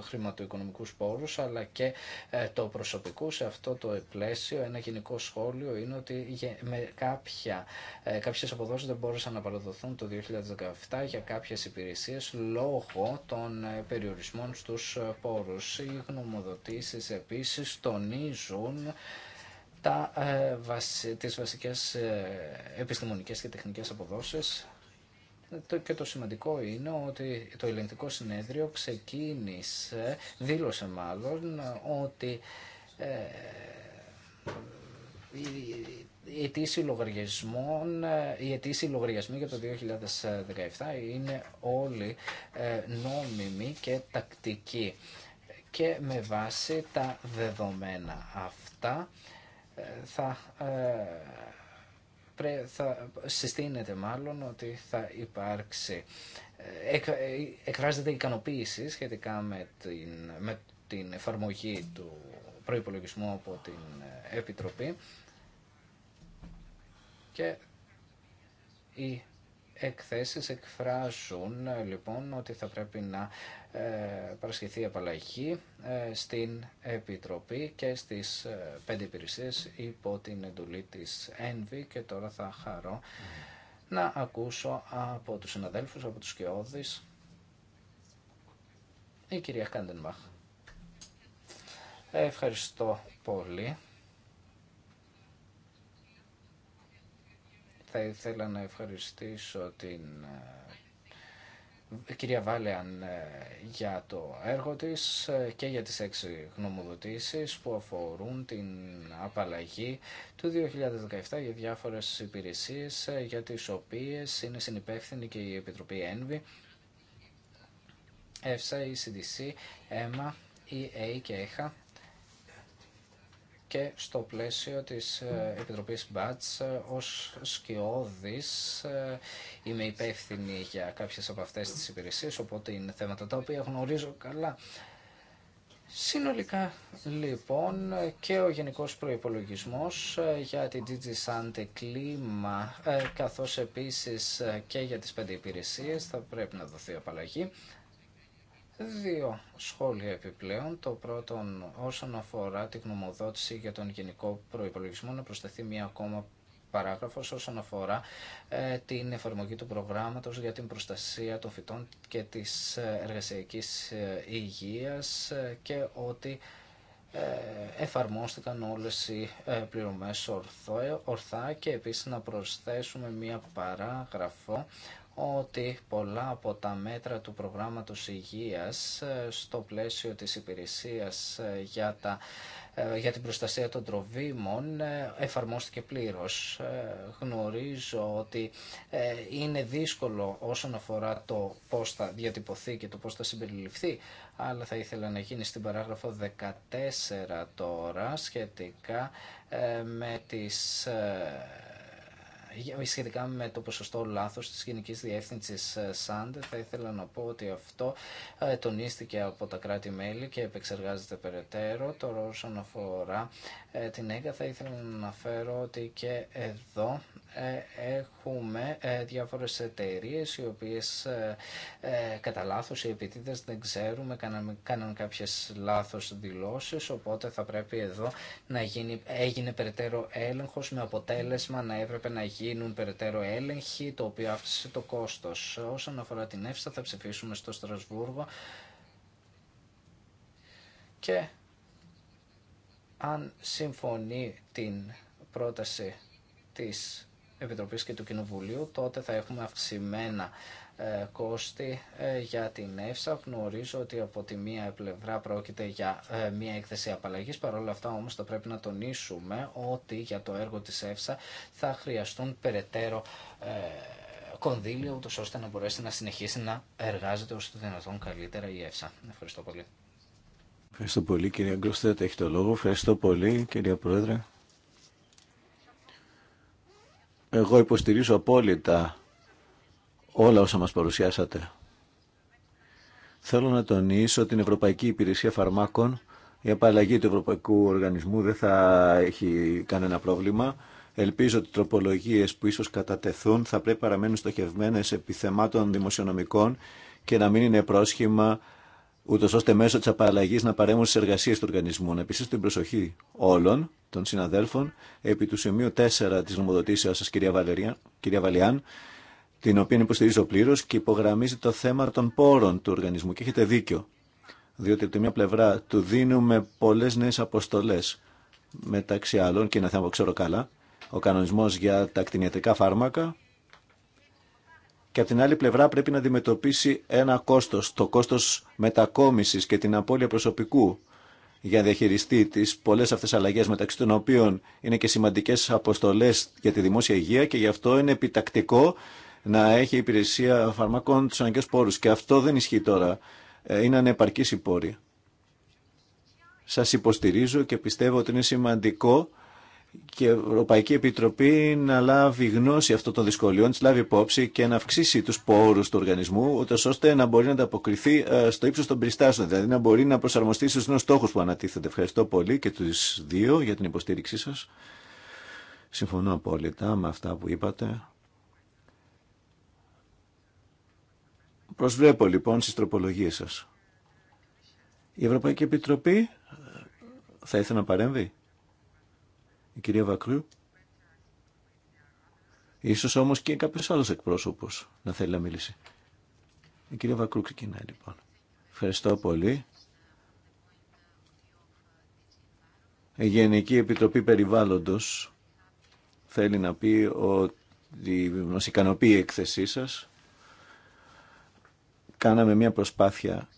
χρηματοοικονομικούς πόρους, αλλά και το προσωπικό σε αυτό το πλαίσιο. Ένα γενικό σχόλιο είναι ότι με κάποια, κάποιες αποδόσεις δεν μπόρεσαν να παραδοθούν το 2017 για κάποιες υπηρεσίες λόγω των των ε, περιορισμών στους ε, πόρους. Οι γνωμοδοτήσεις επίσης τονίζουν τα, ε, βασι, τις βασικές ε, επιστημονικές και τεχνικές αποδόσεις και το σημαντικό είναι ότι το ελεγκτικό συνέδριο ξεκίνησε, δήλωσε μάλλον, ότι οι ετήσιοι ε, λογαριασμοί για το 2017 είναι όλοι ε, νόμιμοι και τακτικοί και με βάση τα δεδομένα αυτά ε, θα, θα συστήνεται μάλλον ότι θα υπάρξει εκφράζεται ικανοποίηση σχετικά με την, με την εφαρμογή του προϋπολογισμού από την Επιτροπή και οι εκθέσεις εκφράζουν λοιπόν ότι θα πρέπει να ε, παρασχεθεί απαλλαγή ε, στην Επιτροπή και στις ε, πέντε υπηρεσίες υπό την εντολή της ΕΝΒΗ και τώρα θα χαρώ να ακούσω από τους συναδέλφους, από τους Κεώδης η κυρία Κάντενμπαχ. Ευχαριστώ πολύ. Θα ήθελα να ευχαριστήσω την ε, κυρία Βάλεαν ε, για το έργο της ε, και για τις έξι γνωμοδοτήσεις που αφορούν την απαλλαγή του 2017 για διάφορες υπηρεσίες για τις οποίες είναι συνυπεύθυνη και η Επιτροπή ΕΝΒΗ, ΕΦΣΑ, η ΕΜΑ, EA και ΕΧΑ και στο πλαίσιο της ε, Επιτροπής Μπάτς ε, ως σκιώδης ε, είμαι υπεύθυνη για κάποιες από αυτές τις υπηρεσίες οπότε είναι θέματα τα οποία γνωρίζω καλά. Συνολικά λοιπόν και ο γενικός προϋπολογισμός για την DG Sante κλίμα καθώς επίσης και για τις πέντε υπηρεσίες θα πρέπει να δοθεί απαλλαγή. Δύο σχόλια επιπλέον. Το πρώτο όσον αφορά τη γνωμοδότηση για τον γενικό προϋπολογισμό να προσθεθεί μία ακόμα παράγραφος όσον αφορά ε, την εφαρμογή του προγράμματος για την προστασία των φυτών και της ε, εργασιακής ε, υγείας και ότι εφαρμόστηκαν όλες οι πληρωμές ορθά και επίσης να προσθέσουμε μία παράγραφο ότι πολλά από τα μέτρα του προγράμματος υγείας ε, στο πλαίσιο της υπηρεσίας ε, για, τα, ε, για την προστασία των τροβίμων εφαρμόστηκε πλήρως. Γνωρίζω ότι είναι δύσκολο όσον αφορά το πώς θα διατυπωθεί και το πώς θα συμπεριληφθεί, αλλά θα ήθελα να γίνει στην παράγραφο 14 τώρα σχετικά με τις ε, σχετικά με το ποσοστό λάθος της Γενικής Διεύθυνσης ε, σάντε, θα ήθελα να πω ότι αυτό ε, τονίστηκε από τα κράτη-μέλη και επεξεργάζεται περαιτέρω. Τώρα όσον αφορά την ΕΚΑ θα ήθελα να αναφέρω ότι και εδώ έχουμε διάφορες εταιρείε οι οποίες κατά λάθος οι επειδή δεν ξέρουμε κάναν κάποιες λάθος δηλώσεις οπότε θα πρέπει εδώ να γίνει, έγινε περαιτέρω έλεγχος με αποτέλεσμα να έπρεπε να γίνει γίνουν περαιτέρω έλεγχοι, το οποίο αύξησε το κόστο. Όσον αφορά την ΕΦΣΑ θα ψηφίσουμε στο Στρασβούργο και αν συμφωνεί την πρόταση της Επιτροπής και του Κοινοβουλίου, τότε θα έχουμε αυξημένα ε, κόστη ε, για την ΕΦΣΑ. Γνωρίζω ότι από τη μία πλευρά πρόκειται για ε, μία έκθεση απαλλαγής, παρόλα αυτά όμως θα πρέπει να τονίσουμε ότι για το έργο της ΕΦΣΑ θα χρειαστούν περαιτέρω κονδύλια, ούτως ώστε να μπορέσει να συνεχίσει να εργάζεται όσο το δυνατόν καλύτερα η ΕΦΣΑ. Ευχαριστώ
πολύ.
Ευχαριστώ πολύ κυρία Γκροστέτ, έχει το λόγο. Ευχαριστώ πολύ κυρία Πρόεδρε. Εγώ υποστηρίζω απόλυτα όλα όσα μας παρουσιάσατε. Θέλω να τονίσω την Ευρωπαϊκή Υπηρεσία Φαρμάκων. Η απαλλαγή του Ευρωπαϊκού Οργανισμού δεν θα έχει κανένα πρόβλημα. Ελπίζω ότι οι τροπολογίες που ίσω κατατεθούν θα πρέπει παραμένουν επί θεμάτων δημοσιονομικών και να μην είναι πρόσχημα ούτω ώστε μέσω τη απαλλαγή να παρέμβουν στι εργασίε του οργανισμού. Να επιστήσω την προσοχή όλων των συναδέλφων επί του σημείου 4 τη νομοδοτήσεω σα, κυρία, κυρία Βαλιάν, την οποία υποστηρίζω πλήρω και υπογραμμίζει το θέμα των πόρων του οργανισμού. Και έχετε δίκιο, διότι από τη μια πλευρά του δίνουμε πολλέ νέε αποστολέ, μεταξύ άλλων, και είναι θέμα που ξέρω καλά, ο κανονισμό για τα κτηνιατρικά φάρμακα, και από την άλλη πλευρά πρέπει να αντιμετωπίσει ένα κόστο, το κόστο μετακόμιση και την απώλεια προσωπικού για να διαχειριστεί τις πολλές αυτές αλλαγέ μεταξύ των οποίων είναι και σημαντικέ αποστολέ για τη δημόσια υγεία και γι' αυτό είναι επιτακτικό να έχει υπηρεσία φαρμάκων του αναγκαίου πόρου. Και αυτό δεν ισχύει τώρα. Ε, είναι ανεπαρκή η πόρη. Σα υποστηρίζω και πιστεύω ότι είναι σημαντικό και η Ευρωπαϊκή Επιτροπή να λάβει γνώση αυτών των δυσκολιών, τι λάβει υπόψη και να αυξήσει τους πόρους του οργανισμού, ώστε να μπορεί να ανταποκριθεί ε, στο ύψος των περιστάσεων, δηλαδή να μπορεί να προσαρμοστεί στους νέους στόχους που ανατίθεται. Ευχαριστώ πολύ και του δύο για την υποστήριξή σας. Συμφωνώ απόλυτα με αυτά που είπατε. Προσβλέπω λοιπόν στις τροπολογίες σας. Η Ευρωπαϊκή Επιτροπή ε, θα ήθελε να παρέμβει. Η κυρία Βακρού. Ίσως όμως και κάποιος άλλος εκπρόσωπος να θέλει να μιλήσει. Η κυρία Βακρού ξεκινάει λοιπόν. Ευχαριστώ πολύ. Η Γενική Επιτροπή Περιβάλλοντος θέλει να πει ότι μας ικανοποιεί η έκθεσή σας κάναμε μια προσπάθεια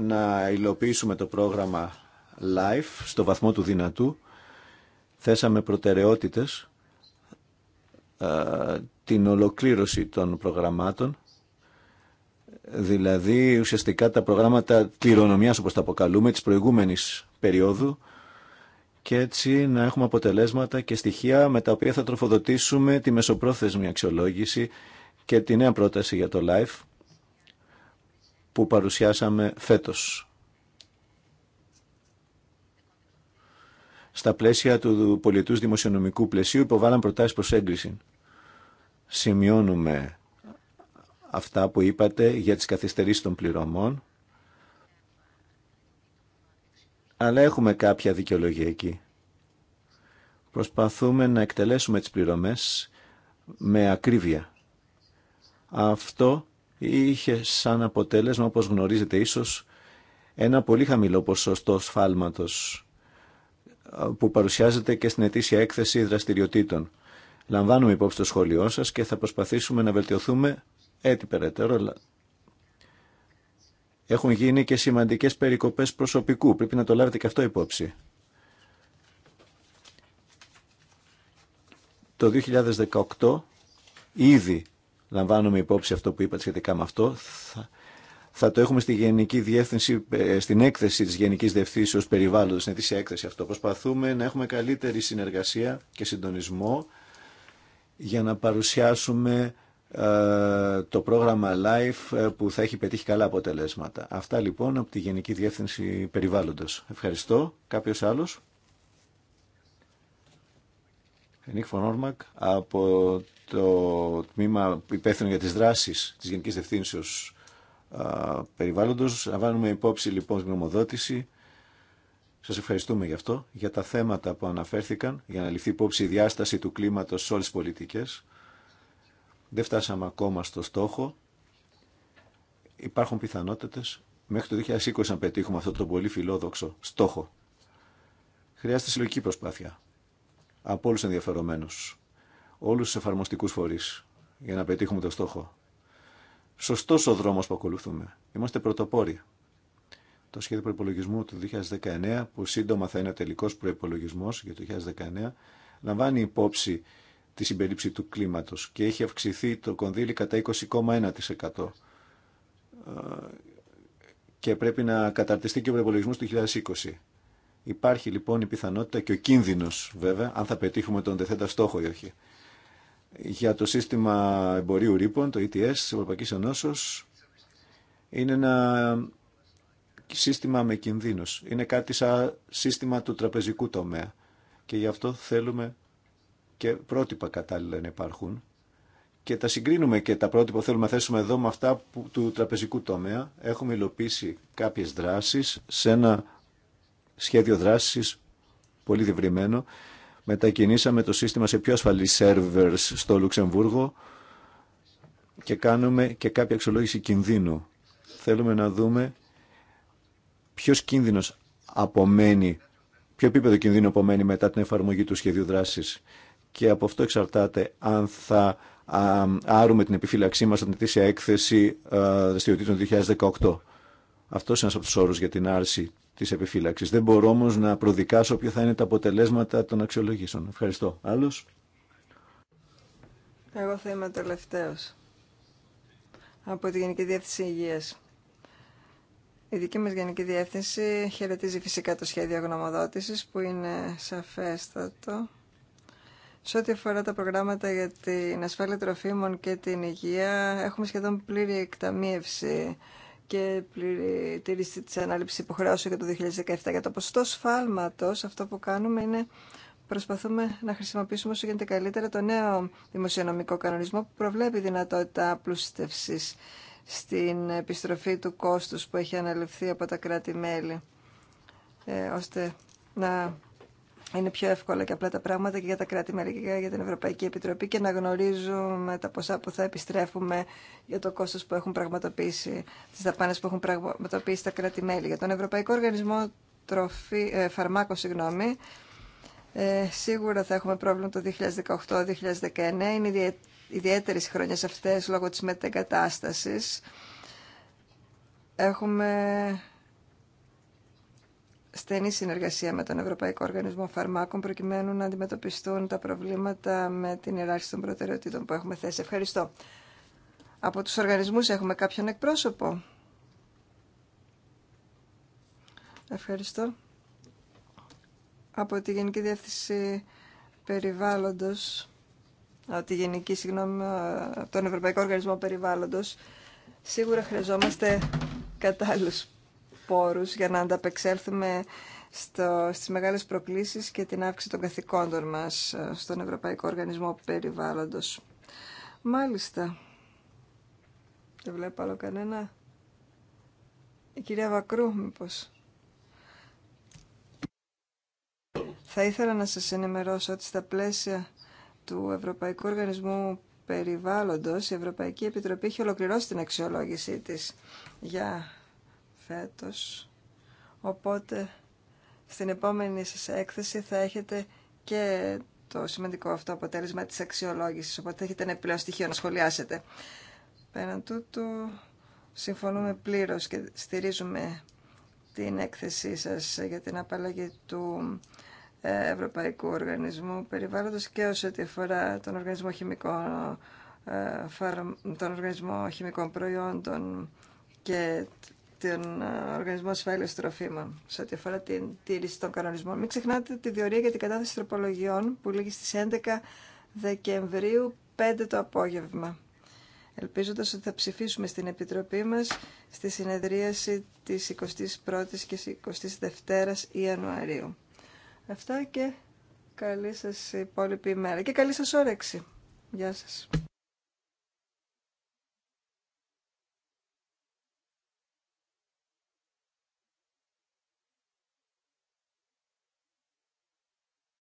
να υλοποιήσουμε το πρόγραμμα live στο βαθμό του δυνατού. Θέσαμε προτεραιότητες ε, την ολοκλήρωση των προγραμμάτων δηλαδή ουσιαστικά τα προγράμματα κληρονομιάς όπως τα αποκαλούμε της προηγούμενης περίοδου και έτσι να έχουμε αποτελέσματα και στοιχεία με τα οποία θα τροφοδοτήσουμε τη μεσοπρόθεσμη αξιολόγηση και τη νέα πρόταση για το live που παρουσιάσαμε φέτος. Στα πλαίσια του πολιτούς δημοσιονομικού πλαισίου υποβάλαν προτάσεις προς έγκριση. Σημειώνουμε αυτά που είπατε για τις καθυστερήσεις των πληρωμών, αλλά έχουμε κάποια δικαιολογία εκεί. Προσπαθούμε να εκτελέσουμε τις πληρωμές με ακρίβεια αυτό είχε σαν αποτέλεσμα, όπως γνωρίζετε ίσως, ένα πολύ χαμηλό ποσοστό σφάλματος ε, που παρουσιάζεται και στην ετήσια έκθεση δραστηριοτήτων. Λαμβάνουμε υπόψη το σχόλιο σας και θα προσπαθήσουμε να βελτιωθούμε έτσι περαιτέρω. Έχουν γίνει και σημαντικές περικοπές προσωπικού. Πρέπει να το λάβετε και αυτό υπόψη. Το 2018 ήδη λαμβάνουμε υπόψη αυτό που είπατε σχετικά με αυτό. Θα, θα το έχουμε στη Γενική Διεύθυνση, ε, στην έκθεση της Γενικής ως Περιβάλλοντος, στην ετήσια έκθεση αυτό. Προσπαθούμε να έχουμε καλύτερη συνεργασία και συντονισμό για να παρουσιάσουμε ε, το πρόγραμμα LIFE ε, που θα έχει πετύχει καλά αποτελέσματα. Αυτά λοιπόν από τη Γενική Διεύθυνση Περιβάλλοντος. Ευχαριστώ. Κάποιος άλλος. Νίκ Φωνόρμακ από το τμήμα υπεύθυνο για τις δράσεις της Γενικής Δευθύνσεως Περιβάλλοντος. Λαμβάνουμε υπόψη λοιπόν γνωμοδότηση. Σας ευχαριστούμε γι' αυτό, για τα θέματα που αναφέρθηκαν, για να ληφθεί υπόψη η διάσταση του κλίματος σε όλες τις πολιτικές. Δεν φτάσαμε ακόμα στο στόχο. Υπάρχουν πιθανότητες μέχρι το 2020 να πετύχουμε αυτό το πολύ φιλόδοξο στόχο. Χρειάζεται συλλογική προσπάθεια από όλου του ενδιαφερομένου, όλους του εφαρμοστικού φορείς για να πετύχουμε το στόχο. Σωστός ο δρόμος που ακολουθούμε. Είμαστε πρωτοπόροι. Το σχέδιο προπολογισμού του 2019, που σύντομα θα είναι τελικός προπολογισμό για το 2019, λαμβάνει υπόψη τη συμπερίληψη του κλίματος και έχει αυξηθεί το κονδύλι κατά 20,1% ε, και πρέπει να καταρτιστεί και ο προπολογισμό του 2020. Υπάρχει λοιπόν η πιθανότητα και ο κίνδυνος βέβαια αν θα πετύχουμε τον τεθέντα στόχο ή όχι. Για το σύστημα εμπορίου ρήπων, το ETS τη Ευρωπαϊκή Ενώσεω, είναι ένα σύστημα με κίνδυνο. Είναι κάτι σαν σύστημα του τραπεζικού τομέα και γι' αυτό θέλουμε και πρότυπα κατάλληλα να υπάρχουν και τα συγκρίνουμε και τα πρότυπα που θέλουμε να θέσουμε εδώ με αυτά του τραπεζικού τομέα. Έχουμε υλοποιήσει κάποιε δράσει σε ένα σχέδιο δράση, πολύ διευρυμένο. Μετακινήσαμε το σύστημα σε πιο ασφαλείς servers στο Λουξεμβούργο και κάνουμε και κάποια αξιολόγηση κινδύνου. Θέλουμε να δούμε ποιο κίνδυνο, απομένει, ποιο επίπεδο κινδύνου απομένει μετά την εφαρμογή του σχεδίου δράση. και από αυτό εξαρτάται αν θα άρουμε την επιφύλαξή μα από την ετήσια έκθεση δραστηριοτήτων 2018. Αυτό είναι ένα από του όρου για την άρση της επιφύλαξης. Δεν μπορώ όμω να προδικάσω ποια θα είναι τα αποτελέσματα των αξιολογήσεων. Ευχαριστώ. Άλλος.
Εγώ θα είμαι τελευταίο. Από τη Γενική Διεύθυνση Υγείας. Η δική μας Γενική Διεύθυνση χαιρετίζει φυσικά το σχέδιο γνωμοδότησης που είναι σαφέστατο. Σε ό,τι αφορά τα προγράμματα για την ασφάλεια τροφίμων και την υγεία, έχουμε σχεδόν πλήρη εκταμείευση και τηρήσει τη ανάληψη υποχρεώσεων για το 2017. Για το ποσοστό σφάλματος, αυτό που κάνουμε είναι προσπαθούμε να χρησιμοποιήσουμε όσο γίνεται καλύτερα το νέο δημοσιονομικό κανονισμό που προβλέπει δυνατότητα απλούστευση στην επιστροφή του κόστους που έχει αναλυφθεί από τα κράτη-μέλη, ε, ώστε να είναι πιο εύκολα και απλά τα πράγματα και για τα κράτη-μέλη και για την Ευρωπαϊκή Επιτροπή και να γνωρίζουμε τα ποσά που θα επιστρέφουμε για το κόστος που έχουν πραγματοποιήσει, τις δαπάνες που έχουν πραγματοποιήσει τα κράτη-μέλη. Για τον Ευρωπαϊκό Οργανισμό Τροφή, ε, Φαρμάκο, συγγνώμη, ε, σίγουρα θα έχουμε πρόβλημα το 2018-2019. Είναι ιδιαίτερε οι αυτές λόγω της μετεγκατάστασης. Έχουμε στενή συνεργασία με τον Ευρωπαϊκό Οργανισμό Φαρμάκων προκειμένου να αντιμετωπιστούν τα προβλήματα με την ελάχιστη των προτεραιοτήτων που έχουμε θέσει. Ευχαριστώ. Από τους οργανισμούς έχουμε κάποιον εκπρόσωπο. Ευχαριστώ. Από τη Γενική Διεύθυνση Περιβάλλοντος, από τη Γενική, συγγνώμη, τον Ευρωπαϊκό Οργανισμό Περιβάλλοντος, σίγουρα χρειαζόμαστε κατάλληλους πόρους για να ανταπεξέλθουμε στο, στις μεγάλες προκλήσεις και την αύξηση των καθηκόντων μας ε, στον Ευρωπαϊκό Οργανισμό Περιβάλλοντος. Μάλιστα. Δεν βλέπω άλλο κανένα. Η κυρία Βακρού, μήπως. Θα ήθελα να σας ενημερώσω ότι στα πλαίσια του Ευρωπαϊκού Οργανισμού Περιβάλλοντος η Ευρωπαϊκή Επιτροπή έχει ολοκληρώσει την αξιολόγησή της για φέτος. Οπότε στην επόμενη σας έκθεση θα έχετε και το σημαντικό αυτό αποτέλεσμα της αξιολόγησης. Οπότε θα έχετε ένα επιπλέον στοιχείο να σχολιάσετε. Πέραν τούτου, συμφωνούμε πλήρως και στηρίζουμε την έκθεσή σας για την απαλλαγή του ε, Ευρωπαϊκού Οργανισμού Περιβάλλοντος και όσο ό,τι αφορά τον Οργανισμό Χημικών, ε, τον οργανισμό χημικών Προϊόντων και τον ε, Οργανισμό Ασφάλεια Τροφίμων σε ό,τι αφορά την τήρηση των κανονισμών. Μην ξεχνάτε τη διορία για την κατάθεση τροπολογιών που λήγει στις 11 Δεκεμβρίου 5 το απόγευμα. ελπίζοντα ότι θα ψηφίσουμε στην Επιτροπή μας στη συνεδρίαση τη 21ης και 22ης Ιανουαρίου. Αυτά και καλή σας υπόλοιπη ημέρα και καλή σα όρεξη. Γεια σας.